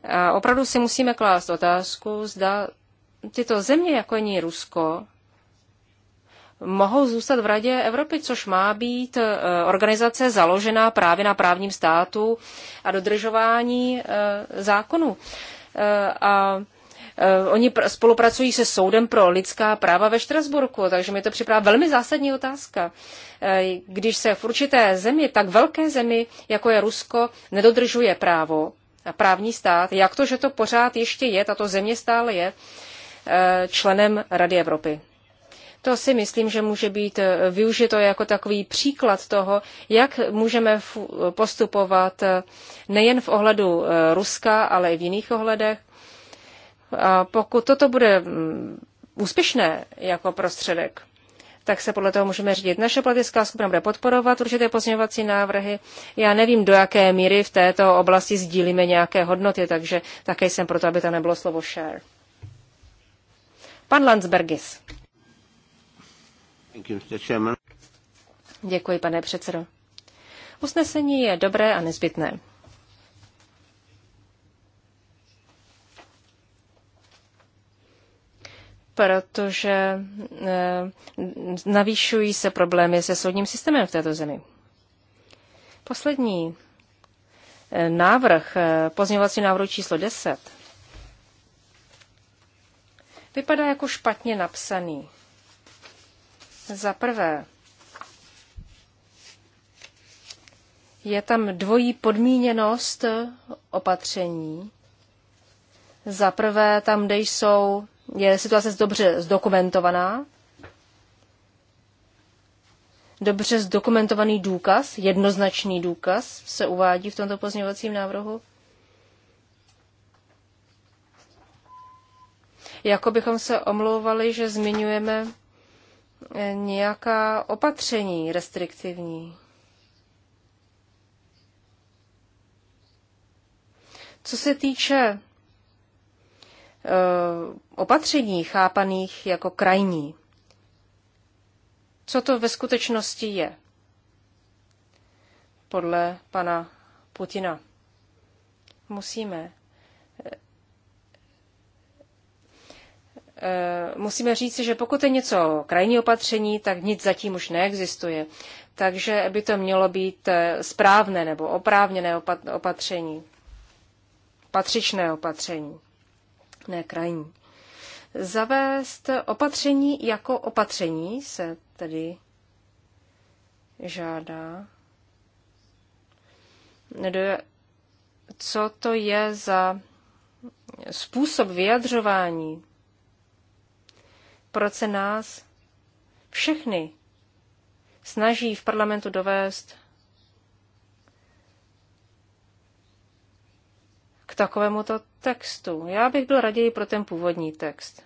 A opravdu si musíme klást otázku, zda tyto země, jako je Rusko, mohou zůstat v Radě Evropy, což má být e, organizace založená právě na právním státu a dodržování e, zákonů. E, a Eh, oni spolupracují se Soudem pro lidská práva ve Štrasburku, takže mi to připadá velmi zásadní otázka. Eh, když se v určité zemi, tak velké zemi, jako je Rusko, nedodržuje právo a eh, právní stát, jak to, že to pořád ještě je, tato země stále je členem Rady Evropy. To si myslím, že může být využito jako takový příklad toho, jak můžeme postupovat nejen v ohledu Ruska, ale i v jiných ohledech pokud toto bude mm, úspěšné jako prostředek, tak se podle toho můžeme řídit. Naše politická skupina bude podporovat určité pozměňovací návrhy. Já nevím, do jaké míry v této oblasti sdílíme nějaké hodnoty, takže také jsem proto, aby to nebylo slovo share. Pan Landsbergis. Děkuji, pane předsedo. Usnesení je dobré a nezbytné. protože eh, navýšují se problémy se soudním systémem v této zemi. Poslední eh, návrh, eh, pozměňovací návrh číslo 10, vypadá jako špatně napsaný. Za prvé, je tam dvojí podmíněnost opatření. Za prvé tam, kde jsou je situace dobře zdokumentovaná, dobře zdokumentovaný důkaz, jednoznačný důkaz se uvádí v tomto pozměňovacím návrhu. Jako bychom se omlouvali, že zmiňujeme eh, nějaká opatření restriktivní. Co se týče Eh, opatření chápaných jako krajní. Co to ve skutečnosti je? Podle pana Putina. Musíme. Eh, eh, musíme říct, že pokud je něco krajní opatření, tak nic zatím už neexistuje. Takže by to mělo být správné nebo oprávněné opatření, patřičné opatření ne krajní. Zavést opatření jako opatření se tedy žádá. Co to je za způsob vyjadřování? Proč se nás všechny snaží v parlamentu dovést takovémuto textu. Já bych byl raději pro ten původní text.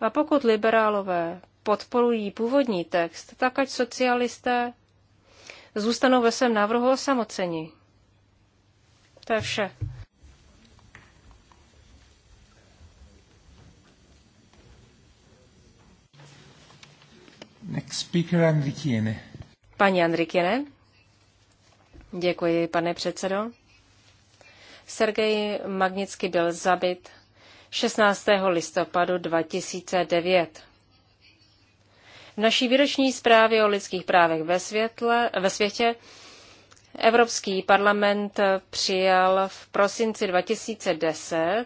A pokud liberálové podporují původní text, tak ať socialisté zůstanou ve svém návrhu osamoceni. To je vše. Next speaker Andrikine. Paní Andrikine, Děkuji, pane předsedo. Sergej Magnický byl zabit 16. listopadu 2009. V naší výroční zprávě o lidských právech ve, světle, ve světě Evropský parlament přijal v prosinci 2010,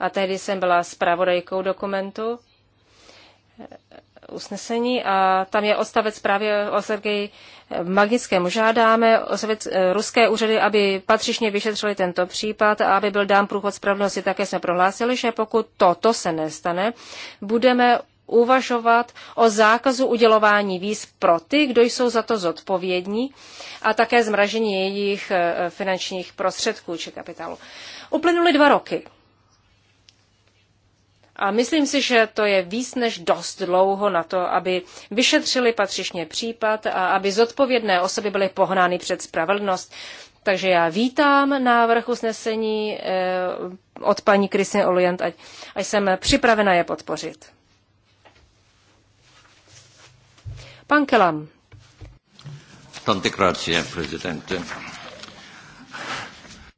a tehdy jsem byla zpravodajkou dokumentu, eh, usnesení a tam je odstavec právě o Sergeji magickém Žádáme osvět, eh, ruské úřady, aby patřičně vyšetřili tento případ a aby byl dán průchod spravedlnosti. Také jsme prohlásili, že pokud toto se nestane, budeme uvažovat o zákazu udělování víz pro ty, kdo jsou za to zodpovědní a také zmražení jejich eh, finančních prostředků či kapitálu. Uplynuly dva roky a myslím si, že to je víc než dost dlouho na to, aby vyšetřili patřičně případ a aby zodpovědné osoby byly pohnány před spravedlnost. Takže já vítám návrh usnesení eh, od paní Kristine Olujent a jsem připravena je podpořit. Pan Kelam. prezidente.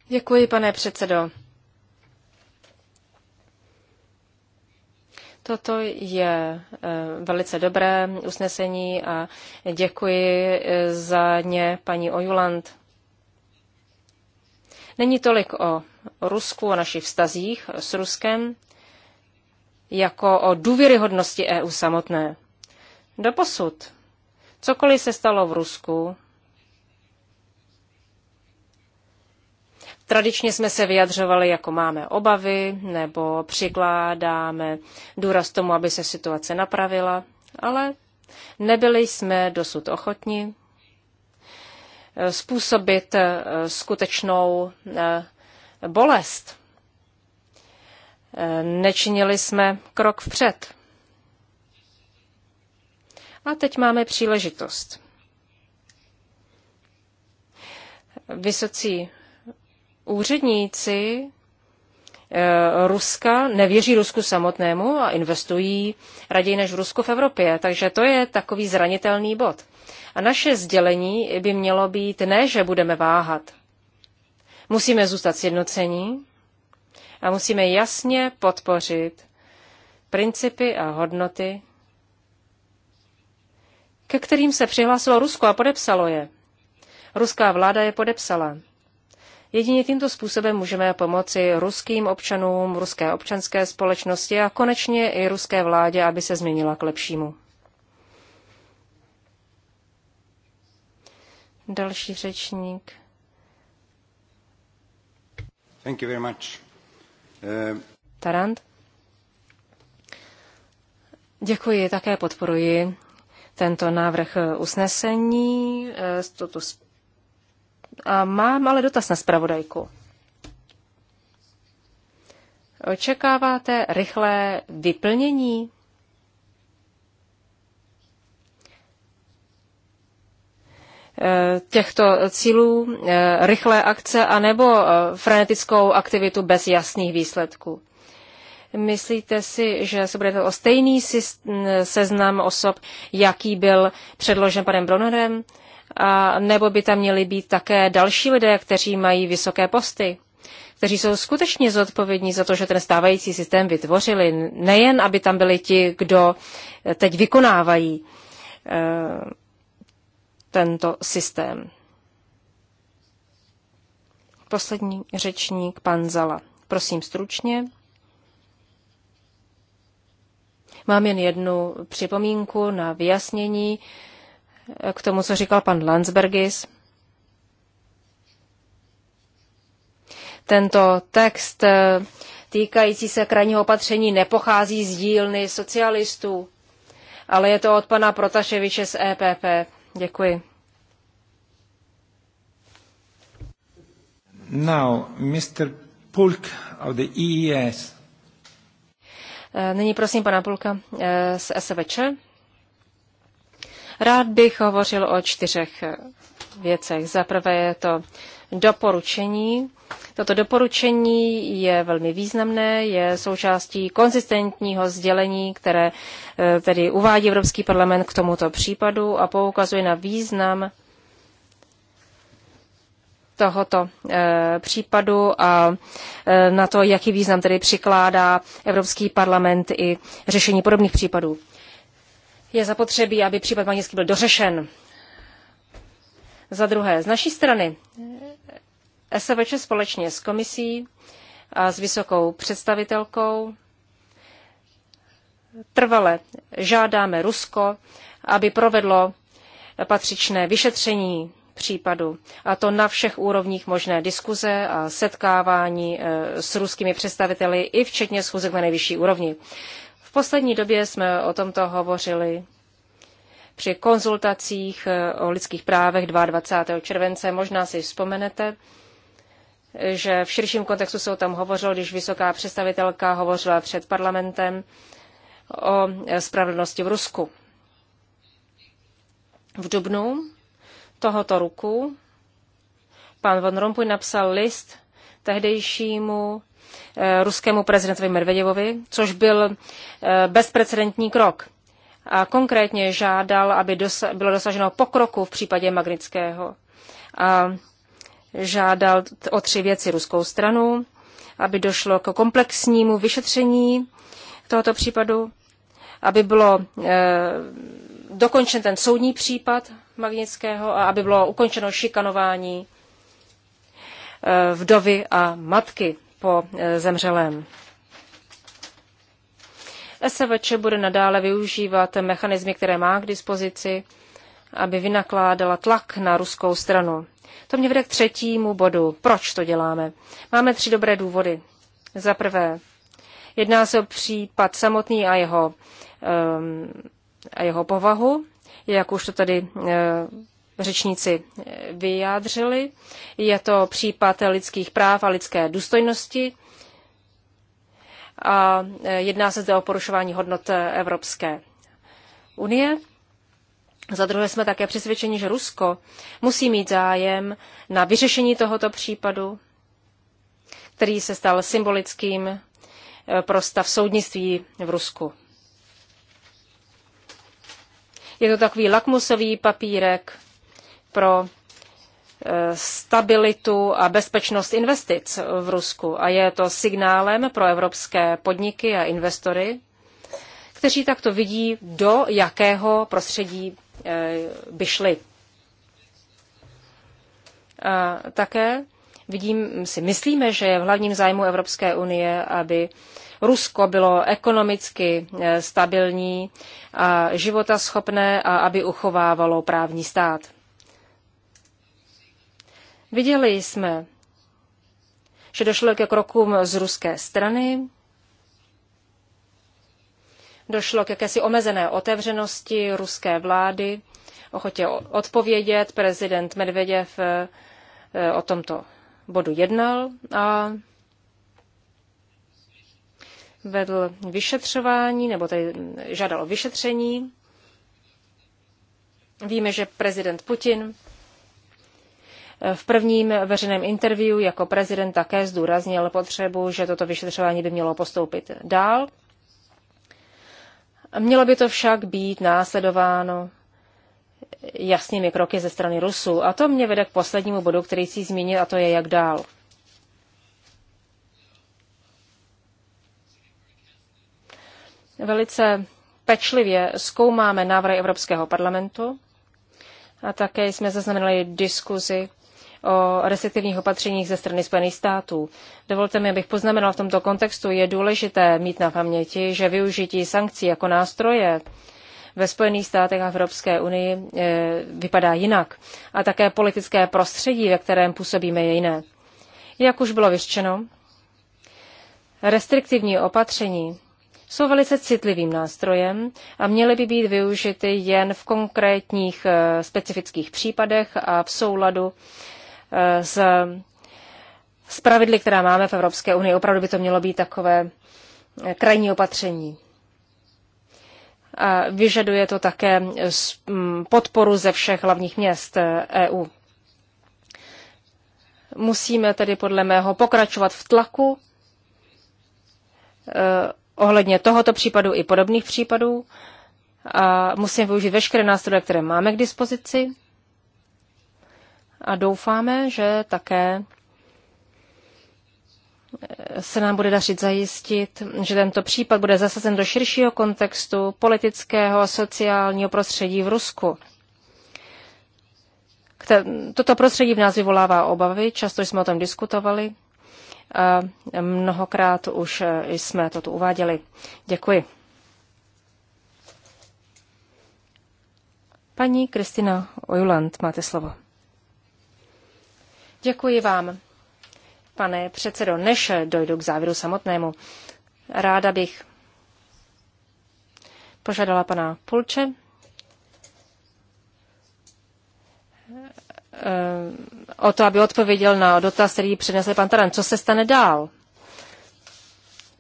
Děkuji, pane předsedo. Toto je eh, velice dobré usnesení a děkuji eh, za ně paní Ojuland. Není tolik o Rusku, o našich vztazích s Ruskem, jako o důvěryhodnosti EU samotné. Doposud, cokoliv se stalo v Rusku, Tradičně jsme se vyjadřovali, jako máme obavy, nebo přikládáme důraz tomu, aby se situace napravila, ale nebyli jsme dosud ochotni eh, způsobit eh, skutečnou eh, bolest. Nečinili jsme krok vpřed. A teď máme příležitost. Vysocí úředníci eh, Ruska nevěří Rusku samotnému a investují raději než v Rusku v Evropě. Takže to je takový zranitelný bod. A naše sdělení by mělo být ne, že budeme váhat. Musíme zůstat sjednocení a musíme jasně podpořit principy a hodnoty, ke kterým se přihlásilo Rusko a podepsalo je. Ruská vláda je podepsala. Jedině tímto způsobem můžeme pomoci ruským občanům, ruské občanské společnosti a konečně i ruské vládě, aby se změnila k lepšímu. Další řečník. Thank you very much. Uh... Tarant. Děkuji, také podporuji tento návrh usnesení, eh, toto a mám ale dotaz na spravodajku. Očekáváte rychlé vyplnění? Eh, těchto cílů, eh, rychlé akce a nebo eh, frenetickou aktivitu bez jasných výsledků. Myslíte si, že se bude o stejný seznam osob, jaký byl předložen panem Bronnerem? a nebo by tam měli být také další lidé, kteří mají vysoké posty, kteří jsou skutečně zodpovědní za to, že ten stávající systém vytvořili. Nejen, aby tam byli ti, kdo teď vykonávají eh, tento systém. Poslední řečník, pan Zala. Prosím stručně. Mám jen jednu připomínku na vyjasnění. Uh, k tomu, co říkal pan Landsbergis. Tento text eh, týkající se krajního opatření nepochází z dílny socialistů, ale je to od pana Protaševiče z EPP. Děkuji. Now, Mr. Pulk of the EES. Eh, nyní prosím pana Pulka eh, z SVČ. Rád bych hovořil o čtyřech věcech. Za prvé je to doporučení. Toto doporučení je velmi významné, je součástí konzistentního sdělení, které eh, tedy uvádí Evropský parlament k tomuto případu a poukazuje na význam tohoto e, případu a e, na to, jaký význam tedy přikládá Evropský parlament i řešení podobných případů je zapotřebí, aby případ Magnický byl dořešen. Za druhé, z naší strany SVČ společně s komisí a s vysokou představitelkou trvale žádáme Rusko, aby provedlo patřičné vyšetření případu, a to na všech úrovních možné diskuze a setkávání e, s ruskými představiteli, i včetně schůzek na nejvyšší úrovni. V poslední době jsme o tomto hovořili při konzultacích eh, o lidských právech 22. července. Možná si vzpomenete, že v širším kontextu se o tom hovořilo, když vysoká představitelka hovořila před parlamentem o eh, spravedlnosti v Rusku. V dubnu tohoto roku pan Von Rompuy napsal list tehdejšímu eh, ruskému prezidentovi Medveděvovi, což byl eh, bezprecedentní krok. A konkrétně žádal, aby dosa- bylo dosaženo pokroku v případě Magnického. A žádal o tři věci ruskou stranu, aby došlo k komplexnímu vyšetření tohoto případu, aby bylo e, dokončen ten soudní případ Magnického a aby bylo ukončeno šikanování Eh, vdovy a matky po eh, zemřelém. SVČ bude nadále využívat mechanizmy, které má k dispozici, aby vynakládala tlak na ruskou stranu. To mě vede k třetímu bodu. Proč to děláme? Máme tři dobré důvody. Za prvé, jedná se o případ samotný a jeho, um, a jeho povahu, jak už to tady uh, řečníci eh, vyjádřili. Je to případ lidských práv a lidské důstojnosti a eh, jedná se zde o porušování hodnot eh, Evropské unie. Za druhé jsme také přesvědčeni, že Rusko musí mít zájem na vyřešení tohoto případu, který se stal symbolickým pro stav soudnictví v Rusku. Je to takový lakmusový papírek pro eh, stabilitu a bezpečnost investic v Rusku a je to signálem pro evropské podniky a investory, kteří takto vidí, do jakého prostředí eh, by šli. A také vidím, si myslíme, že je v hlavním zájmu Evropské unie, aby Rusko bylo ekonomicky eh, stabilní a životaschopné a aby uchovávalo právní stát. Viděli jsme, že došlo ke krokům z ruské strany, došlo k jakési omezené otevřenosti ruské vlády, ochotě odpovědět. Prezident Medveděv eh, eh, o tomto bodu jednal a vedl vyšetřování, nebo tady eh, žádal o vyšetření. Víme, že prezident Putin v prvním veřejném interview jako prezident také zdůraznil potřebu, že toto vyšetřování by mělo postoupit dál. Mělo by to však být následováno jasnými kroky ze strany Rusů. A to mě vede k poslednímu bodu, který chci zmínit, a to je jak dál. Velice pečlivě zkoumáme návrhy Evropského parlamentu a také jsme zaznamenali diskuzi o restriktivních opatřeních ze strany Spojených států. Dovolte mi, abych poznamenal v tomto kontextu, je důležité mít na paměti, že využití sankcí jako nástroje ve Spojených státech a Evropské unii e, vypadá jinak. A také politické prostředí, ve kterém působíme, je jiné. Jak už bylo vyřčeno, restriktivní opatření jsou velice citlivým nástrojem a měly by být využity jen v konkrétních e, specifických případech a v souladu z, eh, z pravidly, která máme v Evropské unii. Opravdu by to mělo být takové eh, krajní opatření. A vyžaduje to také eh, mm, podporu ze všech hlavních měst EU. E musíme tedy podle mého pokračovat v tlaku ohledně tohoto případu i podobných případů a musíme využít veškeré nástroje, které máme k dispozici a doufáme, že také se nám bude dařit zajistit, že tento případ bude zasazen do širšího kontextu politického a sociálního prostředí v Rusku. Toto prostředí v nás vyvolává obavy, často jsme o tom diskutovali a mnohokrát už eh, jsme to tu uváděli. Děkuji. Paní Kristina Ojuland, máte slovo. Děkuji vám, pane předsedo. Než dojdu k závěru samotnému, ráda bych požádala pana Pulče, eh, o to, aby odpověděl na dotaz, který přinesl pan Taran. Co se stane dál?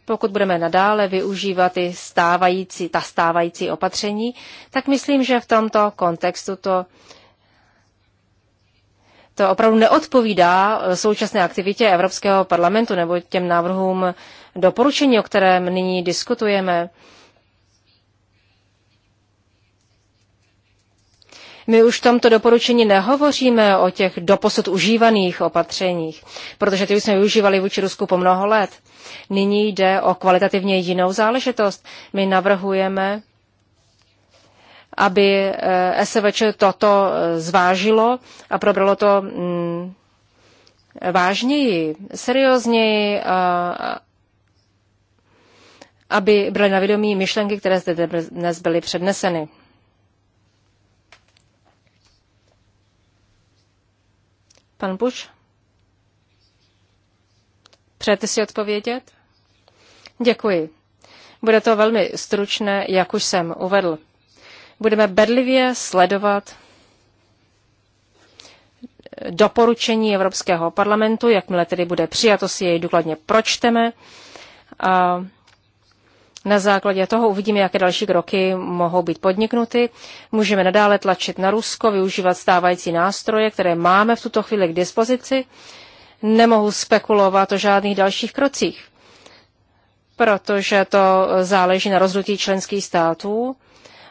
Pokud budeme nadále využívat i stávající, ta stávající opatření, tak myslím, že v tomto kontextu to to opravdu neodpovídá eh, současné aktivitě Evropského parlamentu nebo těm návrhům doporučení, o kterém nyní diskutujeme. My už v tomto doporučení nehovoříme o těch doposud užívaných opatřeních, protože ty už jsme využívali vůči Rusku po mnoho let. Nyní jde o kvalitativně jinou záležitost. My navrhujeme aby eh, SVČ toto eh, zvážilo a probralo to mm, vážněji, seriózněji, eh, aby byly na vědomí myšlenky, které zde dnes byly předneseny. Pan Buš? Přejete si odpovědět? Děkuji. Bude to velmi stručné, jak už jsem uvedl budeme bedlivě sledovat doporučení Evropského parlamentu, jakmile tedy bude přijato, si jej důkladně pročteme. A na základě toho uvidíme, jaké další kroky mohou být podniknuty. Můžeme nadále tlačit na Rusko, využívat stávající nástroje, které máme v tuto chvíli k dispozici. Nemohu spekulovat o žádných dalších krocích, protože to záleží na rozhodnutí členských států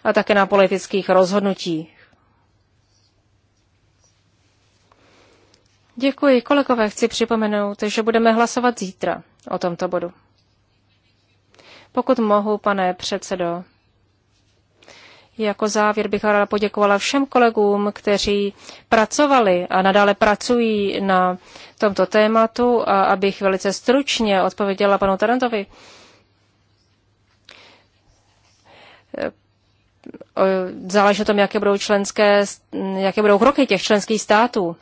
a také na politických rozhodnutích. Děkuji, kolegové. Chci připomenout, že budeme hlasovat zítra o tomto bodu. Pokud mohu, pane předsedo, jako závěr bych ráda poděkovala všem kolegům, kteří pracovali a nadále pracují na tomto tématu a abych velice stručně odpověděla panu Tarantovi Eh, záleží na tom, jaké budou, členské, jaké budou kroky těch členských států.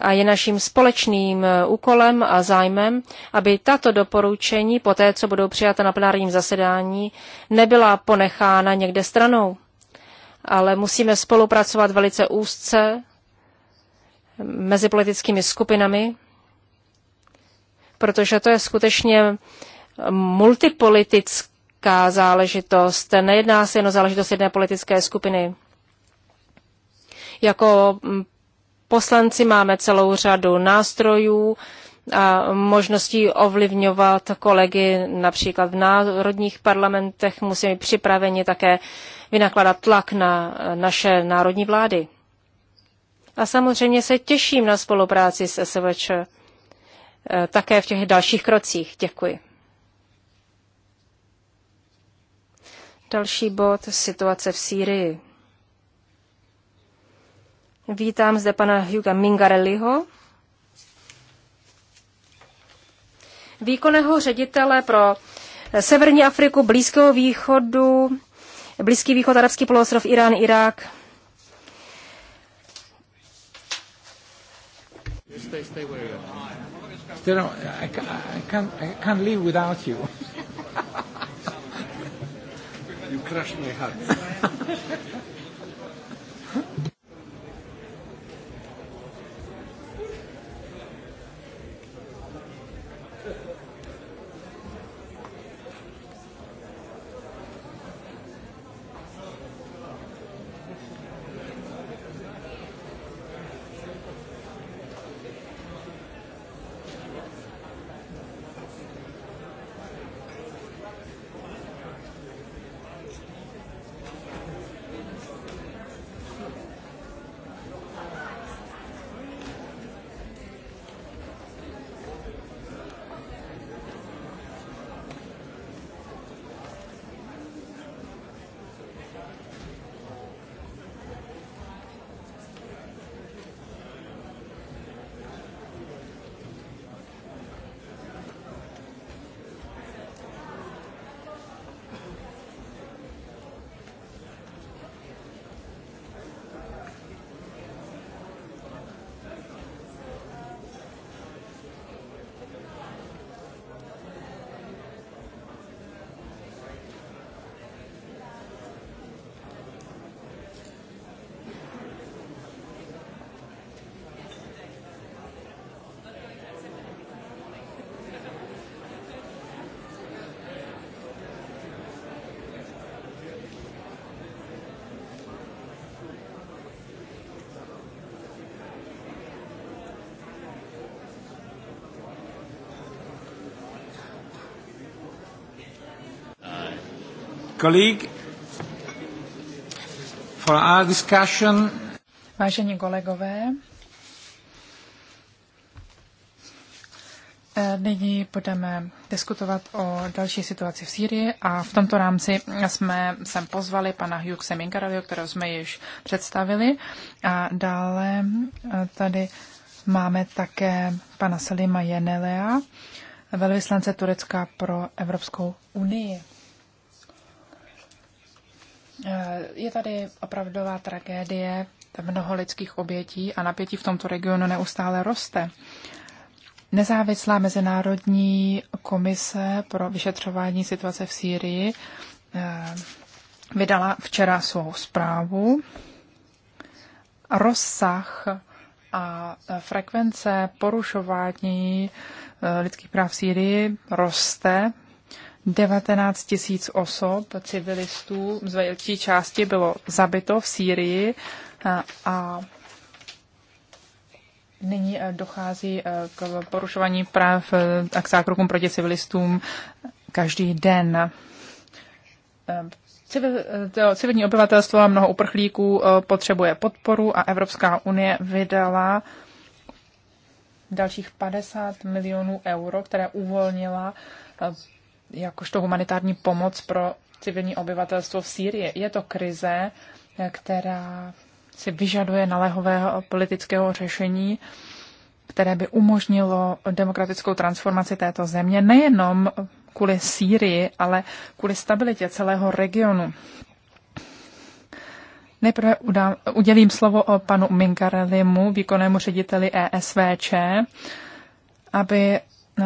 A je naším společným eh, úkolem a zájmem, aby tato doporučení, po té, co budou přijata na plenárním zasedání, nebyla ponechána někde stranou. Ale musíme spolupracovat velice úzce mm, mezi politickými skupinami, protože to je skutečně multipolitický politická záležitost. Nejedná se jen o záležitost jedné politické skupiny. Jako mm, poslanci máme celou řadu nástrojů a možností ovlivňovat kolegy například v národních parlamentech. Musíme připraveni také vynakladat tlak na naše národní vlády. A samozřejmě se těším na spolupráci s SVČ eh, také v těch dalších krocích. Děkuji. Další bod, situace v Sýrii. Vítám zde pana Hugo Mingarelliho, výkonného ředitele pro Severní Afriku, Blízkého východu, Blízký východ, Arabský poloostrov, Irán, Irák. Stay, stay where you are. No, I can't, I can't live without you. You crushed my heart. [laughs] colleague, for our discussion. Vážení kolegové, eh, nyní budeme diskutovat o další situaci v Sýrii a v tomto rámci jsme sem pozvali pana Hughese Mingarelio, kterého jsme již představili a dále eh, tady máme také pana Selima Jenelea, velvyslance Turecka pro Evropskou unii. Eh, je tady opravdová tragédie, mnoho lidských obětí a napětí v tomto regionu neustále roste. Nezávislá mezinárodní komise pro vyšetřování situace v Sýrii eh, vydala včera svou zprávu. Rozsah a frekvence porušování eh, lidských práv v Sýrii roste 19 tisíc osob, civilistů, z velké části bylo zabito v Sýrii a nyní e, dochází e, k porušování práv e, a k zákrokům proti civilistům každý den. Civil, civilní obyvatelstvo a mnoho uprchlíků potřebuje podporu a Evropská unie vydala dalších 50 milionů euro, které uvolnila jakožto humanitární pomoc pro civilní obyvatelstvo v Sýrii. Je to krize, která si vyžaduje naléhového politického řešení, které by umožnilo demokratickou transformaci této země nejenom kvůli Sýrii, ale kvůli stabilitě celého regionu. Nejprve udělím slovo o panu Minkarelimu, výkonnému řediteli ESVČ, aby eh,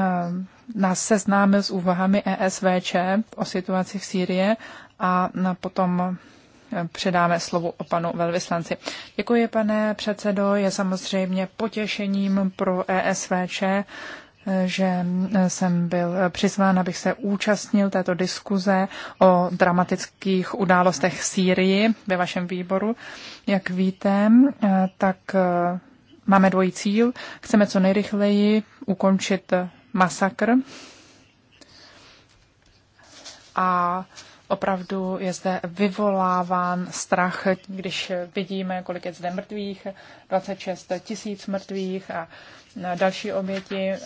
nás seznámil s úvahami ESVČ o situaci v Sýrii a potom eh, předáme slovo o panu velvyslanci. Děkuji, pane předsedo. Je samozřejmě potěšením pro ESVČ, eh, že eh, jsem byl přizván, abych se účastnil této diskuze o dramatických událostech v Sýrii ve vašem výboru. Jak víte, tak máme dvojí cíl. Chceme co nejrychleji ukončit masakr. A opravdu je zde vyvoláván strach, když vidíme, kolik je zde mrtvých, 26 tisíc mrtvých a další oběti eh,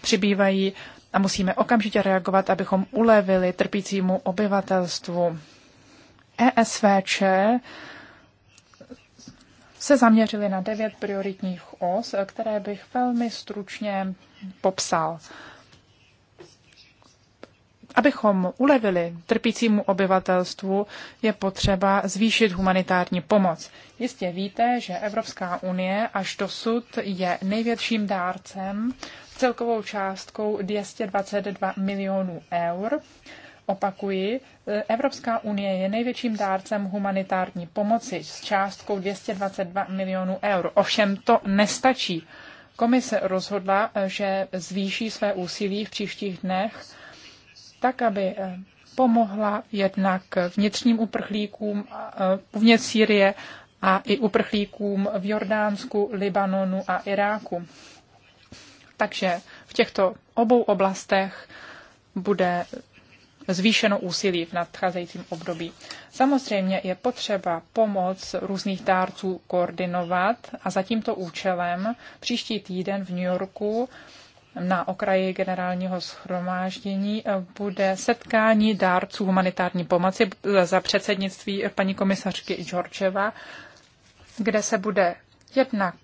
přibývají a musíme okamžitě reagovat, abychom ulevili trpícímu obyvatelstvu. ESVČ se zaměřili na devět prioritních os, které bych velmi stručně popsal. Abychom ulevili trpícímu obyvatelstvu, je potřeba zvýšit humanitární pomoc. Jistě víte, že Evropská unie až dosud je největším dárcem celkovou částkou 222 milionů eur. Opakuji, Evropská unie je největším dárcem humanitární pomoci s částkou 222 milionů eur. Ovšem to nestačí. Komise rozhodla, eh, že zvýší své úsilí v příštích dnech, tak aby eh, pomohla jednak vnitřním uprchlíkům eh, uvnitř Sýrie a i uprchlíkům v Jordánsku, Libanonu a Iráku. Takže v těchto obou oblastech bude zvýšeno úsilí v nadcházejícím období. Samozřejmě je potřeba pomoc různých dárců koordinovat a za tímto účelem příští týden v New Yorku na okraji generálního schromáždění bude setkání dárců humanitární pomoci za předsednictví paní komisařky Georgeva, kde se bude jednak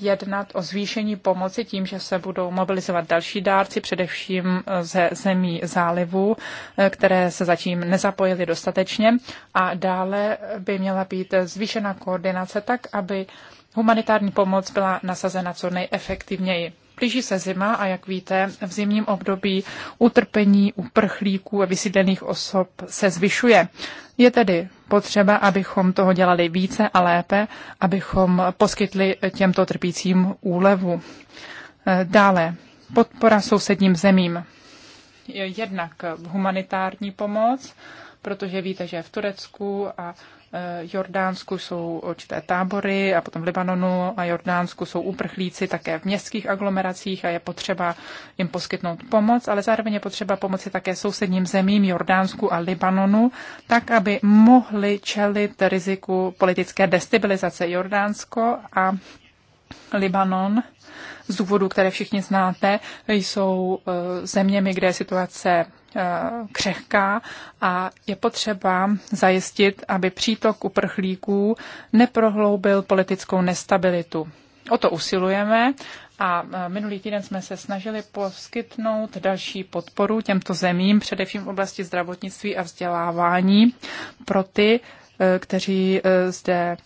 jednat o zvýšení pomoci tím, že se budou mobilizovat další dárci, především ze zemí zálivu, eh, které se zatím nezapojily dostatečně. A dále by měla být zvýšena koordinace tak, aby humanitární pomoc byla nasazena co nejefektivněji. Blíží se zima a jak víte, v zimním období utrpení uprchlíků a vysídlených osob se zvyšuje. Je tedy potřeba, abychom toho dělali více a lépe, abychom poskytli těmto trpícím úlevu. Eh, dále, podpora sousedním zemím. Jednak humanitární pomoc, protože víte, že v Turecku a Eh, Jordánsku jsou určité tábory a potom v Libanonu a Jordánsku jsou uprchlíci také v městských aglomeracích a je potřeba jim poskytnout pomoc, ale zároveň je potřeba pomoci také sousedním zemím Jordánsku a Libanonu, tak, aby mohli čelit riziku politické destabilizace Jordánsko a Libanon z důvodů, které všichni znáte, jsou eh, zeměmi, kde je situace eh, křehká a je potřeba zajistit, aby přítok uprchlíků neprohloubil politickou nestabilitu. O to usilujeme a eh, minulý týden jsme se snažili poskytnout další podporu těmto zemím, především v oblasti zdravotnictví a vzdělávání pro ty, kteří zde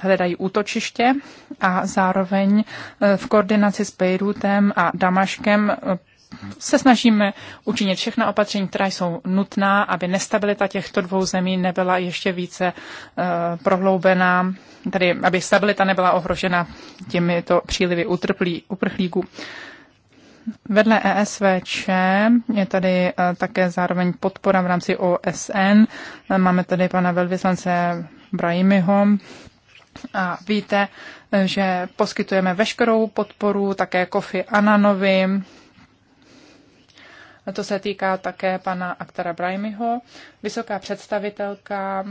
hledají útočiště a zároveň e, v koordinaci s Pejrutem a Damaškem e, se snažíme učinit všechna opatření, která jsou nutná, aby nestabilita těchto dvou zemí nebyla ještě více e, prohloubená, tedy aby stabilita nebyla ohrožena těmito přílivy utrplí, uprchlíků. Vedle ESVČ je tady také zároveň podpora v rámci OSN. Máme tady pana velvyslance Brahimiho, a víte, že poskytujeme veškerou podporu také Kofi Ananovi. To se týká také pana Aktara Brajmiho, Vysoká představitelka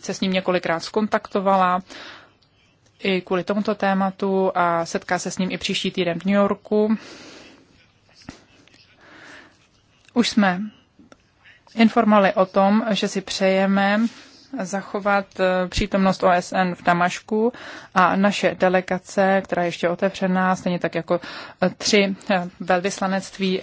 se s ním několikrát skontaktovala i kvůli tomuto tématu a setká se s ním i příští týden v New Yorku. Už jsme informovali o tom, že si přejeme zachovat eh, přítomnost OSN v Damašku a naše delegace, která je ještě otevřená, stejně tak jako eh, tři eh, velvyslanectví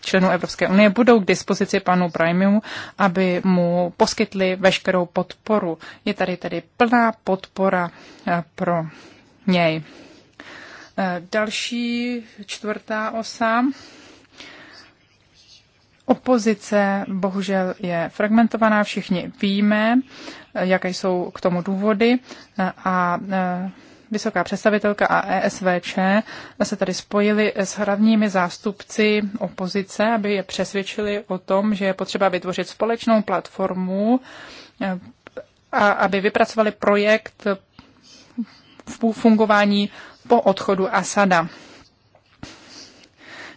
členů Evropské unie, budou k dispozici panu Primiu, aby mu poskytli veškerou podporu. Je tady tedy plná podpora pro něj. Další čtvrtá osa Opozice bohužel je fragmentovaná, všichni víme, jaké jsou k tomu důvody a e, vysoká představitelka a ESVČ se tady spojili s hlavními zástupci opozice, aby je přesvědčili o tom, že je potřeba vytvořit společnou platformu e, a aby vypracovali projekt v fungování po odchodu Asada.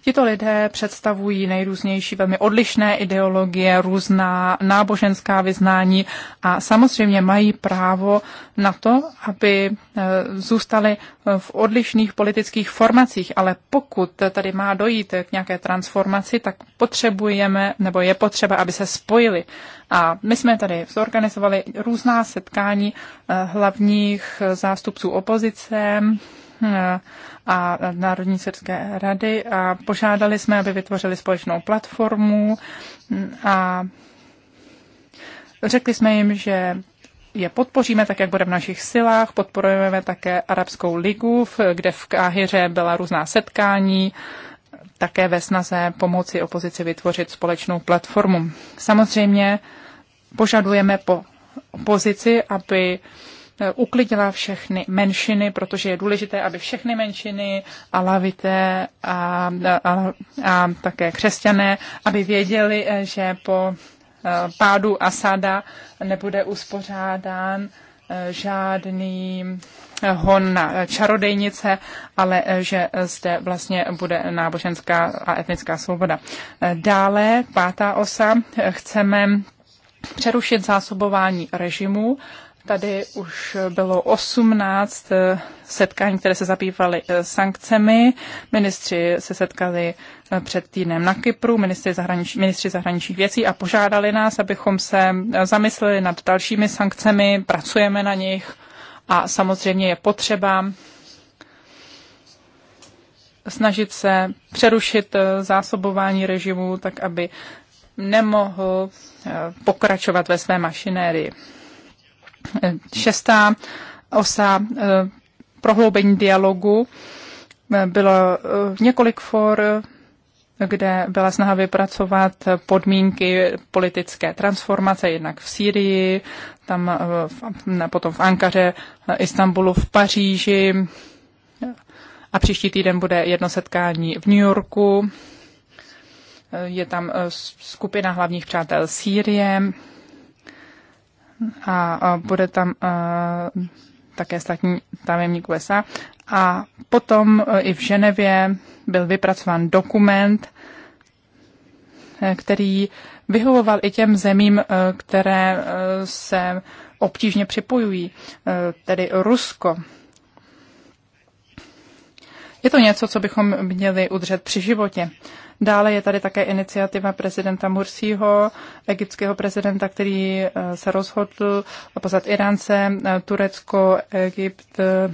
Tito lidé představují nejrůznější velmi odlišné ideologie, různá náboženská vyznání a samozřejmě mají právo na to, aby e, zůstali e, v odlišných politických formacích, ale pokud tady má dojít k nějaké transformaci, tak potřebujeme, nebo je potřeba, aby se spojili. A my jsme tady zorganizovali různá setkání e, hlavních zástupců opozice, a Národní srdské rady a požádali jsme, aby vytvořili společnou platformu a řekli jsme jim, že je podpoříme tak, jak bude v našich silách, podporujeme také Arabskou ligu, kde v Káhyře byla různá setkání, také ve snaze pomoci opozici vytvořit společnou platformu. Samozřejmě požadujeme po opozici, aby Eh, uklidila všechny menšiny, protože je důležité, aby všechny menšiny, alavité a, a, a také křesťané, aby věděli, eh, že po eh, pádu Asada nebude uspořádán žádný hon na čarodejnice, ale že zde vlastně bude náboženská a etnická svoboda. Dále, pátá osa, chceme přerušit zásobování režimu Tady už bylo 18 eh, setkání, které se zabývaly eh, sankcemi. Ministři se setkali eh, před týdnem na Kypru, ministři, zahranič, ministři zahraničních věcí a požádali nás, abychom se zamysleli nad dalšími sankcemi, pracujeme na nich a samozřejmě je potřeba snažit se přerušit zásobování režimu, tak aby nemohl pokračovat ve své mašinérii šestá osa eh, prohloubení dialogu. Eh, bylo eh, několik for, kde byla snaha vypracovat podmínky politické transformace, jednak v Sýrii, tam potom v Ankaře, Istanbulu, v Paříži a příští týden bude jedno setkání v New Yorku. Je tam skupina hlavních přátel Sýrie, a, a bude tam a, také státní tajemník USA. A potom e, i v Ženevě byl vypracován dokument, e, který vyhovoval i těm zemím, e, které se obtížně připojují, tedy Rusko. Je to něco, co bychom měli udržet při životě. Dále je tady také iniciativa prezidenta Mursího, egyptského prezidenta, který eh, se rozhodl pozvat Iránce, eh, Turecko, Egypt eh,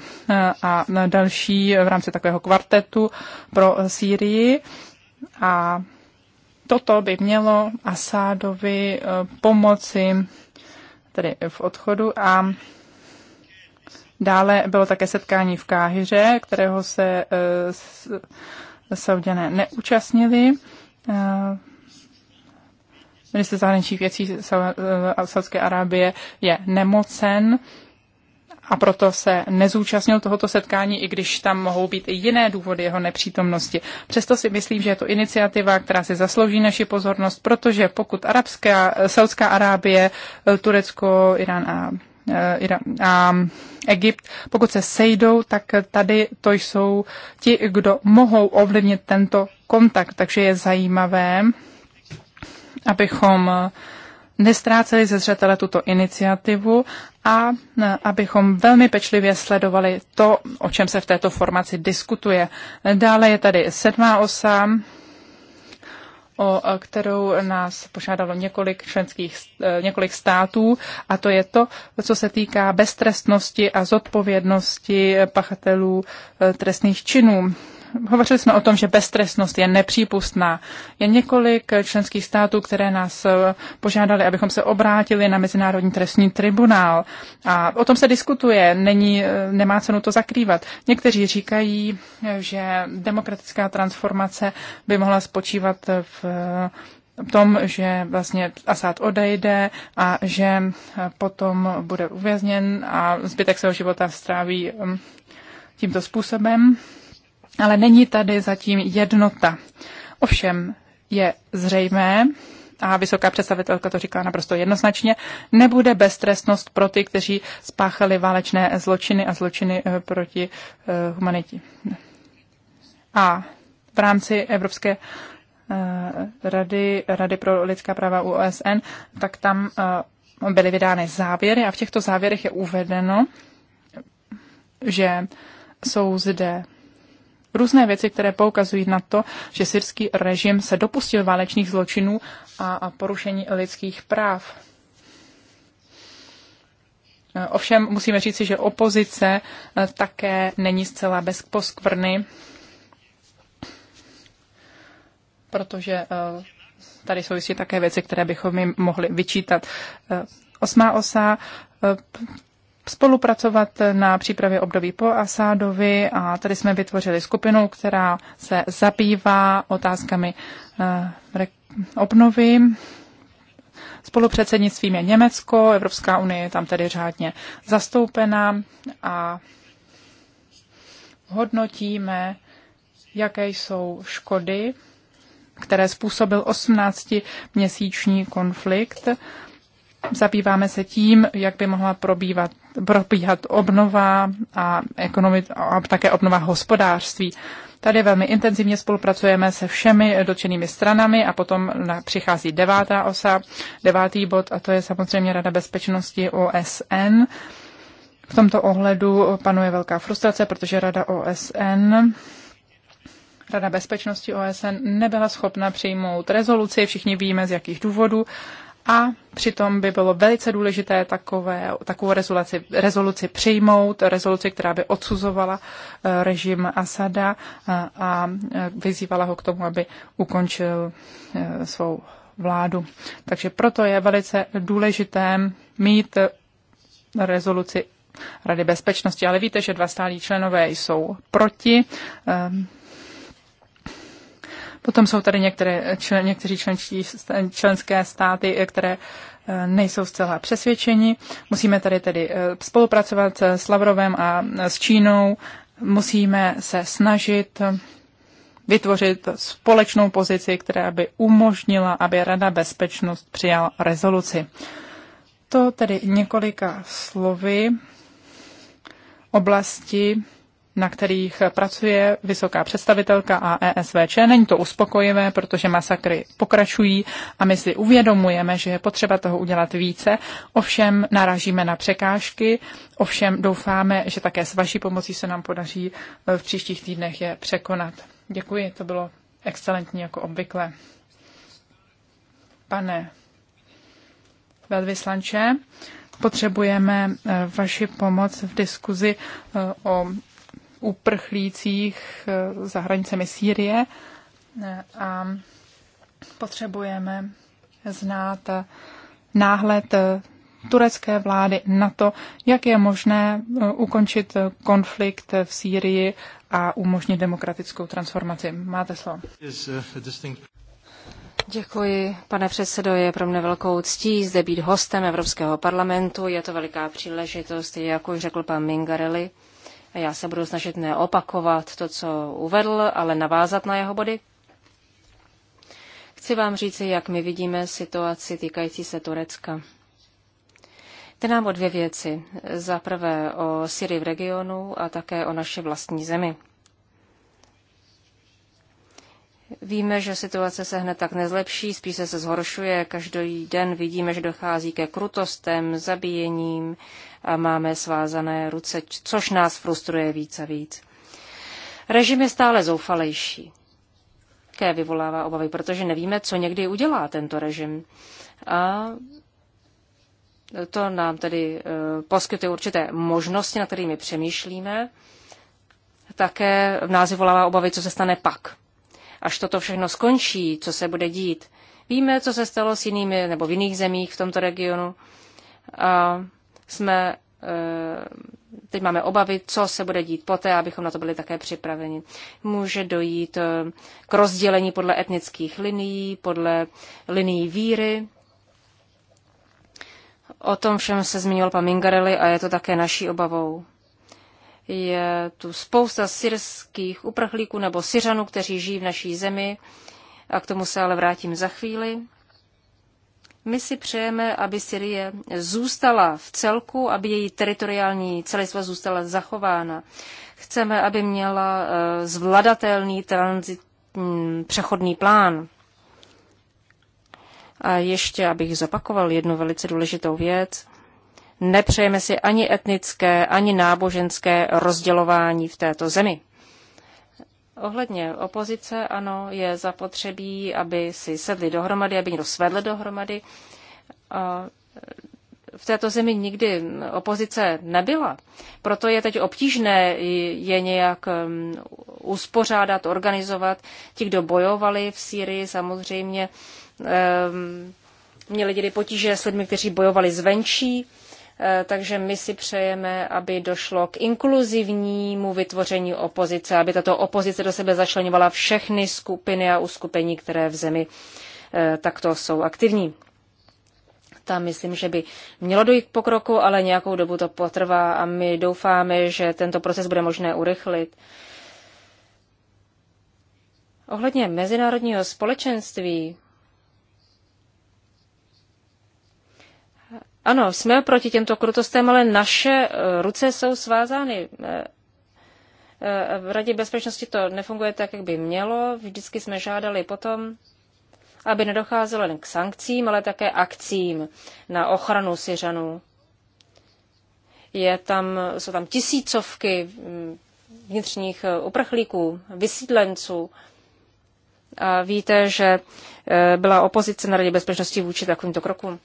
a další v rámci takového kvartetu pro Sýrii. A toto by mělo Asádovi pomoci tedy v odchodu a Dále bylo také setkání v Káhyře, kterého se Saudiané neúčastnili. Eh, Minister zahraničních věcí eh, Saudské Arábie je nemocen a proto se nezúčastnil tohoto setkání, i když tam mohou být i jiné důvody jeho nepřítomnosti. Přesto si myslím, že je to iniciativa, která si zaslouží naši pozornost, protože pokud Arabská, eh, Saudská Arábie, Turecko, Irán a Eh, a mm, Egypt, pokud se sejdou, tak tady to jsou ti, kdo mohou ovlivnit tento kontakt. Takže je zajímavé, abychom eh, nestráceli ze zřetele tuto iniciativu a eh, abychom velmi pečlivě sledovali to, o čem se v této formaci diskutuje. Dále je tady sedmá osa, o e, kterou nás požádalo několik členských, e, několik států, a to je to, co se týká beztrestnosti a zodpovědnosti pachatelů e, trestných činů hovořili jsme o tom, že beztrestnost je nepřípustná. Je několik členských států, které nás eh, požádali, abychom se obrátili na Mezinárodní trestní tribunál. A o tom se diskutuje, není, eh, nemá cenu to zakrývat. Někteří říkají, eh, že demokratická transformace by mohla spočívat v tom, že vlastně Asad odejde a že potom bude uvězněn a zbytek svého života stráví hm, tímto způsobem ale není tady zatím jednota. Ovšem je zřejmé, a vysoká představitelka to říká naprosto jednoznačně, nebude beztrestnost pro ty, kteří spáchali válečné zločiny a zločiny eh, proti eh, humanitě. A v rámci Evropské eh, rady, Rady pro lidská práva OSN, tak tam byly vydány závěry a v těchto závěrech je uvedeno, že jsou zde různé věci, které poukazují na to, že syrský režim se dopustil válečných zločinů a porušení lidských práv. Eh, ovšem musíme říci, že opozice eh, také není zcela bez poskvrny, protože eh, tady jsou jistě také věci, které bychom jim mohli vyčítat. Osmá osa spolupracovat na přípravě období po Asádovi a tady jsme vytvořili skupinu, která se zabývá otázkami eh, obnovy. Spolupředsednictvím je Německo, Evropská unie je tam tedy řádně zastoupena a hodnotíme, jaké jsou škody, které způsobil 18-měsíční konflikt. Zabýváme se tím, jak by mohla probívat probíhat obnova a, ekonomi- a také obnova hospodářství. Tady velmi intenzivně spolupracujeme se všemi dotčenými stranami a potom přichází devátá osa, devátý bod a to je samozřejmě Rada bezpečnosti OSN. V tomto ohledu panuje velká frustrace, protože Rada OSN Rada bezpečnosti OSN nebyla schopna přijmout rezoluci, všichni víme z jakých důvodů, a přitom by bylo velice důležité takové, takovou rezoluci, rezoluci přijmout, rezoluci, která by odsuzovala eh, režim Asada eh, a, a eh, vyzývala ho k tomu, aby ukončil svou vládu. Takže proto je velice důležité mít rezoluci Rady bezpečnosti. Ale víte, že dva stálí členové jsou proti. Potom jsou tady některé člen, někteří členští, členské státy, které eh, nejsou zcela přesvědčeni. Musíme tady tedy eh, spolupracovat s Lavrovem a eh, s Čínou. Musíme se snažit vytvořit společnou pozici, která by umožnila, aby Rada bezpečnost přijal rezoluci. To tedy několika slovy oblasti na kterých pracuje vysoká představitelka a ESVČ. Není to uspokojivé, protože masakry pokračují a my si uvědomujeme, že je potřeba toho udělat více. Ovšem narážíme na překážky, ovšem doufáme, že také s vaší pomocí se nám podaří e, v příštích týdnech je překonat. Děkuji, to bylo excelentní jako obvykle. Pane velvyslanče, potřebujeme e, vaši pomoc v diskuzi e, o uprchlících eh, za hranicemi Sýrie eh, a potřebujeme znát eh, náhled turecké vlády na to, jak je možné ukončit konflikt v Sýrii a umožnit demokratickou transformaci. Máte slovo. Děkuji, pane předsedo. Je pro mě velkou ctí zde být hostem Evropského parlamentu. Je to veliká příležitost, jak už řekl pan Mingarelli. Já se budu snažit neopakovat to, co uvedl, ale navázat na jeho body. Chci vám říci, jak my vidíme situaci týkající se Turecka. Jde nám o dvě věci. Za prvé o Syrii v regionu a také o naše vlastní zemi. Víme, že situace se hned tak nezlepší, spíše se zhoršuje. Každý den vidíme, že dochází ke krutostem, zabíjením a máme svázané ruce, což nás frustruje víc a víc. Režim je stále zoufalejší. Také vyvolává obavy, protože nevíme, co někdy udělá tento režim. A to nám tedy eh, poskytuje určité možnosti, na kterými přemýšlíme. Také v nás vyvolává obavy, co se stane pak. Až toto všechno skončí, co se bude dít. Víme, co se stalo s jinými nebo v jiných zemích v tomto regionu. A jsme, eh, teď máme obavy, co se bude dít poté, abychom na to byli také připraveni. Může dojít eh, k rozdělení podle etnických linií, podle linií víry. O tom všem se zmiňoval pan Mingarelli a je to také naší obavou je tu spousta syrských uprchlíků nebo syřanů, kteří žijí v naší zemi. A k tomu se ale vrátím za chvíli. My si přejeme, aby Syrie zůstala v celku, aby její teritoriální celistva zůstala zachována. Chceme, aby měla eh, zvladatelný transit, mm, přechodný plán. A ještě, abych zopakoval jednu velice důležitou věc. Nepřejeme si ani etnické, ani náboženské rozdělování v této zemi. Ohledně opozice, ano, je zapotřebí, aby si sedli dohromady, aby někdo svedl dohromady. V této zemi nikdy opozice nebyla. Proto je teď obtížné je nějak um, uspořádat, organizovat. Ti, kdo bojovali v Sýrii, samozřejmě um, měli děli potíže s lidmi, kteří bojovali zvenčí Eh, takže my si přejeme, aby došlo k inkluzivnímu vytvoření opozice, aby tato opozice do sebe začlenovala všechny skupiny a uskupení, které v zemi eh, takto jsou aktivní. Tam myslím, že by mělo dojít k pokroku, ale nějakou dobu to potrvá a my doufáme, že tento proces bude možné urychlit. Ohledně mezinárodního společenství Ano, jsme proti těmto krutostem, ale naše eh, ruce jsou svázány. Eh, eh, v Radě bezpečnosti to nefunguje tak, jak by mělo. Vždycky jsme žádali potom, aby nedocházelo jen k sankcím, ale také akcím na ochranu Syřanů. Je tam, jsou tam tisícovky mm, vnitřních uprchlíků, vysídlenců. A víte, že byla opozice na Radě bezpečnosti vůči takovýmto krokům.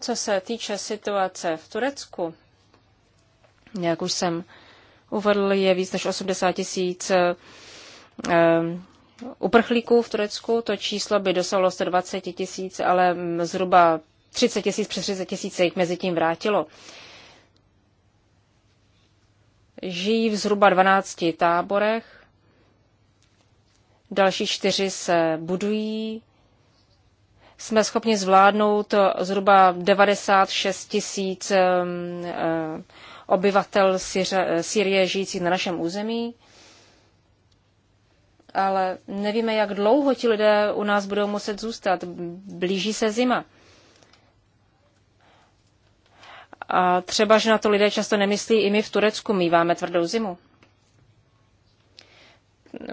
Co se týče situace v Turecku, jak už jsem uvedl, je víc než 80 tisíc ehm, uprchlíků v Turecku. To číslo by dosahlo 120 tisíc, ale zhruba 30 tisíc přes 30 tisíc se jich mezi tím vrátilo. Žijí v zhruba 12 táborech, další čtyři se budují jsme schopni zvládnout zhruba 96 tisíc eh, eh, obyvatel Syrie eh, žijících na našem území. Ale nevíme, jak dlouho ti lidé u nás budou muset zůstat. Blíží se zima. A třeba, že na to lidé často nemyslí, i my v Turecku míváme tvrdou zimu.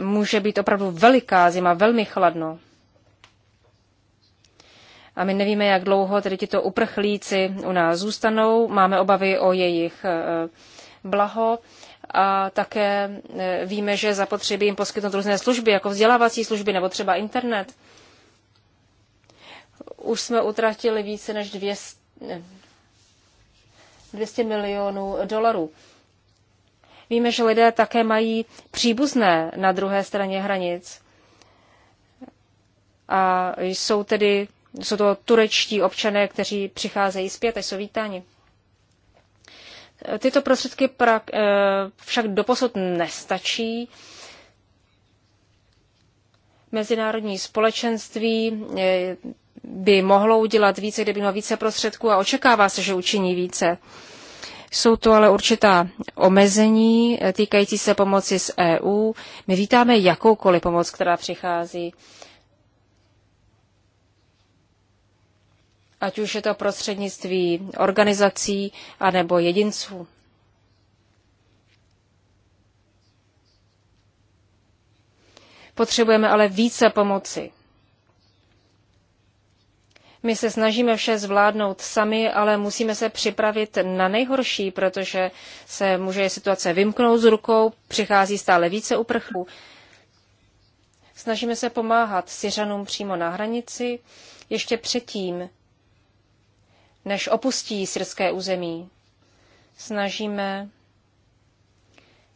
Může být opravdu veliká zima, velmi chladno. A my nevíme, jak dlouho tedy tito uprchlíci u nás zůstanou. Máme obavy o jejich e, blaho a také e, víme, že zapotřebí jim poskytnout různé služby, jako vzdělávací služby nebo třeba internet. Už jsme utratili více než 200, 200 milionů dolarů. Víme, že lidé také mají příbuzné na druhé straně hranic a jsou tedy jsou to turečtí občané, kteří přicházejí zpět a jsou vítáni. Tyto prostředky pra, eh, však doposud nestačí. Mezinárodní společenství eh, by mohlo udělat více, kdyby mělo více prostředků a očekává se, že učiní více. Jsou to ale určitá omezení eh, týkající se pomoci z EU. My vítáme jakoukoliv pomoc, která přichází. ať už je to prostřednictví organizací anebo jedinců. Potřebujeme ale více pomoci. My se snažíme vše zvládnout sami, ale musíme se připravit na nejhorší, protože se může situace vymknout z rukou, přichází stále více uprchlů. Snažíme se pomáhat Syřanům přímo na hranici, ještě předtím, než opustí syrské území. Snažíme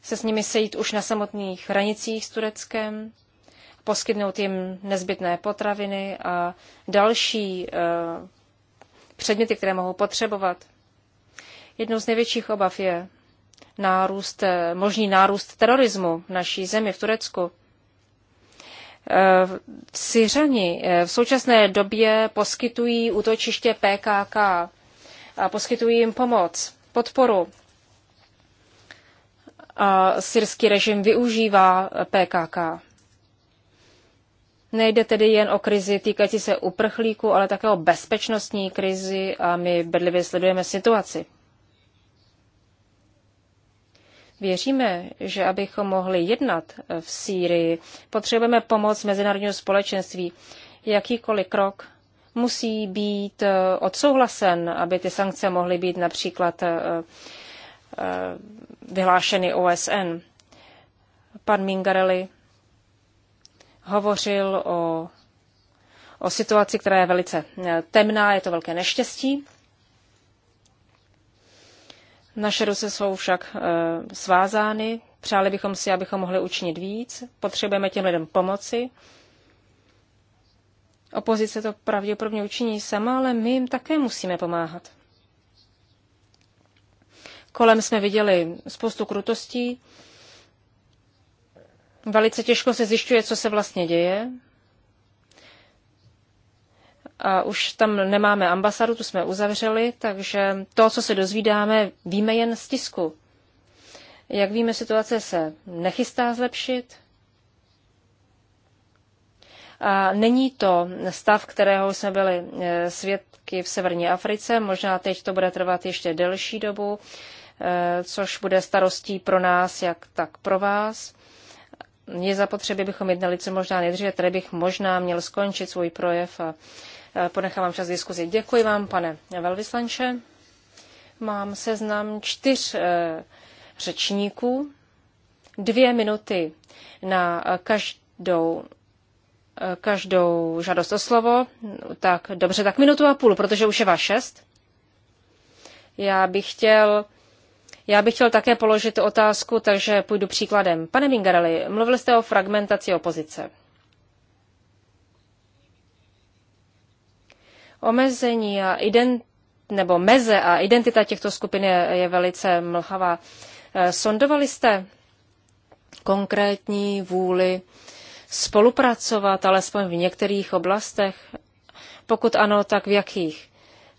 se s nimi sejít už na samotných hranicích s Tureckem, poskytnout jim nezbytné potraviny a další uh, předměty, které mohou potřebovat. Jednou z největších obav je nárůst, eh, možný nárůst terorismu v naší zemi, v Turecku. Eh, Syřani eh, v současné době poskytují útočiště PKK a poskytují jim pomoc, podporu. A syrský režim využívá PKK. Nejde tedy jen o krizi týkající se uprchlíků, ale také o bezpečnostní krizi a my bedlivě sledujeme situaci. Věříme, že abychom mohli jednat eh, v Sýrii, potřebujeme pomoc mezinárodního společenství. Jakýkoliv krok musí být eh, odsouhlasen, aby ty sankce mohly být například eh, vyhlášeny OSN. Pan Mingarelli hovořil o, o situaci, která je velice temná, je to velké neštěstí. Naše ruce jsou však eh, svázány, přáli bychom si, abychom mohli učinit víc, potřebujeme těm lidem pomoci. Opozice to pravděpodobně učiní sama, ale my jim také musíme pomáhat. Kolem jsme viděli spoustu krutostí. Velice těžko se zjišťuje, co se vlastně děje a už tam nemáme ambasadu, tu jsme uzavřeli, takže to, co se dozvídáme, víme jen z tisku. Jak víme, situace se nechystá zlepšit. A není to stav, kterého jsme byli e, svědky v severní Africe. Možná teď to bude trvat ještě delší dobu, e, což bude starostí pro nás, jak tak pro vás. Je zapotřebí, bychom jednali co možná nejdříve. Tady bych možná měl skončit svůj projev a Eh, Ponechám vám čas diskuzi. Děkuji vám, pane velvyslanče. Mám seznam čtyř eh, řečníků. Dvě minuty na každou eh, každou žádost o slovo. Tak dobře, tak minutu a půl, protože už je vás šest. Já bych chtěl já bych chtěl také položit otázku, takže půjdu příkladem. Pane Mingarelli, mluvil jste o fragmentaci opozice. Omezení a ident, nebo meze a identita těchto skupin je, je velice mlhavá. Eh, sondovali jste konkrétní vůli spolupracovat alespoň v některých oblastech? Pokud ano, tak v jakých?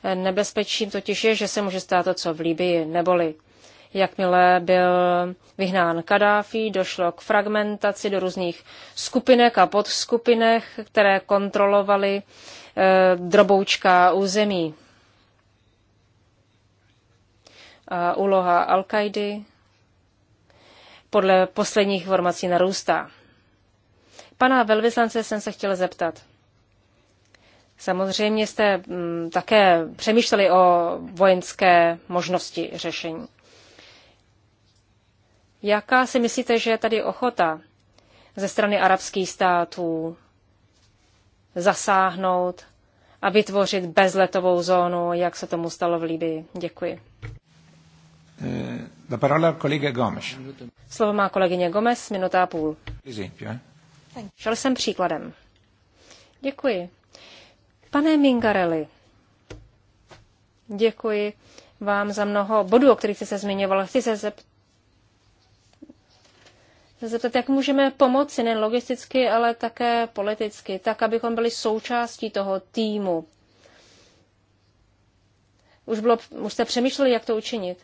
Eh, nebezpečím totiž je, že se může stát to, co v Líbii, neboli jakmile byl vyhnán Kadáfi, došlo k fragmentaci do různých skupinek a podskupinek, které kontrolovaly Eh, droboučka území. A úloha al podle posledních informací narůstá. Pana velvyslance jsem se chtěl zeptat. Samozřejmě jste m, mm, také přemýšleli o vojenské možnosti řešení. Jaká si myslíte, že je tady ochota ze strany arabských států zasáhnout a vytvořit bezletovou zónu, jak se tomu stalo v Libii. Děkuji. Eh, la parola kolega Gomes. Slovo má kolegyně Gomes, minuta a půl. Eh. Šel jsem příkladem. Děkuji. Pane Mingarelli, děkuji vám za mnoho bodů, o kterých jste se zmiňoval. Chci se zeptat, zeptat, jak můžeme pomoci nejen logisticky, ale také politicky, tak, abychom byli součástí toho týmu. Už, bylo, už jste přemýšleli, jak to učinit.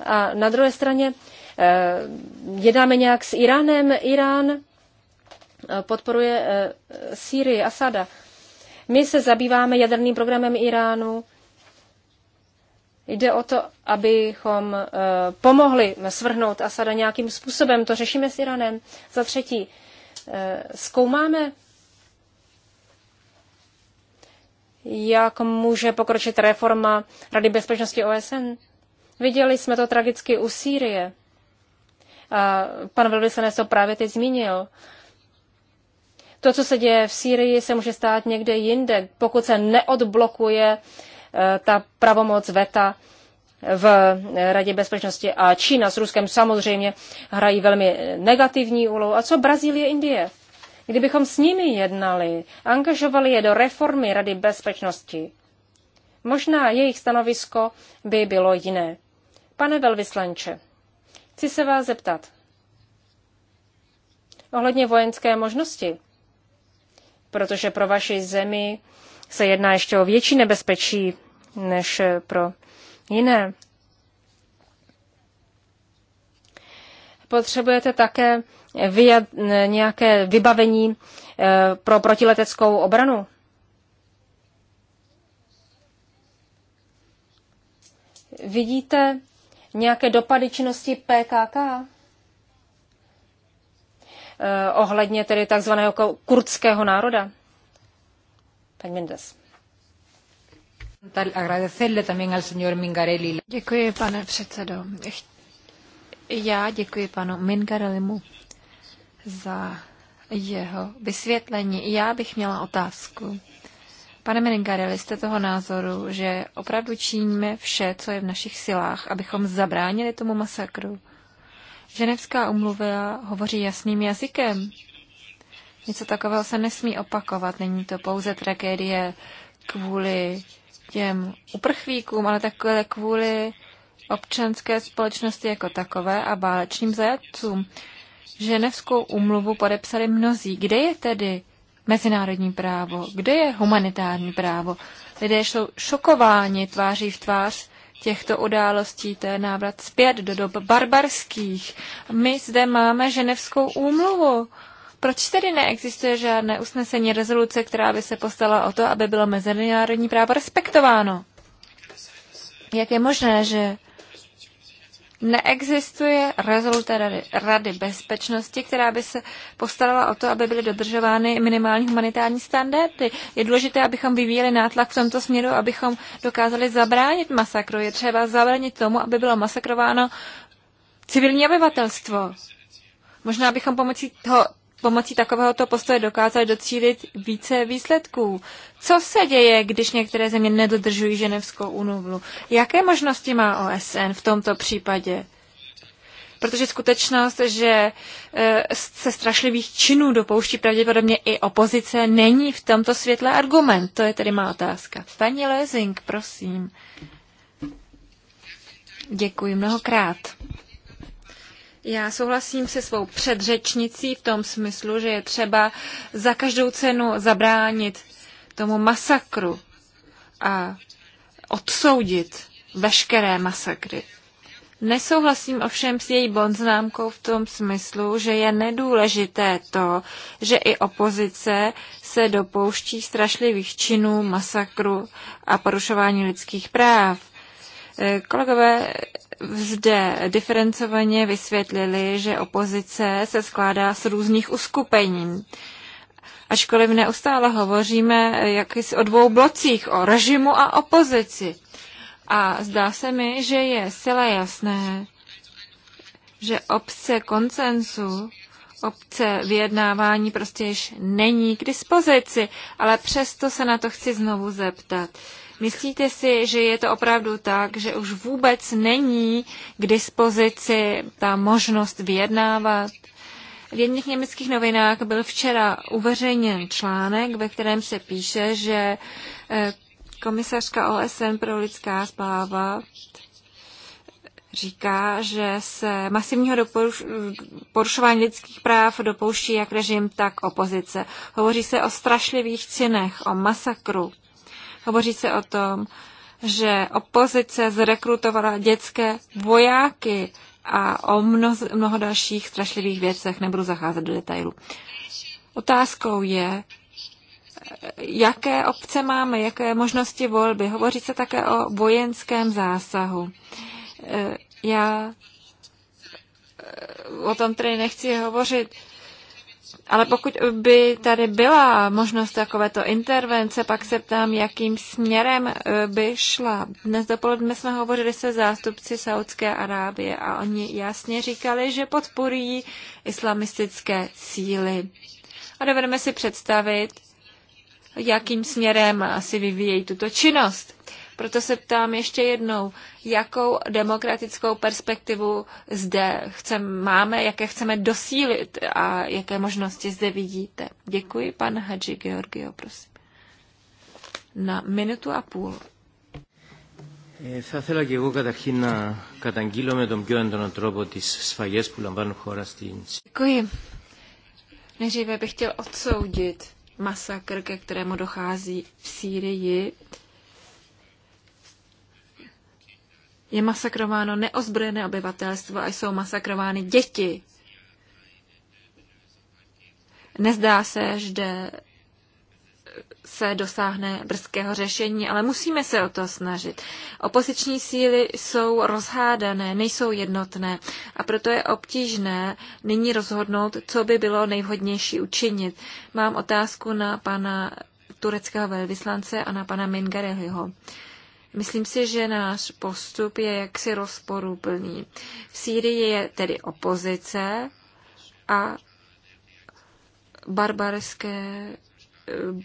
A na druhé straně eh, jednáme nějak s Iránem. Irán eh, podporuje eh, Sýrii, Asada. My se zabýváme jaderným programem Iránu. Jde o to, abychom eh, pomohli svrhnout Asada nějakým způsobem. To řešíme s Iranem. Za třetí, eh, zkoumáme, jak může pokročit reforma Rady bezpečnosti OSN. Viděli jsme to tragicky u Sýrie. A pan velvyslanec to právě teď zmínil. To, co se děje v Sýrii, se může stát někde jinde, pokud se neodblokuje Eh, ta pravomoc VETA v Radě bezpečnosti a Čína s Ruskem samozřejmě hrají velmi negativní úlohu. A co Brazílie, Indie? Kdybychom s nimi jednali, angažovali je do reformy Rady bezpečnosti, možná jejich stanovisko by bylo jiné. Pane velvyslanče, chci se vás zeptat ohledně vojenské možnosti, protože pro vaši zemi se jedná ještě o větší nebezpečí než pro jiné. Potřebujete také vyjad- nějaké vybavení eh, pro protileteckou obranu? Vidíte nějaké dopady činnosti PKK? Eh, ohledně tedy takzvaného kurdského národa? Pan Mendes. Děkuji, pane předsedo. Já děkuji panu Mingarelimu za jeho vysvětlení. Já bych měla otázku. Pane Mingareli, jste toho názoru, že opravdu činíme vše, co je v našich silách, abychom zabránili tomu masakru? Ženevská umluva hovoří jasným jazykem. Něco takového se nesmí opakovat. Není to pouze tragédie kvůli těm uprchlíkům, ale takové kvůli občanské společnosti jako takové a válečným zajatcům. Ženevskou umluvu podepsali mnozí. Kde je tedy mezinárodní právo? Kde je humanitární právo? Lidé jsou šokováni tváří v tvář těchto událostí, to je návrat zpět do dob barbarských. My zde máme ženevskou úmluvu. Proč tedy neexistuje žádné usnesení rezoluce, která by se postala o to, aby bylo mezinárodní právo respektováno? Jak je možné, že Neexistuje rezoluce Rady, Rady bezpečnosti, která by se postarala o to, aby byly dodržovány minimální humanitární standardy. Je důležité, abychom vyvíjeli nátlak v tomto směru, abychom dokázali zabránit masakru. Je třeba zabránit tomu, aby bylo masakrováno civilní obyvatelstvo. Možná bychom pomocí toho pomocí takovéhoto postoje dokázali docílit více výsledků. Co se děje, když některé země nedodržují ženevskou úmluvu? Jaké možnosti má OSN v tomto případě? Protože skutečnost, že eh, se strašlivých činů dopouští pravděpodobně i opozice, není v tomto světle argument. To je tedy má otázka. Paní Lezing, prosím. Děkuji mnohokrát. Já souhlasím se svou předřečnicí v tom smyslu, že je třeba za každou cenu zabránit tomu masakru a odsoudit veškeré masakry. Nesouhlasím ovšem s její bonznámkou v tom smyslu, že je nedůležité to, že i opozice se dopouští strašlivých činů, masakru a porušování lidských práv. Eh, kolegové zde diferencovaně vysvětlili, že opozice se skládá z různých uskupení. Ačkoliv neustále hovoříme jakýsi o dvou blocích, o režimu a opozici. A zdá se mi, že je zcela jasné, že obce koncensu, obce vyjednávání prostě již není k dispozici, ale přesto se na to chci znovu zeptat. Uh, Myslíte si, že je to opravdu tak, že už vůbec není k dispozici ta možnost vyjednávat? V jedných německých novinách byl včera uveřejněn článek, ve kterém se píše, že eh, komisařka OSN pro lidská zpráva říká, že se masivního porušování lidských práv dopouští jak režim, tak opozice. Hovoří se o strašlivých cinech, o masakru. Hovoří se o tom, že opozice zrekrutovala dětské vojáky a o mno, mnoho dalších strašlivých věcech nebudu zacházet do detailů. Otázkou je, jaké obce máme, jaké možnosti volby. Hovoří se také o vojenském zásahu. E, já e, o tom tedy nechci hovořit. Ale pokud by tady byla možnost takovéto intervence, pak se ptám, jakým směrem eh, by šla. Dnes dopoledne jsme hovořili se zástupci Saudské Arábie a oni jasně říkali, že podporují islamistické síly. A dovedeme si představit, jakým směrem asi vyvíjejí tuto činnost. Proto se ptám ještě jednou, jakou demokratickou perspektivu zde chcem, máme, jaké chceme dosílit a jaké možnosti zde vidíte. Děkuji, pan Hadži Georgio, prosím. Na minutu a půl. Θα ήθελα και εγώ καταρχήν να καταγγείλω με τον πιο έντονο τρόπο τις σφαγές που λαμβάνουν χώρα στην... Děkuji. Nejdříve bych chtěl odsoudit masakr, ke kterému dochází v Sýrii je masakrováno neozbrojené obyvatelstvo a jsou masakrovány děti. Nezdá se, že se dosáhne brzkého řešení, ale musíme se o to snažit. Opoziční síly jsou rozhádané, nejsou jednotné a proto je obtížné nyní rozhodnout, co by bylo nejvhodnější učinit. Mám otázku na pana tureckého velvyslance a na pana Mingareho. Myslím si, že náš postup je jaksi rozporuplný. V Sýrii je tedy opozice a barbarské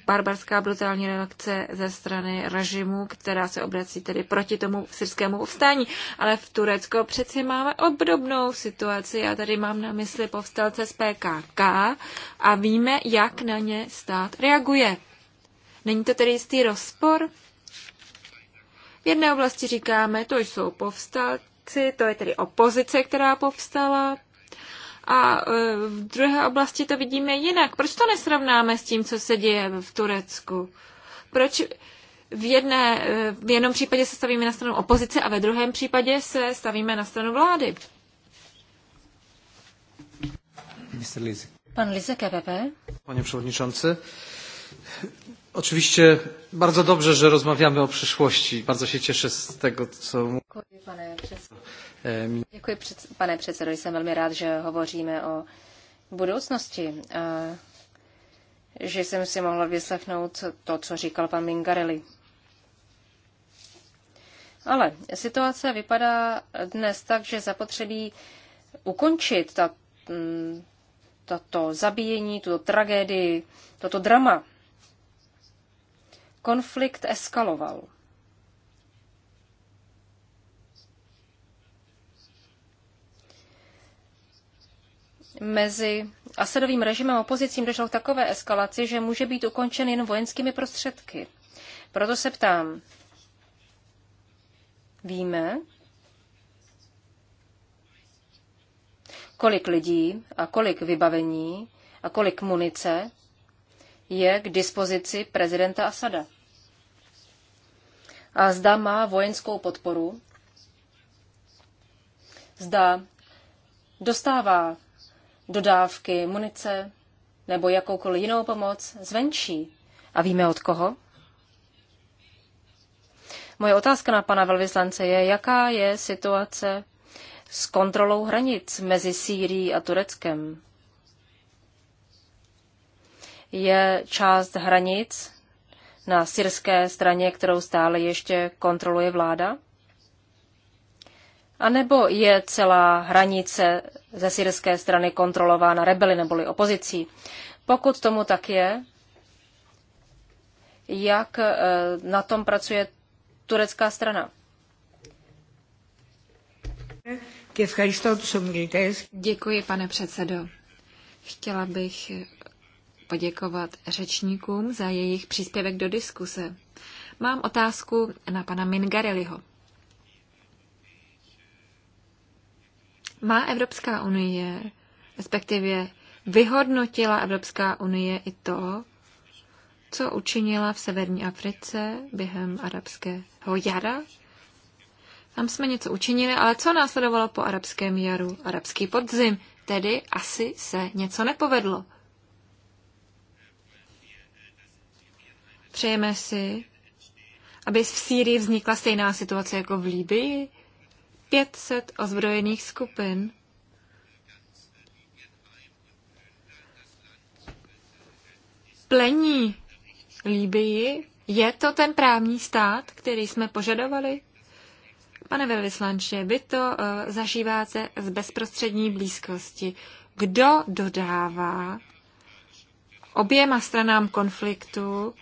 barbarská brutální reakce ze strany režimu, která se obrací tedy proti tomu syrskému povstání. Ale v Turecku přeci máme obdobnou situaci. Já tady mám na mysli povstalce z PKK a víme, jak na ně stát reaguje. Není to tedy jistý rozpor? V jedné oblasti říkáme, to jsou povstalci, to je tedy opozice, která povstala, a e, v druhé oblasti to vidíme jinak. Proč to nesrovnáme s tím, co se děje v Turecku? Proč v, jedné, e, v jednom případě se stavíme na stranu opozice a ve druhém případě se stavíme na stranu vlády? Pan Lizek, Pane předsedající, Oczywiście bardzo dobrze, że rozmawiamy o przyszłości. Bardzo się cieszę z tego, co mówię. Dziękuję, pane předsedo. Děkuji, pane předsedo. Jsem velmi rád, že hovoříme o budoucnosti. Že jsem si mohla vyslechnout to, co říkal pan Mingarelli. Ale situace vypadá dnes tak, že zapotřebí ukončit ta, mm, tato zabíjení, tuto tragédii, toto drama Konflikt eskaloval. Mezi asadovým režimem a opozicím došlo k takové eskalaci, že může být ukončen jen vojenskými prostředky. Proto se ptám, víme, kolik lidí a kolik vybavení a kolik munice je k dispozici prezidenta Asada. A zda má vojenskou podporu, zda dostává dodávky, munice nebo jakoukoliv jinou pomoc zvenčí. A víme od koho? Moje otázka na pana velvyslance je, jaká je situace s kontrolou hranic mezi Sýrií a Tureckem je část hranic na syrské straně, kterou stále ještě kontroluje vláda? A nebo je celá hranice ze syrské strany kontrolována rebeli neboli opozicí? Pokud tomu tak je, jak eh, na tom pracuje turecká strana? Děkuji, pane předsedo. Chtěla bych poděkovat řečníkům za jejich příspěvek do diskuse. Mám otázku na pana Mingareliho. Má Evropská unie, respektive vyhodnotila Evropská unie i to, co učinila v severní Africe během arabského jara? Tam jsme něco učinili, ale co následovalo po arabském jaru? Arabský podzim, tedy asi se něco nepovedlo. Přejeme si, aby v Sýrii vznikla stejná situace jako v Líbii. 500 ozbrojených skupin. Plení Líbii. Je to ten právní stát, který jsme požadovali? Pane velvyslanče, vy to uh, zažíváte z bezprostřední blízkosti. Kdo dodává oběma stranám konfliktu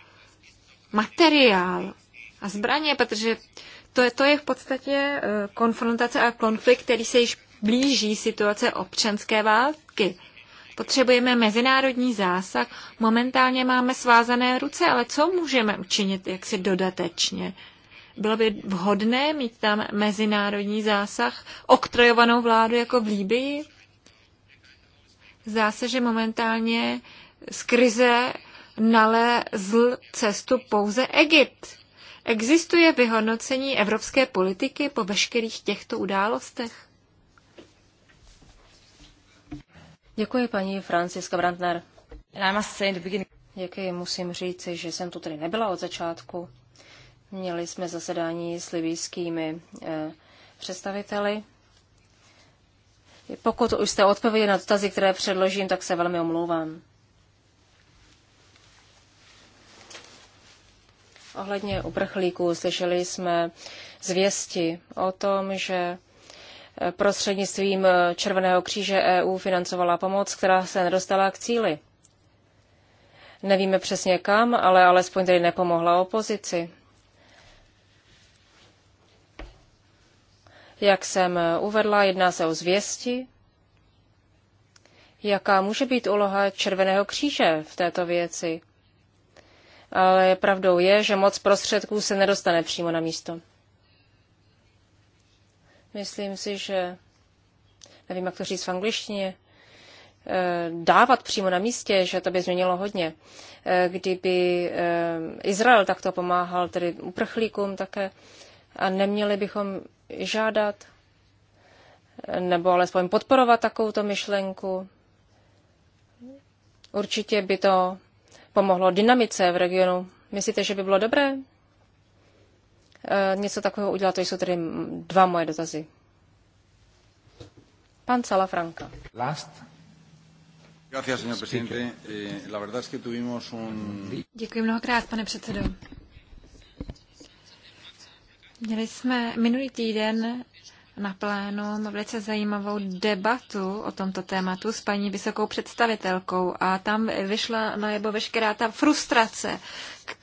materiál a zbraně, protože to je, to je v podstatě eh, konfrontace a konflikt, který se již blíží situace občanské války. Potřebujeme mezinárodní zásah. Momentálně máme svázané ruce, ale co můžeme učinit jaksi dodatečně? Bylo by vhodné mít tam mezinárodní zásah, oktrojovanou vládu jako v Líbii? Zdá se, že momentálně z krize nalezl cestu pouze Egypt. Existuje vyhodnocení evropské politiky po veškerých těchto událostech? Děkuji, paní Franciska Brandner. Děkuji, musím říct, že jsem tu tedy nebyla od začátku. Měli jsme zasedání s libijskými eh, představiteli. Pokud už jste odpověděli na dotazy, které předložím, tak se velmi omlouvám. Ohledně uprchlíků slyšeli jsme zvěsti o tom, že prostřednictvím Červeného kříže EU financovala pomoc, která se nedostala k cíli. Nevíme přesně kam, ale alespoň tedy nepomohla opozici. Jak jsem uvedla, jedná se o zvěsti. Jaká může být úloha Červeného kříže v této věci? ale pravdou je, že moc prostředků se nedostane přímo na místo. Myslím si, že, nevím, jak to říct v angličtině, eh, dávat přímo na místě, že to by změnilo hodně. Eh, kdyby eh, Izrael takto pomáhal, tedy uprchlíkům také, a neměli bychom žádat, nebo alespoň podporovat takovouto myšlenku, určitě by to pomohlo dynamice v regionu. Myslíte, že by bylo dobré eh, něco takového udělat? To jsou tedy dva moje dotazy. Pan Salafranca. Last. Eh, Děkuji mnohokrát, pane předsedo. Měli jsme minulý týden na plénu velice zajímavou debatu o tomto tématu s paní vysokou představitelkou a tam vyšla jebo veškerá ta frustrace,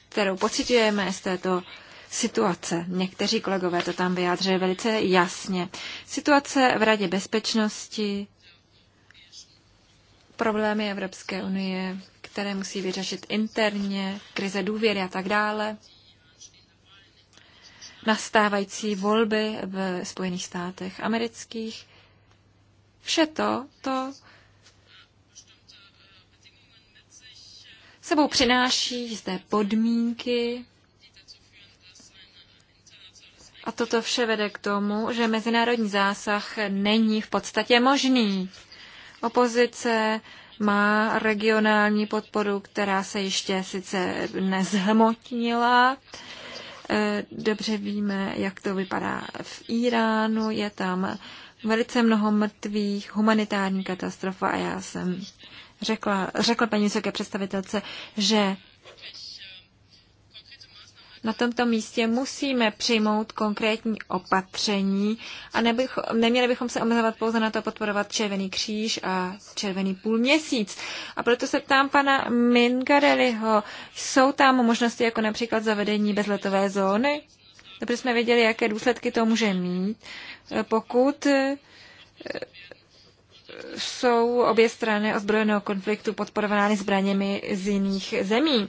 kterou pocitujeme z této situace. Někteří kolegové to tam vyjádřili velice jasně. Situace v Radě bezpečnosti, problémy Evropské unie, které musí vyřešit interně, krize důvěry a tak dále nastávající volby v Spojených státech amerických. Vše to, to sebou přináší zde podmínky, a toto vše vede k tomu, že mezinárodní zásah není v podstatě možný. Opozice má regionální podporu, která se ještě sice nezhmotnila, Eh, dobře víme, jak to vypadá v Iránu. Je tam velice mnoho mrtvých, humanitární katastrofa a já jsem řekla, řekla paní vysoké představitelce, že na tomto místě musíme přijmout konkrétní opatření a nebych, neměli bychom se omezovat pouze na to podporovat Červený kříž a Červený půlměsíc. A proto se ptám pana Mingareliho, jsou tam možnosti jako například zavedení bezletové zóny? Dobře jsme věděli, jaké důsledky to může mít, pokud eh, jsou obě strany ozbrojeného konfliktu podporovány zbraněmi z jiných zemí.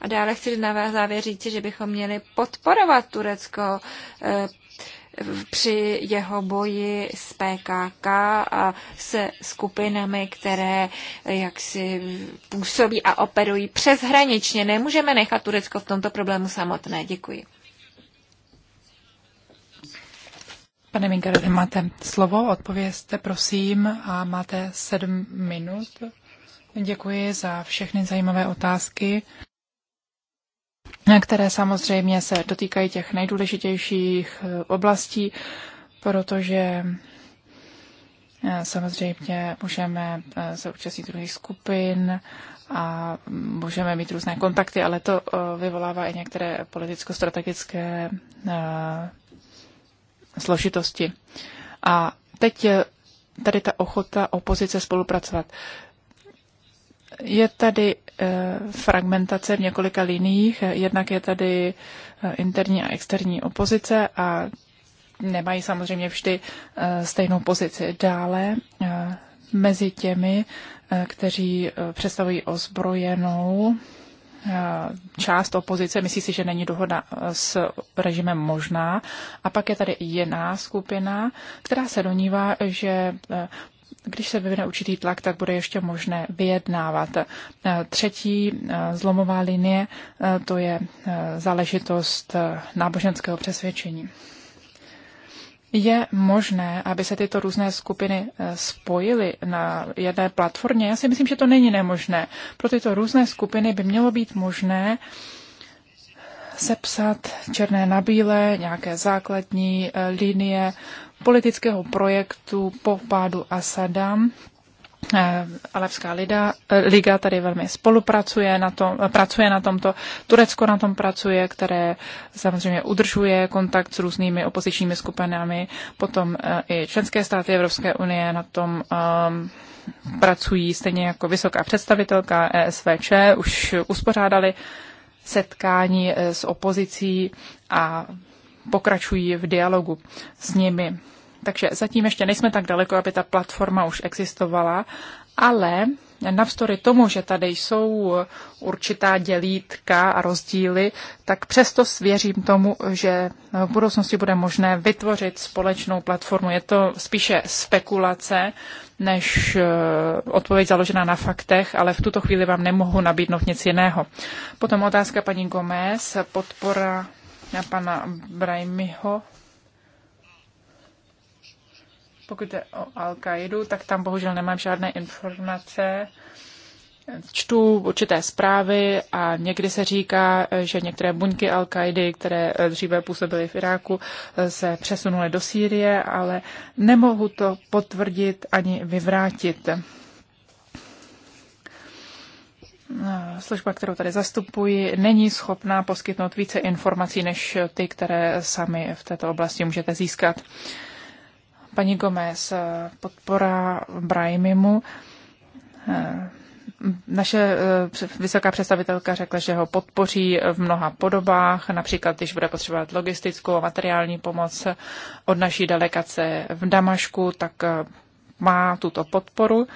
A dále chci na závěr říct, že bychom měli podporovat Turecko eh, při jeho boji s PKK a se skupinami, které jaksi působí a operují přeshraničně. Nemůžeme nechat Turecko v tomto problému samotné. Děkuji. Pane Minkare, máte slovo, odpovězte prosím a máte sedm minut. Děkuji za všechny zajímavé otázky které samozřejmě se dotýkají těch nejdůležitějších eh, oblastí, protože eh, samozřejmě můžeme eh, se účastnit druhých skupin a můžeme mít různé kontakty, ale to vyvolává i některé politicko-strategické složitosti. A teď tady ta ochota opozice spolupracovat. Je tady eh, fragmentace v několika liniích. Jednak je tady eh, interní a externí opozice a nemají samozřejmě vždy eh, stejnou pozici. Dále mezi těmi, kteří představují ozbrojenou část opozice myslí si, že není dohoda s režimem možná. A pak je tady jiná skupina, která se donívá, že když se vyvine určitý tlak, tak bude ještě možné vyjednávat. Eh, třetí eh, zlomová linie, eh, to je záležitost náboženského přesvědčení. Je možné, aby se tyto různé skupiny spojily na jedné platformě? Já si myslím, že to není nemožné. Pro tyto různé skupiny by mělo být možné sepsat černé na bílé nějaké základní linie politického projektu po pádu Asada. Eh, Alevská Lida, eh, liga tady velmi spolupracuje na tom, pracuje na tomto, Turecko na tom pracuje, které samozřejmě udržuje kontakt s různými opozičními skupinami, potom eh, i členské státy Evropské unie na tom um, pracují, stejně jako vysoká představitelka ESVČ, už uspořádali setkání s opozicí a pokračují v dialogu s nimi. Takže zatím ještě nejsme tak daleko, aby ta platforma už existovala, ale navzdory tomu, že tady jsou určitá dělítka a rozdíly, tak přesto svěřím tomu, že v budoucnosti bude možné vytvořit společnou platformu. Je to spíše spekulace než eh, odpověď založená na faktech, ale v tuto chvíli vám nemohu nabídnout nic jiného. Potom otázka paní Gomez, podpora na pana Brahimiho. Pokud je o al qaidu tak tam bohužel nemám žádné informace. Čtu určité zprávy a někdy se říká, že některé buňky al qaidy které dříve působily v Iráku, se přesunuly do Sýrie, ale nemohu to potvrdit ani vyvrátit. Eh, služba, kterou tady zastupuji, není schopná poskytnout více informací než ty, které sami v této oblasti můžete získat. Paní Gomez, eh, podpora Brahimimu. Eh, naše vysoká představitelka řekla, že ho podpoří v mnoha podobách, například když bude potřebovat logistickou a materiální pomoc od naší delegace v Damašku, tak má tuto podporu.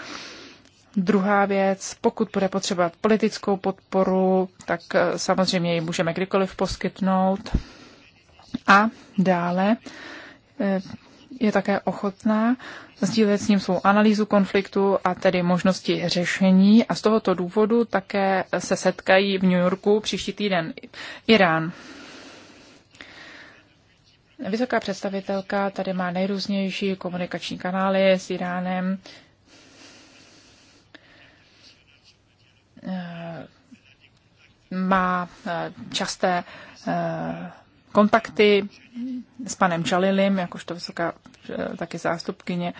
Druhá věc, pokud bude potřebovat politickou podporu, tak eh, samozřejmě ji můžeme kdykoliv poskytnout. A dále eh, je také ochotná sdílet s ním svou analýzu konfliktu a tedy možnosti řešení. A z tohoto důvodu také se setkají v New Yorku příští týden Irán. Vysoká představitelka tady má nejrůznější komunikační kanály s Iránem, Eh, má eh, časté eh, kontakty s panem Jalilim, jakožto vysoká taky zástupkyně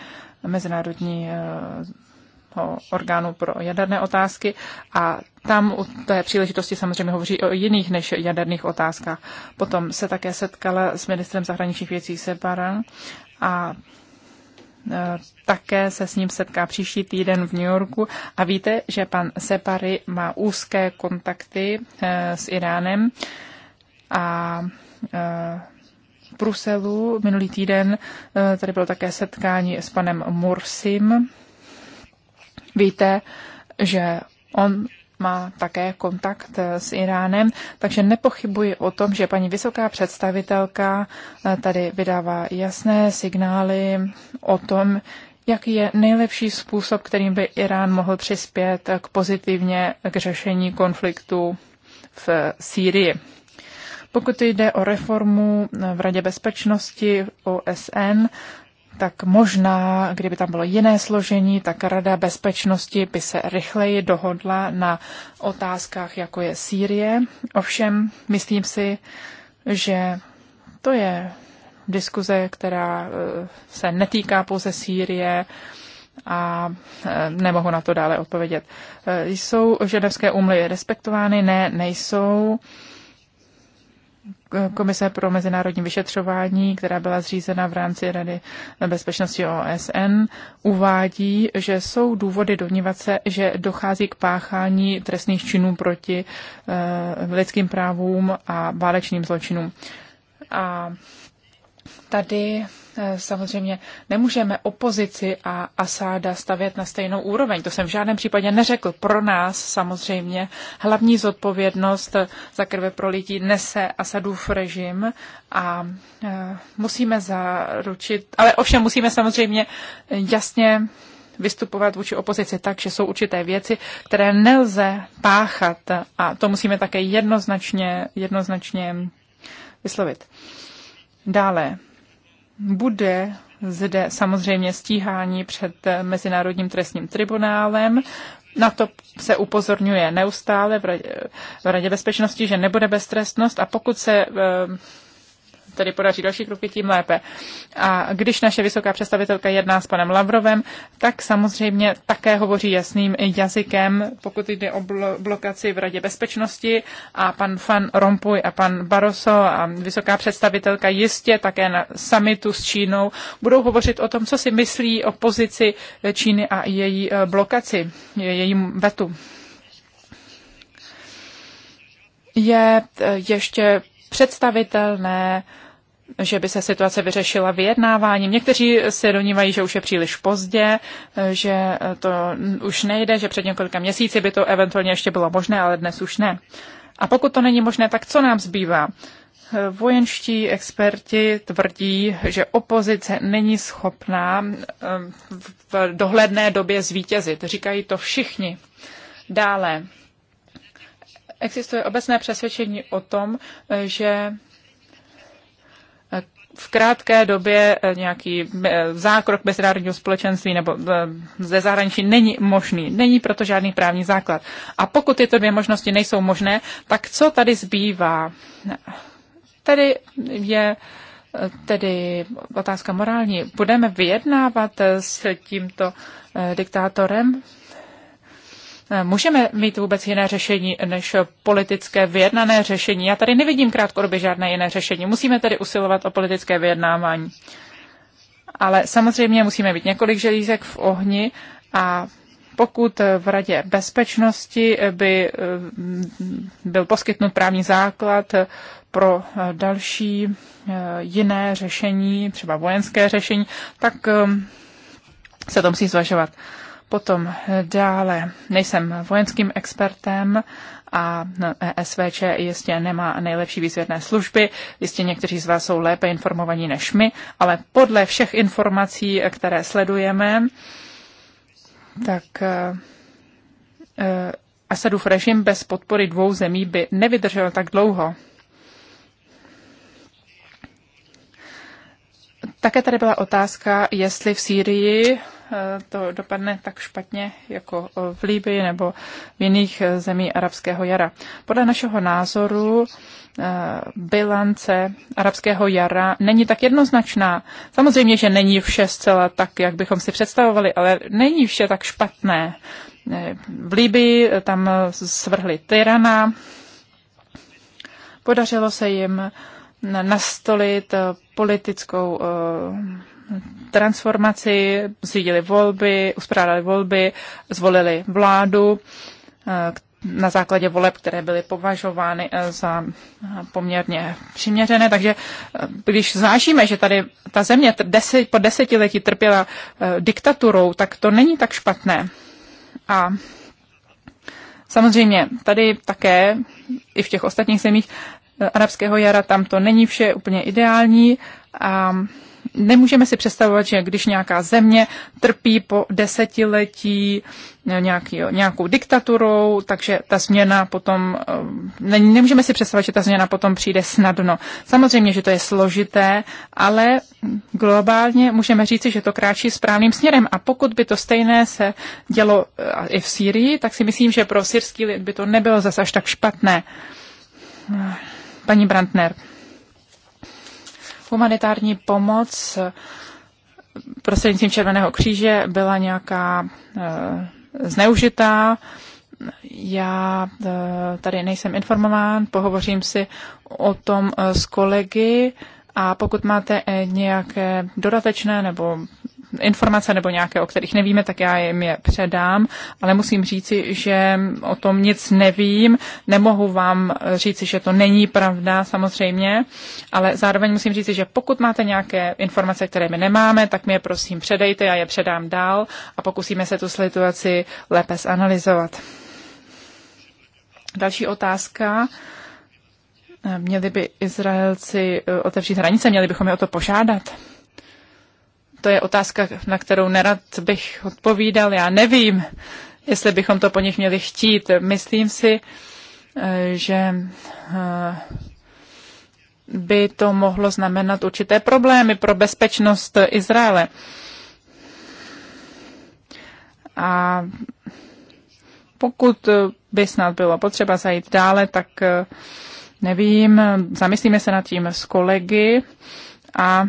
Mezinárodní orgánu pro jaderné otázky a tam u té příležitosti samozřejmě hovoří o jiných než jaderných otázkách. Potom se také setkala s ministrem zahraničních věcí Sebaran a Eh, také se s ním setká příští týden v New Yorku a víte, že pan Separi má úzké kontakty eh, s Iránem a eh, v Bruselu minulý týden tady bylo také setkání s panem Mursim. Víte, že on má také kontakt eh, s Iránem, takže nepochybuji o tom, že paní vysoká představitelka eh, tady vydává jasné signály o tom, jaký je nejlepší způsob, kterým by Irán mohl přispět k pozitivně k řešení konfliktu v Sýrii. Pokud jde o reformu eh, v Radě bezpečnosti OSN, tak možná, kdyby tam bylo jiné složení, tak Rada bezpečnosti by se rychleji dohodla na otázkách, jako je Sýrie. Ovšem, myslím si, že to je diskuze, která eh, se netýká pouze Sýrie a eh, nemohu na to dále odpovědět. Eh, jsou ženevské úmluvy respektovány? Ne, nejsou. Komise pro mezinárodní vyšetřování, která byla zřízena v rámci Rady bezpečnosti OSN, uvádí, že jsou důvody domnívat se, že dochází k páchání trestných činů proti eh, lidským právům a válečným zločinům. A tady Eh, samozřejmě nemůžeme opozici a Asáda stavět na stejnou úroveň. To jsem v žádném případě neřekl. Pro nás samozřejmě hlavní zodpovědnost za krve pro lidi nese Asadův režim a eh, musíme zaručit, ale ovšem musíme samozřejmě jasně vystupovat vůči opozici tak, že jsou určité věci, které nelze páchat a to musíme také jednoznačně, jednoznačně vyslovit. Dále, bude zde samozřejmě stíhání před Mezinárodním trestním tribunálem. Na to se upozorňuje neustále v Radě, bezpečnosti, že nebude beztrestnost a pokud se eh, tedy podaří další kroky, tím lépe. A když naše vysoká představitelka jedná s panem Lavrovem, tak samozřejmě také hovoří jasným jazykem, pokud jde o blokaci v Radě bezpečnosti a pan Van Rompuy a pan Barroso a vysoká představitelka jistě také na summitu s Čínou budou hovořit o tom, co si myslí o pozici Číny a její eh, blokaci, jejím vetu je eh, ještě představitelné, že by se situace vyřešila vyjednáváním. Někteří se domnívají, že už je příliš pozdě, že to už nejde, že před několika měsíci by to eventuálně ještě bylo možné, ale dnes už ne. A pokud to není možné, tak co nám zbývá? Vojenští experti tvrdí, že opozice není schopná v dohledné době zvítězit. Říkají to všichni. Dále existuje obecné přesvědčení o tom, že v krátké době eh, nějaký eh, zákrok mezinárodního společenství nebo eh, ze zahraničí není možný. Není proto žádný právní základ. A pokud tyto dvě možnosti nejsou možné, tak co tady zbývá? Tady je tedy otázka morální. Budeme vyjednávat s tímto diktátorem? Můžeme mít vůbec jiné řešení než politické vyjednané řešení? Já tady nevidím krátkodobě žádné jiné řešení. Musíme tedy usilovat o politické vyjednávání. Ale samozřejmě musíme být několik želízek v ohni a pokud v Radě bezpečnosti by eh, byl poskytnut právní základ pro eh, další eh, jiné řešení, třeba vojenské řešení, tak se to musí zvažovat. Potom dále, nejsem vojenským expertem a e SVČ jistě nemá nejlepší výzvědné služby, jistě někteří z vás jsou lépe informovaní než my, ale podle všech informací, které sledujeme, tak eh, eh, Asadův režim bez podpory dvou zemí by nevydržel tak dlouho. Také tady byla otázka, jestli v Sýrii Eh, to dopadne tak špatně jako eh, v Líbii nebo v jiných eh, zemí arabského jara. Podle našeho názoru bilance arabského jara není tak jednoznačná. Samozřejmě, že není vše zcela tak, jak bychom si představovali, ale není vše tak špatné. V Líbii tam svrhli tyrana, podařilo se jim nastolit politickou transformaci, zřídili volby, uspořádali volby, zvolili vládu eh, na základě voleb, které byly považovány eh, za eh, poměrně přiměřené. Takže když zvážíme, že tady ta země deset, po desetiletí trpěla diktaturou, tak to není tak špatné. A samozřejmě tady také, i v těch ostatních zemích arabského jara, tam to není vše úplně ideální. A nemůžeme si představovat, že když nějaká země trpí po desetiletí nějaký, nějakou diktaturou, takže ta změna potom, eh, ne, nemůžeme si představovat, že ta změna potom přijde snadno. Samozřejmě, že to je složité, ale globálně můžeme říci, že to kráčí správným směrem. A pokud by to stejné se dělo eh, i v Sýrii, tak si myslím, že pro syrský lid by to nebylo zase až tak špatné. Paní Brandner humanitární pomoc prostřednictvím Červeného kříže byla nějaká eh, zneužitá. Já eh, tady nejsem informován, pohovořím si o tom eh, s kolegy a pokud máte nějaké dodatečné nebo informace nebo nějaké, o kterých nevíme, tak já jim je předám, ale musím říci, že o tom nic nevím, nemohu vám říci, že to není pravda samozřejmě, ale zároveň musím říci, že pokud máte nějaké informace, které my nemáme, tak mi je prosím předejte, já je předám dál a pokusíme se tu situaci lépe zanalizovat. Další otázka. Měli by Izraelci eh, otevřít hranice, měli bychom je o to požádat? To je otázka, na kterou nerad bych odpovídal. Já nevím, jestli bychom to po nich měli chtít. Myslím si, eh, že eh, by to mohlo znamenat určité problémy pro bezpečnost Izraele. A pokud by snad bylo potřeba zajít dále, tak eh, nevím, zamyslíme se nad tím s kolegy a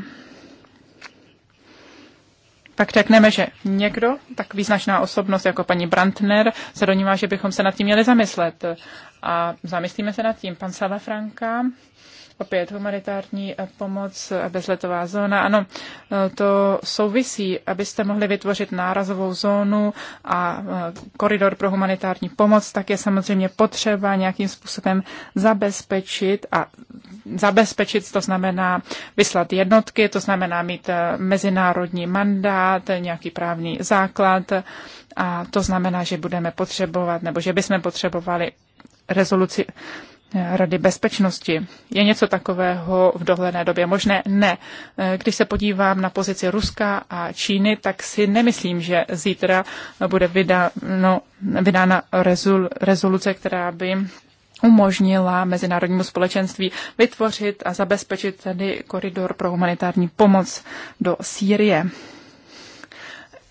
pak řekneme, že někdo, tak význačná osobnost jako paní Brantner, se donívá, že bychom se nad tím měli zamyslet. A zamyslíme se nad tím. Pan Sava Franka Opět humanitární eh, pomoc a eh, bezletová zóna. Ano, eh, to souvisí, abyste mohli vytvořit nárazovou zónu a koridor pro humanitární pomoc, tak je samozřejmě potřeba nějakým způsobem zabezpečit a zabezpečit, to znamená vyslat jednotky, to znamená mít mezinárodní mandát, nějaký právní základ a to znamená, že budeme potřebovat, nebo že bychom potřebovali rezoluci Rady bezpečnosti. Je něco takového v dohledné době možné? Ne. Když se podívám na pozici Ruska a Číny, tak si nemyslím, že zítra bude vydáno, vydána rezol, rezoluce, která by umožnila mezinárodnímu společenství vytvořit a zabezpečit tedy koridor pro humanitární pomoc do Sýrie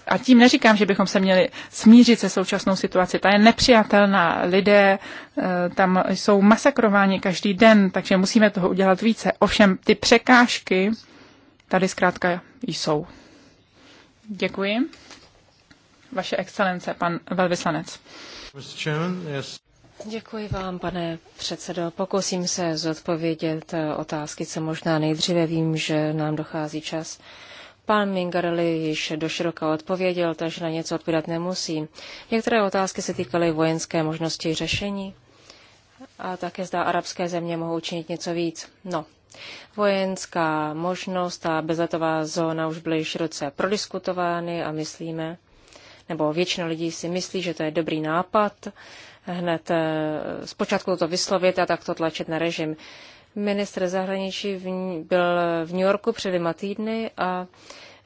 a tím neříkám, že bychom se měli smířit se současnou situaci. Ta je nepřijatelná. Lidé eh, tam jsou masakrováni každý den, takže musíme toho udělat více. Ovšem ty překážky tady zkrátka jsou. Děkuji. Vaše excelence, pan velvyslanec. Děkuji vám, pane předsedo. Pokusím se zodpovědět eh, otázky, co možná nejdříve vím, že nám dochází čas. Pan Mingarelli již doširoka odpověděl, takže na něco odpovídat nemusím. Některé otázky se týkaly vojenské možnosti řešení a také zda arabské země mohou učinit něco víc. No, vojenská možnost a bezletová zóna už byly široce prodiskutovány a myslíme, nebo většina lidí si myslí, že to je dobrý nápad hned eh, zpočátku to vyslovit a takto tlačit na režim. Ministr zahraničí v, byl v New Yorku před dvěma týdny a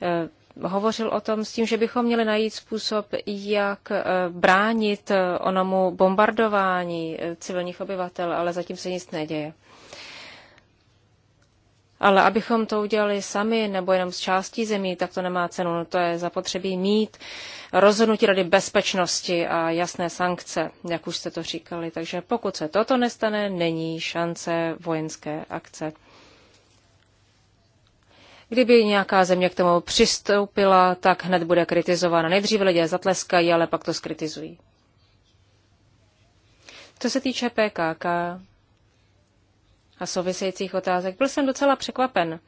eh, hovořil o tom s tím, že bychom měli najít způsob, jak eh, bránit eh, onomu bombardování civilních obyvatel, ale zatím se nic neděje. Ale abychom to udělali sami nebo jenom z částí zemí, tak to nemá cenu. No to je zapotřebí mít rozhodnutí Rady bezpečnosti a jasné sankce, jak už jste to říkali. Takže pokud se toto nestane, není šance vojenské akce. Kdyby nějaká země k tomu přistoupila, tak hned bude kritizována. Nejdříve lidé zatleskají, ale pak to skritizují. Co se týče PKK, a souvisejících otázek. Byl jsem docela překvapen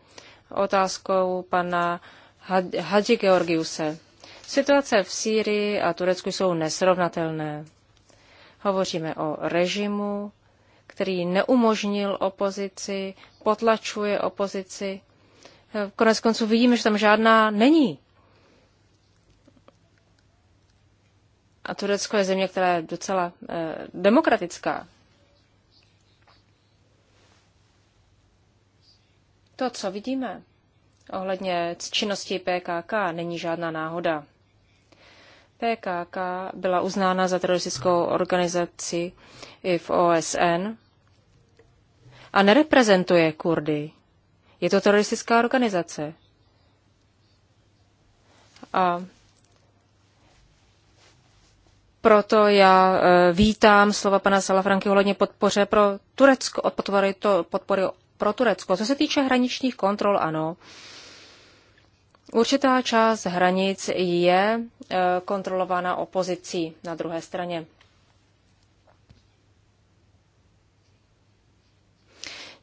otázkou pana Hadži Georgiuse. Situace v Sýrii a Turecku jsou nesrovnatelné. Hovoříme o režimu, který neumožnil opozici, potlačuje opozici. Konec konců vidíme, že tam žádná není. A Turecko je země, která je docela eh, demokratická. To, co vidíme ohledně činnosti PKK, není žádná náhoda. PKK byla uznána za teroristickou organizaci i v OSN a nereprezentuje Kurdy. Je to teroristická organizace. A proto já eh, vítám slova pana Salafranky ohledně podpoře pro Turecko, podpory, to, podpory pro Turecko. Co se týče hraničních kontrol, ano. Určitá část hranic je e, kontrolována opozicí na druhé straně.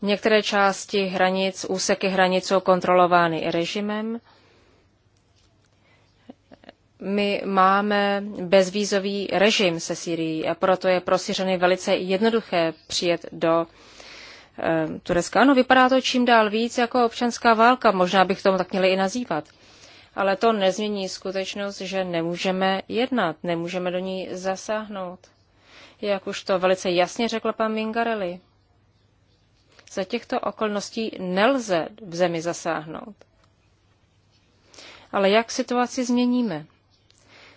Některé části hranic, úseky hranic jsou kontrolovány režimem. My máme bezvízový režim se Syrií a proto je pro Syřany velice jednoduché přijet do Eh, Turecka. Ano, vypadá to čím dál víc jako občanská válka, možná bych tomu tak měli i nazývat. Ale to nezmění skutečnost, že nemůžeme jednat, nemůžeme do ní zasáhnout. Jak už to velice jasně řekl pan Mingarelli. Za těchto okolností nelze v zemi zasáhnout. Ale jak situaci změníme?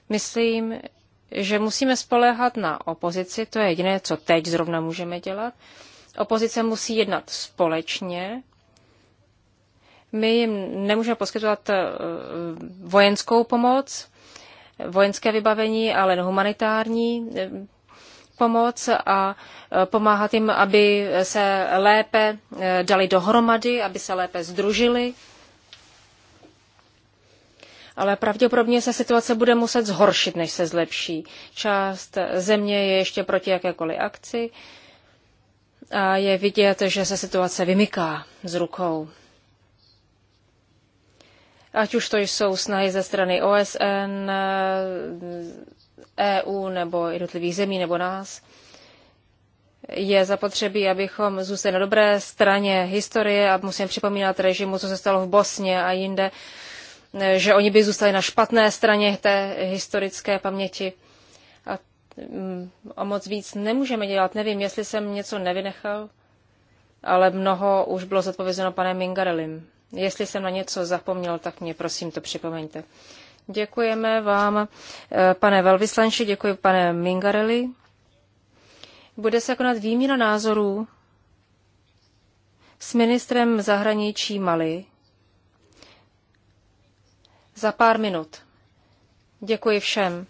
Myslím, že musíme spoléhat na opozici, to je jediné, co teď zrovna můžeme dělat, Opozice musí jednat společně. My jim nemůžeme poskytovat eh, vojenskou pomoc, vojenské vybavení, ale humanitární eh, pomoc a eh, pomáhat jim, aby se lépe dali dohromady, aby se lépe združili. Ale pravděpodobně se situace bude muset zhoršit, než se zlepší. Část země je ještě proti jakékoliv akci, a je vidět, že se situace vymyká z rukou. Ať už to jsou snahy ze strany OSN, EU nebo jednotlivých zemí nebo nás, je zapotřebí, abychom zůstali na dobré straně historie a musím připomínat režimu, co se stalo v Bosně a jinde, že oni by zůstali na špatné straně té historické paměti Mm, a moc víc nemůžeme dělat. Nevím, jestli jsem něco nevynechal, ale mnoho už bylo zodpovězeno panem Mingarelim. Jestli jsem na něco zapomněl, tak mě prosím to připomeňte. Děkujeme vám, eh, pane velvyslanči, děkuji pane Mingareli. Bude se konat výměna názorů s ministrem zahraničí Mali za pár minut. Děkuji všem.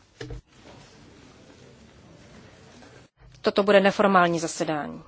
Toto bude neformální zasedání.